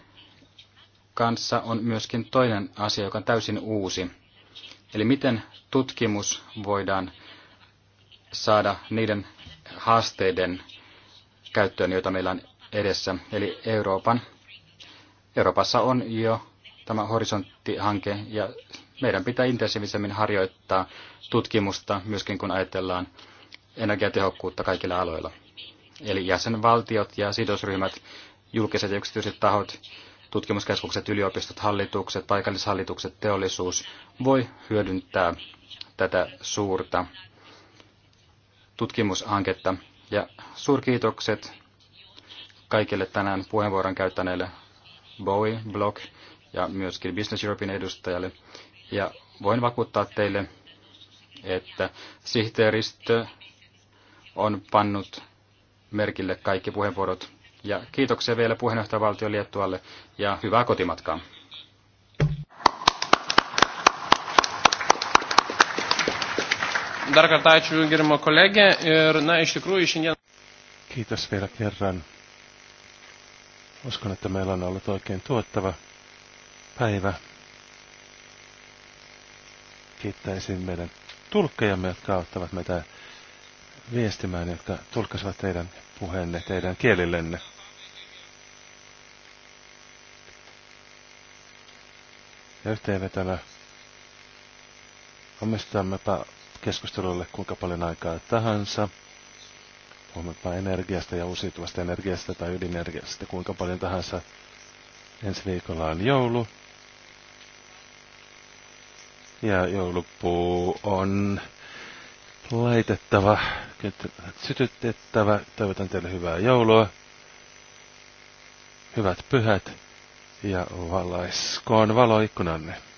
kanssa on myöskin toinen asia, joka on täysin uusi. Eli miten tutkimus voidaan saada niiden haasteiden käyttöön, joita meillä on edessä. Eli Euroopan Euroopassa on jo tämä horisonttihanke ja meidän pitää intensiivisemmin harjoittaa tutkimusta myöskin kun ajatellaan energiatehokkuutta kaikilla aloilla. Eli jäsenvaltiot ja sidosryhmät, julkiset ja yksityiset tahot, tutkimuskeskukset, yliopistot, hallitukset, paikallishallitukset, teollisuus voi hyödyntää tätä suurta tutkimushanketta. Ja suurkiitokset kaikille tänään puheenvuoron käyttäneille Bowie, Block ja myöskin Business Europein edustajalle. Ja voin vakuuttaa teille, että sihteeristö on pannut merkille kaikki puheenvuorot. Ja kiitoksia vielä puheenjohtajavaltio Liettualle ja hyvää kotimatkaa. Dar kartą ačiū gerimo kolegė ir, na, iš tikrųjų šiandien. Kiitos vielä kerran. Uskon, että meillä on ollut oikein tuottava päivä. Kiittäisin meidän tulkkejamme, jotka auttavat meitä viestimään, jotka tulkkasivat teidän puheenne, teidän kielillenne. Ja yhteenvetona omistammepa keskustelulle kuinka paljon aikaa tahansa puhumatta energiasta ja uusiutuvasta energiasta tai ydinenergiasta, kuinka paljon tahansa. Ensi viikolla on joulu. Ja joulupuu on laitettava, sytytettävä. Toivotan teille hyvää joulua, hyvät pyhät ja valaiskoon valoikkunanne.